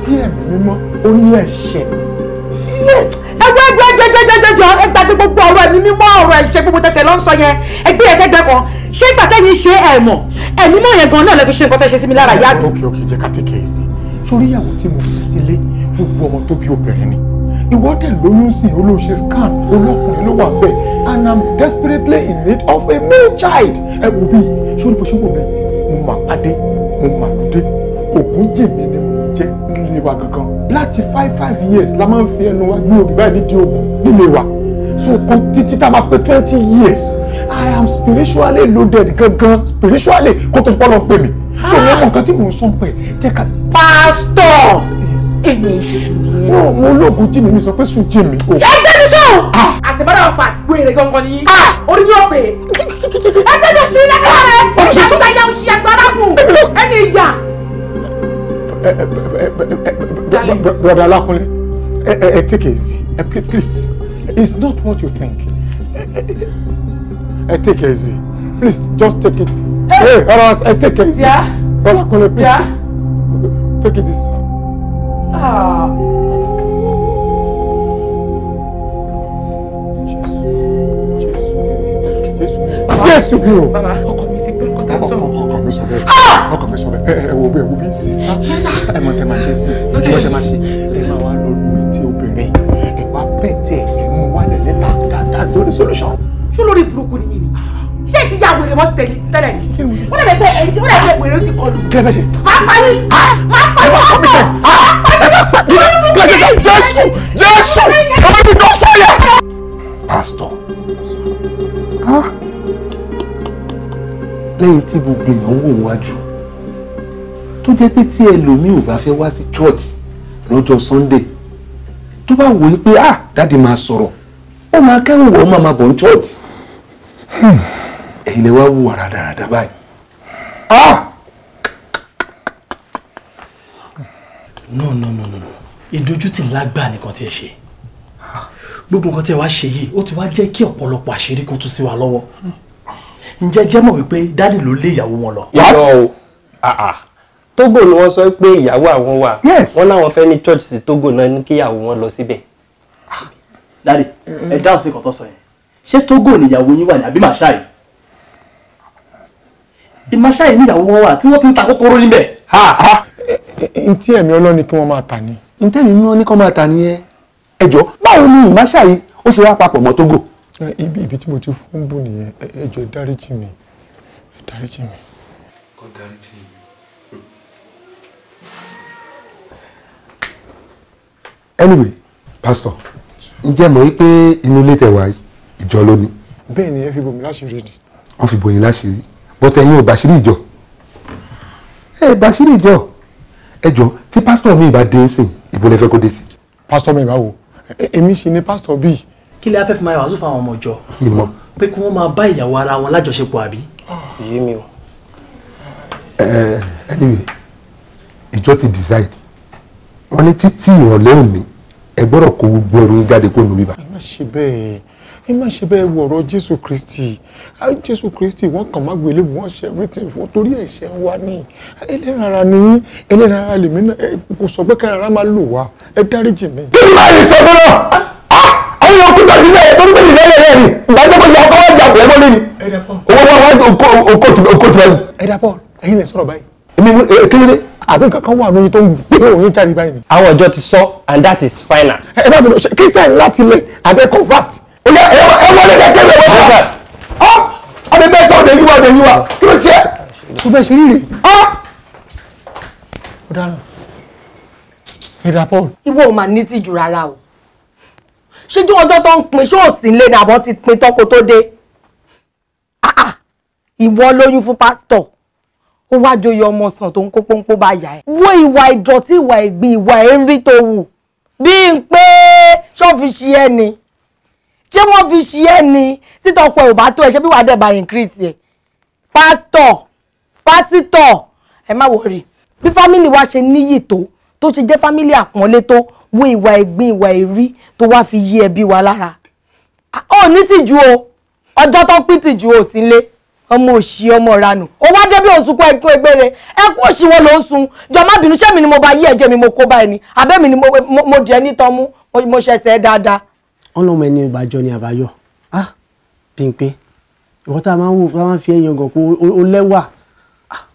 sí ẹ̀mí mímọ́ ó ní ẹ̀ṣẹ̀. yes ẹgbẹ́ ẹgbẹ́ ẹgbẹ́ ẹgbẹ́ ẹgbẹ́ jọ ẹgbẹ́ gbé gbogbo ọ̀rọ̀ ẹ̀mí mímọ́ ọ̀rọ̀ ẹ̀ṣẹ̀ gbogbo tẹ̀sẹ̀ ló ń sọ yẹn ẹgbẹ́ ẹsẹ̀ gbẹ kan ṣé ìgbà tẹ́yìn ṣe ẹ̀mọ̀ ẹ̀mí mọ́ yẹn gan náà lè fi ṣe nǹkan tẹ́ ṣe sí mi lára yá. ok ok jẹ́ ká tẹ́kẹ̀ẹ́ sí sórí ìyàwó tí mo fi sílé ìwọ ọmọ tó bí obìnrin ni ìwọ lóyún sí olóṣè scan olókùnrin ló wà bẹ́ẹ̀ and i'm desperately in need of a male child ẹ wò bí sórí bó ṣe wò mí mo mà pàdé mo mà lóde ògùn jèmi ni mo jẹ nílé wa gangan láti five five years la máa ń fi ẹnu wa gbé òbí báyìí nídìí ògùn nílé wa so kò títí tá a máa fi pé twenty years i am spiritually loaded gangan spiritually kó tó pọ́ lọ́n pè mí so ìyẹn kọ̀ọ̀kan tí mò ń sọ pé jẹ́ ká. pásítọ̀ èmi èṣù nìyẹn. wọn mú olóògùn jìnnì mi sọ pé sùn jìn mi. ṣé ẹ tẹ́lẹ̀ sọ. Ah. àṣebọ́dọ̀ ọ̀fà àti gbére gangan ni. Ah. orí yóò pè é. ẹ tẹ́lẹ̀ sí i lẹ́kọ̀ọ́ rẹ̀. ìṣàtúntàjà òṣì agbára kù. ẹni ìyà. brother alakunle ẹ take it easy please it's not what you think ẹ take it easy please just take it hey ọ̀rọ̀ ẹ take it easy alakunle please take it easy. Ah. mi o. Bàbá ọkọ mi ti gbé nǹkan tá a sọ. Ọkọ mi Ah. bẹ́ẹ̀. Ọkọ mi sọ bẹ́ẹ̀. Ẹ wo bí ẹ wo bí sista sista ẹ mọ tẹ máa ṣe sí ẹ mọ tẹ máa ṣe ẹ máa wá lọ lu etí obìnrin ẹ wá bẹ́ẹ̀ tẹ ẹ mú wálẹ̀ lẹ́tà that's the only solution. Ṣé lórí burúkú nìyí ni? Ṣé ti ya wèrè wọ́n ti tẹ̀lé ti tẹ́lẹ̀ ni? Wọ́n lè bẹ wèrè ó ti kọlù. Kí lè fẹ́ ṣe? Máa parí! Máa parí! Jésù Jésù orí kan fọyà. Pásítọ̀ lẹ́yìn tí gbogbo èèyàn wò wájú tó jẹ́ pé tí ẹlòmíì ò bá fẹ́ wá sí church lọ́jọ́ Sunday tó bá wò ó pé ah dáàdi máa sọ̀rọ̀ ó máa kẹ́wọ̀n wọ́n máa máa bọ̀ ní church hmm. ẹ̀yin lè wá wù wàrà dáradára báyìí. Ah! no no no no ìdójútì ńlá gbà nìkan tí ẹ ṣe gbogbo nǹkan tí ẹ wá ṣe yìí ó ti wá jẹ́ kí ọ̀pọ̀lọpọ̀ àṣírí kó tú sí wa lọ́wọ́ ǹjẹ́ jẹ́ mọ̀ wípé dádì ló lé ìyàwó wọn lọ. irọ́ o ah, ah. Togo ni wọ́n sọ pé ìyàwó àwọn wà wọ́n láwọn fẹ́ ní church sí Togo náà ní kíyàwó wọn lọ síbẹ̀. Ah, dádì ẹ dáhùn sí kọ́tọ́ sọ yẹn ṣé Togo nìyàwó yín wà ní àbí màṣáì ìmàṣáì níyàwó wọn wà tí wọ́n ti ń ta kókóró níbẹ̀ ntí ẹ̀mí ọlọ́ni kí wọ́n máa tà ní. ntí ẹ̀mí ọlọ́ni kí wọ́n máa tà ní ẹ ẹjọ́ báwo ni ìmáṣà yìí ó ṣe wá papọ̀ mọ́ Tógò. ibi ibi tí mo ti fún bù Ejo, ẹjọ́ dáríjì mi dáríjì mi. kọ́ dáríjì mi. anyway pastor ǹjẹ́ mọ̀ wípé inú ilé tẹ̀wá ìjọ lónìí. bẹ́ẹ̀ ni ẹ fi bò mí láṣìírí ni. wọ́n fi bò yín láṣìírí bọ́tẹ̀ yín ò bàṣírí ìjọ ẹ bá ṣí lè jọ ẹ jọ tí pásítọ̀ mi bá dé sí ibo lẹ fẹ́ kó dé sí. pásítọ̀ mi ìbáwo èmi ṣe ni pásítọ̀ bíi. kí lè afẹ́fẹ́ máa wàásù fáwọn ọmọ ìjọ. ìmọ̀. pé kí wọ́n máa bá ìyàwó ara wọn lájọṣepọ̀ àbí. kò yé mi o. anyway ìjọ ti decide wọ́n ní títí ìrọ̀lẹ́ òní ẹ gbọ́dọ̀ kó gbogbo ẹrù jáde kó nù mí bá. ẹ má ṣe bẹ́ẹ̀ ẹ má ṣe bẹ́ẹ̀ wo ọ̀rọ̀ jésù kristi jésù kristi wọ́n kàn má gbélé wọ́n ṣe everything fún torí ẹ̀ṣẹ̀ wa ni ẹlẹ́rara ni ẹlẹ́rara lèmi náà kò sọ pé kẹ́rara máa lò wá ẹ dáríjì mi. bí màá yìí sọ fún ọ àwọn ọkùnrin tàbí bẹ́ẹ̀ tó ń gbé nìyẹn lẹ́yìn rẹ̀ ìdájọ́ kọjá ọkọ̀ wọn jà bẹ́ẹ̀ lórí owó wọn wọn ẹ̀dà paul ẹ̀yin lè sọ̀rọ̀ báyìí. èmi kí ló dé. àbí nǹkan kan wà lóyún tó ń gbé òun jáde báyìí. àwọn ìjọ ti sọ and that is final. ẹ bá mi lọ ṣe kristian láti lè abẹ́ convert ẹ wọlé kẹkẹ rẹ wọ́n fà á ọdún bẹ́ẹ̀ sọ ọdún yíwa ọdún yíwa kí ló ṣe é. o bẹ ṣe rírì. ó dára ìdá paul. ìwọ ò máa ní tìjú rárá o ṣíjú ọjọ́ tó ń pin ṣé òsì ńlẹ̀ ni àbọ̀ ti pin tọ́kọ tó dé ah, ah. ìwọ lóyún fún pásítọ̀ ó wá joyè ọmọ sàn tó ń kó pọ́npọ́ bá yà ẹ́. wo ìwà ìdọ̀tí ìwà ìgbín ìwà ẹ̀rí tó wù bíi pé ṣọ́ọ̀fì ṣe ẹni ṣé wọ́n fi ṣí ẹ ni títọ́kọ ẹ̀ ò bá tó ẹ ṣé bí wàá dẹ̀ bá increase ẹ̀ pásítọ̀ pásítọ̀ ẹ má wọrí bí fámìlì wa ṣe níyì tó tó ṣe jẹ́ fámìlì àpọ́nlé tó wo ìwà ẹ̀gbin ìwà èrí tó wá fi yí ẹbí wa lára ó ní tìjú o ọjọ́ tó pín tìjú o sí lé ọmọ òṣì ọmọ ìranù ó wá débi òsùnkú ẹkún ẹgbẹrẹ ẹkún òṣì wọn ló ń sun jọmọ bínú ṣé ni mo bá yí ẹ̀jẹ̀ mi mo kó báyìí ni abẹ́ ni mo di ẹni tán mú mo ṣẹ̀ṣẹ̀ dáadáa ọlọ́mọ ẹni ìbàjọ́ ni àbáyọ ah Bímpé ìwọ́n tá a máa ń wò tá a máa ń fi ẹ̀yìn ọgàn pé ó lẹ́wà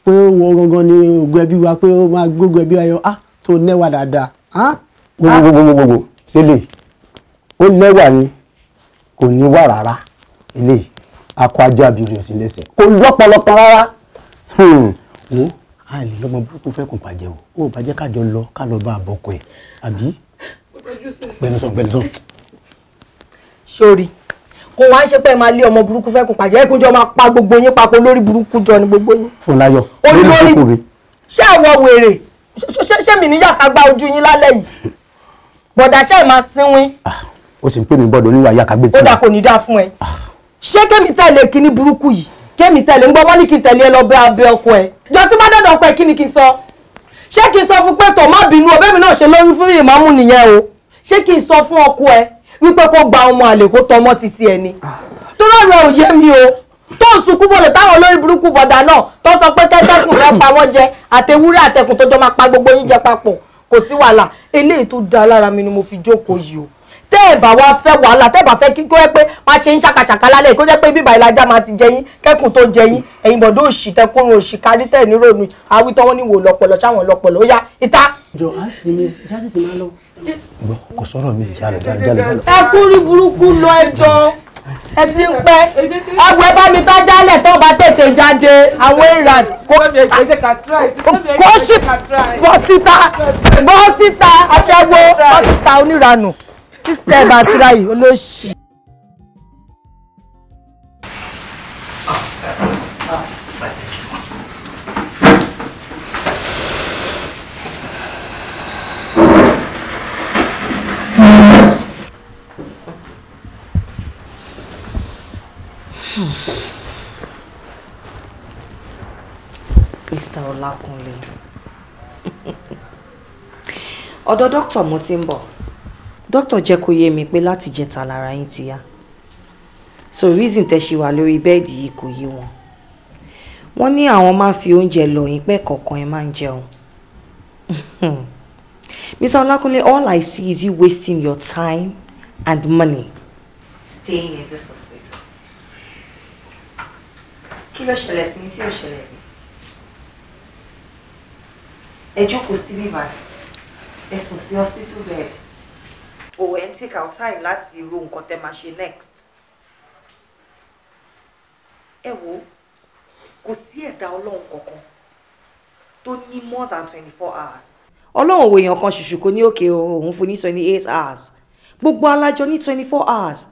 pé wọ́n gangan ni ògùn ẹbí wa pé ó máa gbógun ẹbí wa yọ ah tó lẹ́wà dáadáa ah. gbogbogbogbogbò sílẹ̀ ó lẹ́wà ni kò ní wà rárá ilé akọ ajá abiri ọ̀sìn lẹ́sẹ̀ kò lọ́pọ̀lọ́ kan rárá hmm. wo a lè lọ́mọ burúkú fẹ́ kò bàjẹ́ o ò bàjẹ́ kájọ lọ ká lọ bá àbọ̀kọ ẹ̀ àbí gbẹnusọ gbẹnusọ sórí kò wá ń ṣe pé máa lé ọmọ burúkú fẹ́ kó pàjẹ́ ẹ̀kúnjọ máa pa gbogbo yín papọ̀ lórí burúkú jọ ni gbogbo yín. Fọláyọ̀ lórí ìjókòó rẹ. ṣé ẹ̀wọ̀ wèrè ṣé mi níyà ká gba ojú yín lálẹ́ yìí bọ̀dà ṣe é máa sínwín. Ah, ó sì ń pè mí bọ́dọ̀ oníwà yá kágbé tí. ó dà kò ní dáa fún ẹ. Ah. ṣé kémi tẹ̀lé kíní burúkú yìí kémi tẹ̀lé ń gbọ́ wọ́n ní kí n tẹ̀lé ẹ lọ bẹ abẹ ọkọ ẹ. jọ tí má dọ̀dọ̀ ọkọ ẹ kí ni kí n sọ. ṣé wípé kó gba ọmọ àlè kó tọmọ títí ni, tó rọrọ òye mi o tó ń sunkún bọ̀dọ̀ táwọn olórí burúkú bọ̀dà náà tó sọ pé tẹ́tẹ́kùn fẹ́ pa wọ́n jẹ àtẹwúrẹ́ àtẹkùn tó jọ máa pa gbogbo yín jẹ papọ̀ kò sí wàhálà eléyìí tó da lára mi ni mo fi jókòó yìí o tẹ́ ẹ̀ bá wá fẹ́ wàhálà tẹ́ ẹ̀ bá fẹ́ kí kó jẹ́ pé máa ṣe ń ṣàkàṣàkà lálẹ́ kó jẹ́ pé bíbá ìlàjà máa ti jẹ yín kẹ́kùn tó jẹ yín ẹ̀yin bọ̀dọ̀ òṣì tẹkùnrin òṣì kárí tẹ̀ níròmí awítọ́wọ́ níwò lọ́pọ̀lọ́ sáwọn lọ́pọ̀lọ́ ó yá ìta. jọ á sinmi jáde tí máa lọ gbọ́ kò sọ̀rọ̀ mi ìyá rẹ̀ jálẹ̀jálẹ̀ jálẹ̀. ẹ kúrú burúkú lọ ẹjọ́ ẹ ti ń pẹ́ ẹwọ ẹ bá mi tán jálẹ̀ tó bá tètè jáde àwọn èèyàn kò kò sí bọ́ síta bọ́ síta aṣẹ́wó bọ́ síta oníranù sísẹ́ bàtírà yìí olóṣì. Mr. Ọlákúnlé ọ̀dọ̀ Doctor mo ti ń bọ̀ dókítà jẹ́ kó yé mi pé láti jẹta lára yín ti yá so reason tẹ́ ṣe wà lórí bẹ́ẹ̀dì yìí kò yé wọn wọ́n ní àwọn máa fi oúnjẹ lo yín pẹ́ kọ̀ọ̀kan ẹ máa ń <laughs> Mr. Ọlákúnlé all I see is you wasting your time and money staying in this hospital kí ló ṣẹlẹ̀ sí tí ò ṣẹlẹ̀ bí ẹ jókòó sí bíbá ẹ sùn sí hospital bed òwò ẹ̀ ń take out time láti ro nǹkan tẹ́ máa ṣe next ẹ wo kò sí ẹ̀dá ọlọ́run kankan tó ní more than twenty four hours. ọlọ́run òwò èèyàn kan ṣùṣù kò ní òkè òun fún ní twenty eight hours gbogbo alájọ ní twenty four hours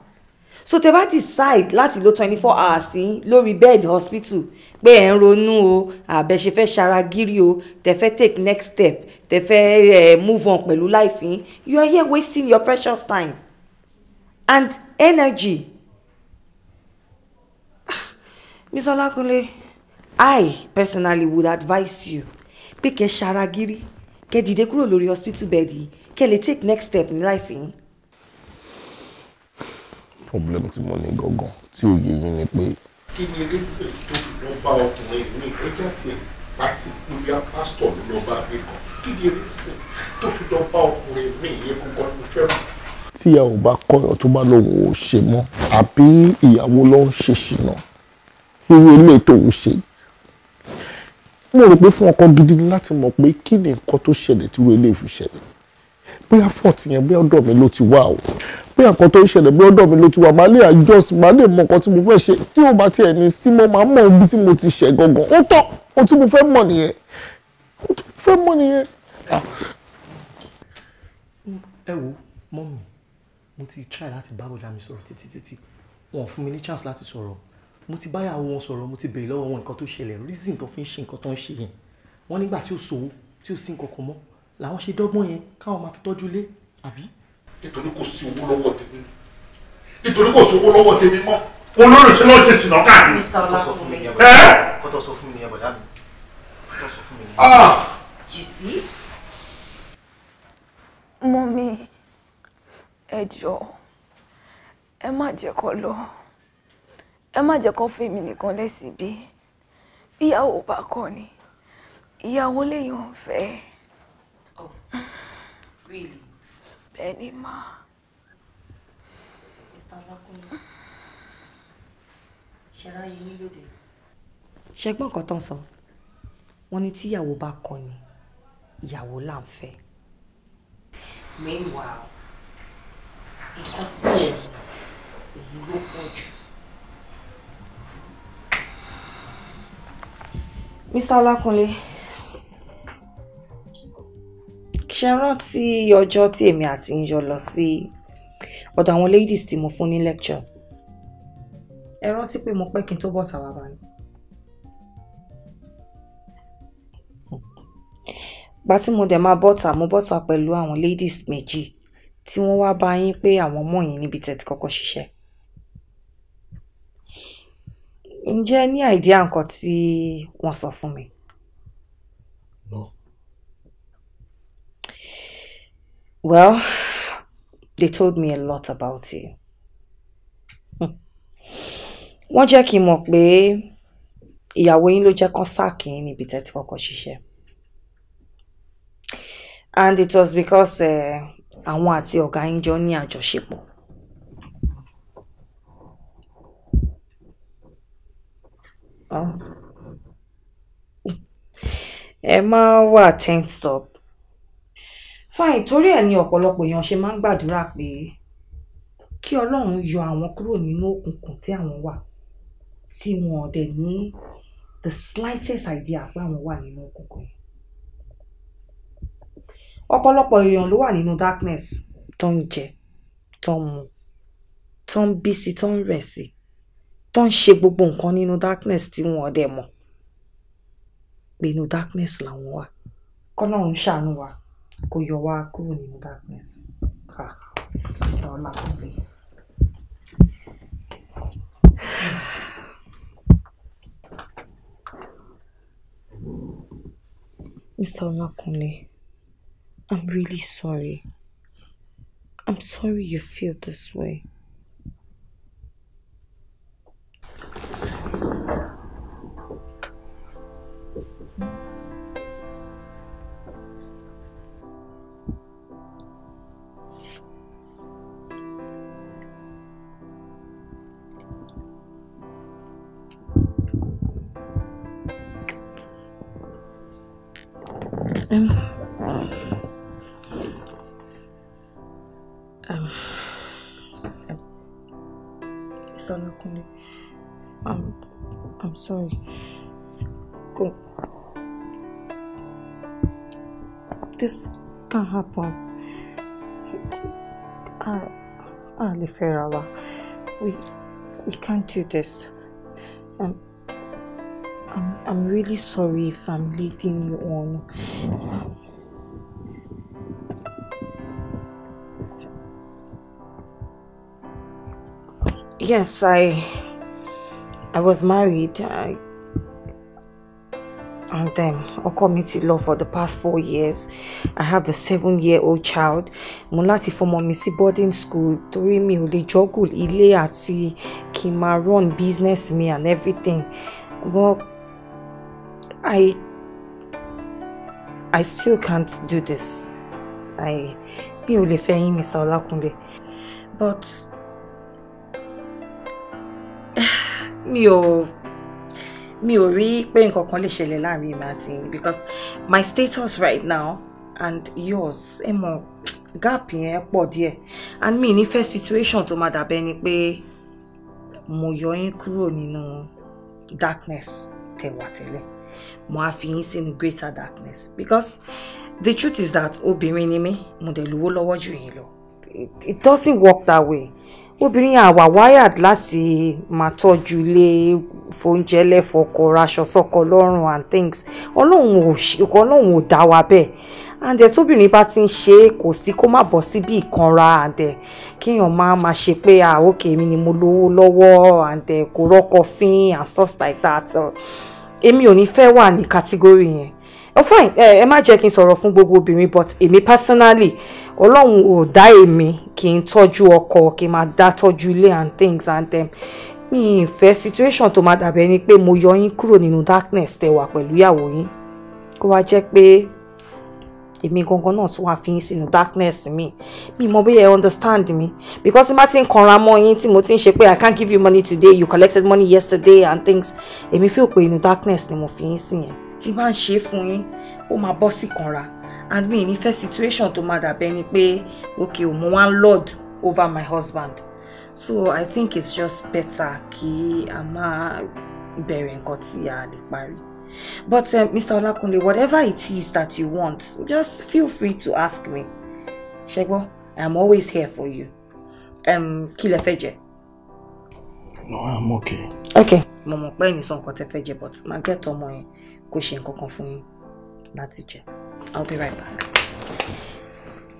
so tẹ bá decide láti lo twenty four hours sí lórí bed hospital pé ẹ̀ ń ronú o àbẹ̀ṣe fẹ́ ṣara gírí o tẹ fẹ́ take next step tẹ fẹ́ eh, move on pẹ̀lú life yín you are here wasting your precious time and energy. Ms. <sighs> Olakunle, I personally would advise you pé kẹ́ ṣara gírí kẹ́ dìde kúrò lórí hospital bed yìí kẹ́ lè take next step ní life yín problem tí mo ní gangan tí ò yé yín ni pé. kí ni rẹ́sì tó lọ bá ọkùnrin mi ẹjẹ́ àti pàtí bóyá pásítọ̀ ló lọ bá mi kàn kí ni rẹ́sì tó lọ bá ọkùnrin mi yẹn gbogbo ọdún fẹ́ràn. tí ẹ ò bá kọyọ tó bá lòun ò ṣe mọ́ àbí ìyàwó ló ń ṣe ṣìnà irú ilé tó ń ṣe mo rò pé fún ọkọ gidi ni láti mọ̀ pé kí ni nǹkan tó ṣẹlẹ̀ tí irú ilé ìfi ṣẹlẹ̀ bóyá fọ́ọ̀tì yẹn bóyá ọ̀dọ̀ mi ló ti wá o pé nǹkan tó ń ṣẹlẹ̀ bí ọ̀dọ̀ mi ló ti wà máa lè adjust máa lè mọ nǹkan tí mo fẹ́ ṣe tí ó bá tiẹ̀ ní sí mo máa mọ ibi tí mo ti ṣẹ̀ gangan ó tọ́ ohun tí mo fẹ́ mọ̀ nìyẹn o tí mo fẹ́ mọ̀ nìyẹn. ẹ wo mọ́mì mo ti try láti bá bọ̀dá mi sọ̀rọ̀ títí títí wọn ò fún mi ní chance láti sọ̀rọ̀ mo ti báyàwó wọn sọ̀rọ̀ mo ti béèrè lọ́wọ́ wọn nǹkan tó ṣẹlẹ̀ reason tó fi ń ṣe nǹkan tó ń ṣe nítorí kò sí owó lọ́wọ́ tèmi nítorí kò sí owó lọ́wọ́ tèmi mọ́ olórí ṣe lọ́ọ́ ṣe ṣìnà káàdì. mr ọlákùnmi ẹ kọ́tọ̀ sọ fún mi yẹn bọ̀dá mi kọ́tọ̀ sọ fún mi yẹn. Ah! you see. mọ́mí ẹ jọ̀ọ́ ẹ má jẹ́ kó lọ ẹ má jẹ́ kó fèmí nìkan lẹ́sìn bí ìyàwó bá kọ́ ni ìyàwó lèèyàn fẹ́. oh really Bẹ́ẹ̀ni mà. Mr. Olakunle, ṣẹ̀rá yìí yín lóde. Ṣẹgbọ́n nǹkan tán sọ, wọ́n ní tíyàwó bá kọ ni, ìyàwó là ń fẹ́. Meanwhile, nǹkan tí ẹ̀ òun ló pọ̀ jù. Mr. Olakunle ṣe rántí ọjọ́ tí èmi àti ń yọ lọ sí ọ̀dọ̀ àwọn ladies tí mo fún ní lecture ẹ rántí pé mo pẹ́ kí n tó bọ̀ tàwa bá ní. gba tí mo dẹ̀ máa bọ́ta mo bọ́ta pẹ̀lú àwọn ladies méjì tí wọ́n wá bá yín pé àwọn ọmọ yín níbi tẹ̀ ti kọ́kọ́ ṣiṣẹ́. ǹjẹ́ ní àìdíà nǹkan tí wọ́n sọ fún mi? Well, they told me a lot about you. Hmm. Wọ́n jẹ́ kí n mọ̀ pé ìyàwó yín ló jẹ́ kán sáàkì yín níbi tẹ́ ti kọ́kọ́ ṣiṣẹ́. And it was because eh, àwọn àti ọ̀gá yín jọ ni àjọṣepọ̀. Ẹ Emma, wà ten stop? fine torí ẹ̀ ni ọ̀pọ̀lọpọ̀ èèyàn ṣe máa ń gbàdúrà pé kí ọlọ́run yọ àwọn kúrò nínú òkùnkùn tí àwọn wà tí wọn dẹ̀ ní the slightest idea pé àwọn wà nínú òkùnkùn yìí ọ̀pọ̀lọpọ̀ èèyàn ló wà nínú darkness tó ń jẹ tó ń mu tó ń bí sí tó ń rẹ̀ sí tó ń ṣe gbogbo nǹkan nínú darkness tí wọn dẹ̀ mọ̀ pé inú darkness làwọn wà kọ́lọ́run ṣàánú wa. Kuyowaku in the darkness. Ha. It's not lovely. Mr. Onakunle, I'm really sorry. I'm sorry you feel this way. Um, um, Mr. I'm, I'm sorry. Go. This can happen. Ah, ah, Leferawa, we, we can't do this. Um, I'm really sorry if I'm leading you on. Yes, I I was married. I and um, committed law for the past four years. I have a seven-year-old child. Mulati from fọmọ boarding school torí me, ò juggle ilé àti kí business me and everything. But I, I still can't do this. I, mi ò lè fẹ́ yín, Mr. Olakunle. But, <sighs> mi ò, mi ò rí pé nǹkan kan lè ṣẹlẹ̀ láàrin mi àti because my status right now and yours, ẹ mọ̀, gap yẹn pọ̀ díẹ̀ and me mi nífẹ̀ẹ́ situation to tó máa dàbẹ́ ni pé mo yọ yín kúrò nínú darkness tẹ̀wà tẹ́lẹ̀ mo á greater darkness because the truth is that obìnrin ni mí mo dẹ̀ lówó lọ́wọ́ jù yín lọ it, doesn't work that way obìnrin àwa wired láti máa tọ́jú ilé fóúnjẹ lẹ́fọ̀ọ́kọ raṣọ sọ́kọ lọ́rùn and things ọlọ́run ò ọlọ́run ò dá wa bẹ́ẹ̀ and tóbìnrin bá ti ń ṣe é kò sí kó má bọ́ síbi ìkanra and kéèyàn máa máa ṣe pé ah ok mi ni mo lówó lọ́wọ́ and kò rọ́kọ fín and stuff like that. Uh, èmi ò ní fẹ́ wà ní kàtígórì yẹn oh fine ẹ má jẹ́ kí n sọ̀rọ̀ fún gbogbo obìnrin but èmi personally ọlọ́run ò dá èmi kí n tọ́jú ọkọ kí n máa dá tọ́jú ilé and things and them. mi ì fẹ́ situation tó máa dàbẹ́ ni pé mo yọ yín kúrò nínú darkness tẹ́ wà pẹ̀lú ìyàwó yín kó wá jẹ́ pé èmi gangan náà tún wá fi yín sínú darkness mi mi mọ bí ẹ understand me because má ti ń kanra mọ́ yín tí mo ti ń ṣe pé i can't give you money today you collected money yesterday and things èmi feel pé inú darkness ni mo fi yín sí yẹn tí máa ń ṣe fún yín ó máa bọ́ sí kanra and me ní fẹ́ situation tó máa dàbẹ́ ni pé okay mo wá ń lord over my husband so i think it's just better kí a máa bẹ̀rẹ̀ nǹkan tí a lè parí. But um, uh, Mr. Olakunle, whatever it is that you want, just feel free to ask me. Shegbo, I'm always here for you. Um, kí No, I'm okay. Okay. Mama, mọ̀ me some sọ nǹkan but màá get ọmọ yẹn kó ṣe nǹkan kan fún yín I'll be right back.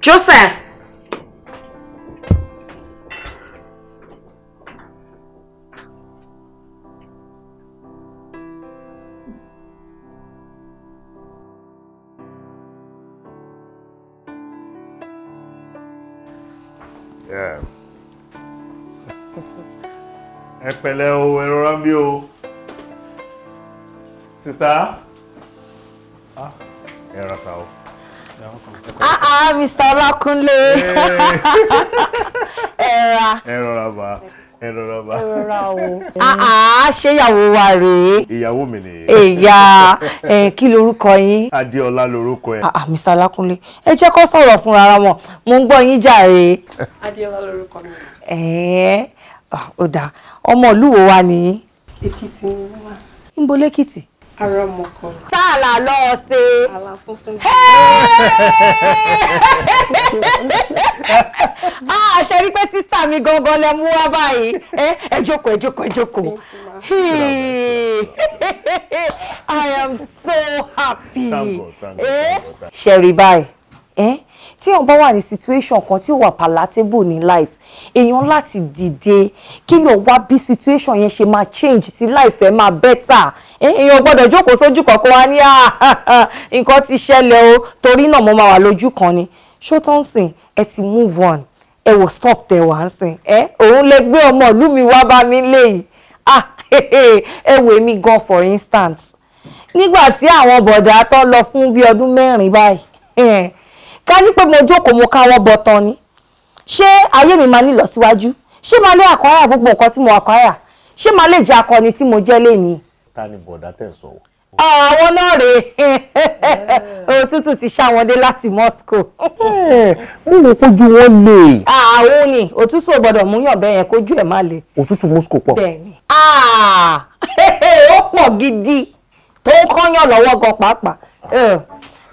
Joseph! <laughs> ẹ pẹ̀lẹ́ o ẹ rọra ń bí o sista ah. ẹ rà o. ah ah Mr. Ọlákúnlé <laughs> ẹ rà ẹ rọra bá ẹ rọra bá. ẹ rọra o. àá <laughs> ah, ah, ṣéyàwó wa rèé. ìyàwó mi nìyẹn. èyà ẹ kí lorúkọ yín. adéọlá lorúkọ ẹ. ah, ah mr alákúnlé ẹ jẹ́ kó sọ̀rọ̀ fúnra wọn mo ń gbọ́ yín jàre. <laughs> adéọlá lorúkọ mi. ẹ̀ẹ́ ó dáa ọmọ ìlú wo wa nìyí. èkìtì ni wọ́n wà. ń bo lẹ́kìtì. Ara ọmọ Tààlà lọ ṣe. Àlà funfun. <laughs> Ah, ṣe rí pé sísá mi gangan lẹ mú wá báyìí. Ẹ jókòó, ẹ jókòó, ẹ jókòó. I am so happy. Eh? Ṣẹ̀rí báyìí. Eh? tí èèyàn bá wà ní situation kan tí ó wà palatable ní life èèyàn láti dìde kéèyàn wá bí situation yẹn ṣe máa change tí life ẹ máa better èèyàn gbọ́dọ̀ jókòó sójú kan kó wá ní ah, nǹkan ti ṣẹlẹ̀ o torí náà mo máa wà lójú kan ni ṣó ẹ ti move on ẹ wò stop tẹ wà ń sìn ẹ òun lè gbé ọmọ ìlú mi wá bá mi léyìí ah, ẹ wò èmi gan for instance nígbà tí àwọn bọ̀dà tó lọ fún bí ọdún mẹ́rin báyìí <laughs> ká ní pé mo jókòó mo káwọ́ bọ̀tán ni ṣé ayé mi máa ní ìlọsíwájú ṣé máa lè àkọ́yà gbogbo nǹkan tí mo àkọ́yà ṣé máa lè jẹ́ akọni tí mo jẹ́ lẹ́ni. ta ni bọ̀dá tẹ̀ ń sọ̀rọ̀. àwọn náà rèé <laughs> òtútù ti ṣàwọ̀dé láti Moscow. mo wò kójú wọn lè. àwọn ni òtútù ò gbọdọ̀ múyàn bẹ́ẹ̀ yẹn kójú ẹ̀ má le. òtútù Moscow pọ̀. bẹ́ẹ̀ni <laughs> ó pọ̀ gidi tó ń kọ́yàn lọ́wọ́ gan pàápàá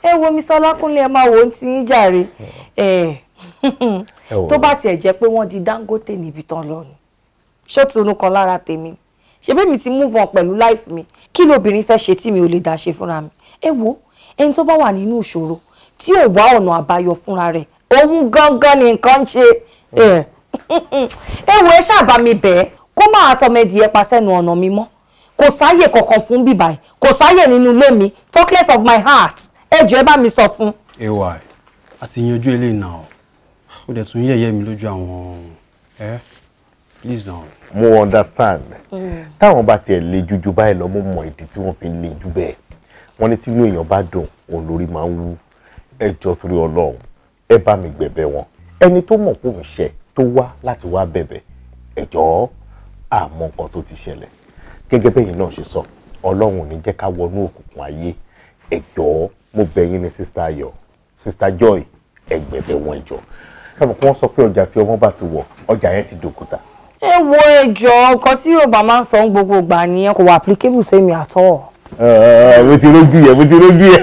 ẹ wo Mr. Ọlákúnlé ẹ máa wo ohun tí yín jàre tó bá tiẹ̀ jẹ́ pé wọ́n di Dangote níbi tán lọ ni ṣó tunu kan lára tèmi ṣe bẹ́ẹ̀ mi ti move on pẹ̀lú life mi kí lóbìnrin fẹ́ ṣe tí mi ò lè dá ṣe fúnra mi ẹ wo ẹni tó bá wà nínú ìṣòro tí ò wá ọ̀nà àbáyọ fúnra rẹ̀ òun gangan ni nǹkan ṣe ẹ wo ẹ ṣáàbà mi bẹ́ẹ̀ kó máa tọmọ ẹdìyẹ pa sẹ́nu ọ̀nà mi mọ́ kò sáyè kankan fún bíbáyìí kò sáyè nínú ilé mi talk less of my heart ẹjọ́ ẹ bá mi sọ fún. ẹwà àti yanjú ilé náà ó dẹ̀ tún yẹ̀yẹ́ mi lójú àwọn ẹ please now. mo understand mm. táwọn bá tiẹ̀ le jújú báyìí lọ mo mọ ìdí tí wọ́n fi le jù bẹ́ẹ̀ wọ́n ní tí inú èèyàn bá dùn òun lórí máa ń wú ẹjọ́ torí ọlọ́run ẹ bá mi gbẹ̀bẹ̀ wọn ẹni tó mọ̀ kó ń ṣe tó wá láti wá bẹ̀bẹ̀ ẹjọ́ àmọ́ nǹkan tó ti ṣẹlẹ̀ gẹ́gẹ́ bẹ́yìn náà ṣe sọ ọlọ́run ò ní jẹ́ ká wọnú òkùnkùn ayé ẹjọ́ mo bẹ̀ yín ni sista ayọ̀ sista joy ẹgbẹ̀bẹ̀ wọn ìjọ káàbọ̀ kí wọ́n sọ pé ọjà tí ọmọ bá ti wọ̀ ọjà yẹn ti dòkúta. ẹ wo ẹjọ nǹkan tí yorùbá máa ń sọ ń gbogbo ìgbà nìyẹn kò wà applicable sẹ́mi àtọ́. mo ti rójú yẹ mo ti rójú yẹ.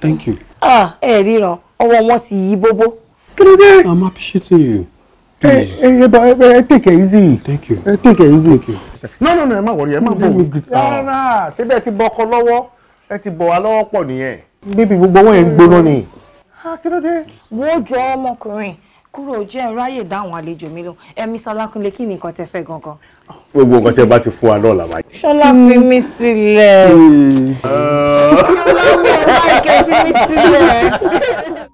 thank you. Ah, ah, ẹ ríran ọwọ́ wọn ti yí bóbó. kí i'm appreciating you. ẹ ẹ ẹ take it easy. thank you. take it easy. thank you understand no no no ẹ má wọrí ẹ má bò rárá síbẹ̀ ti bọ ọkọ lọ́wọ́ ẹ ti bọ̀ wá lọ́wọ́ pọ̀ nìyẹn bíbí gbogbo wọn yẹn ń gbóná ni. kí ló dé. wọ́n jọ ọmọkùnrin kúrò jẹ́ ráyè dáhùn àlejò mi lọ ẹ̀mí sálákúnlé kí ni nǹkan tẹ fẹ́ gangan. gbogbo nǹkan tẹ bá ti fún wa náà làwọn. ṣọlá fi mí sílẹ̀. Hmm. ṣọlá mi ò láì fi mí sílẹ̀.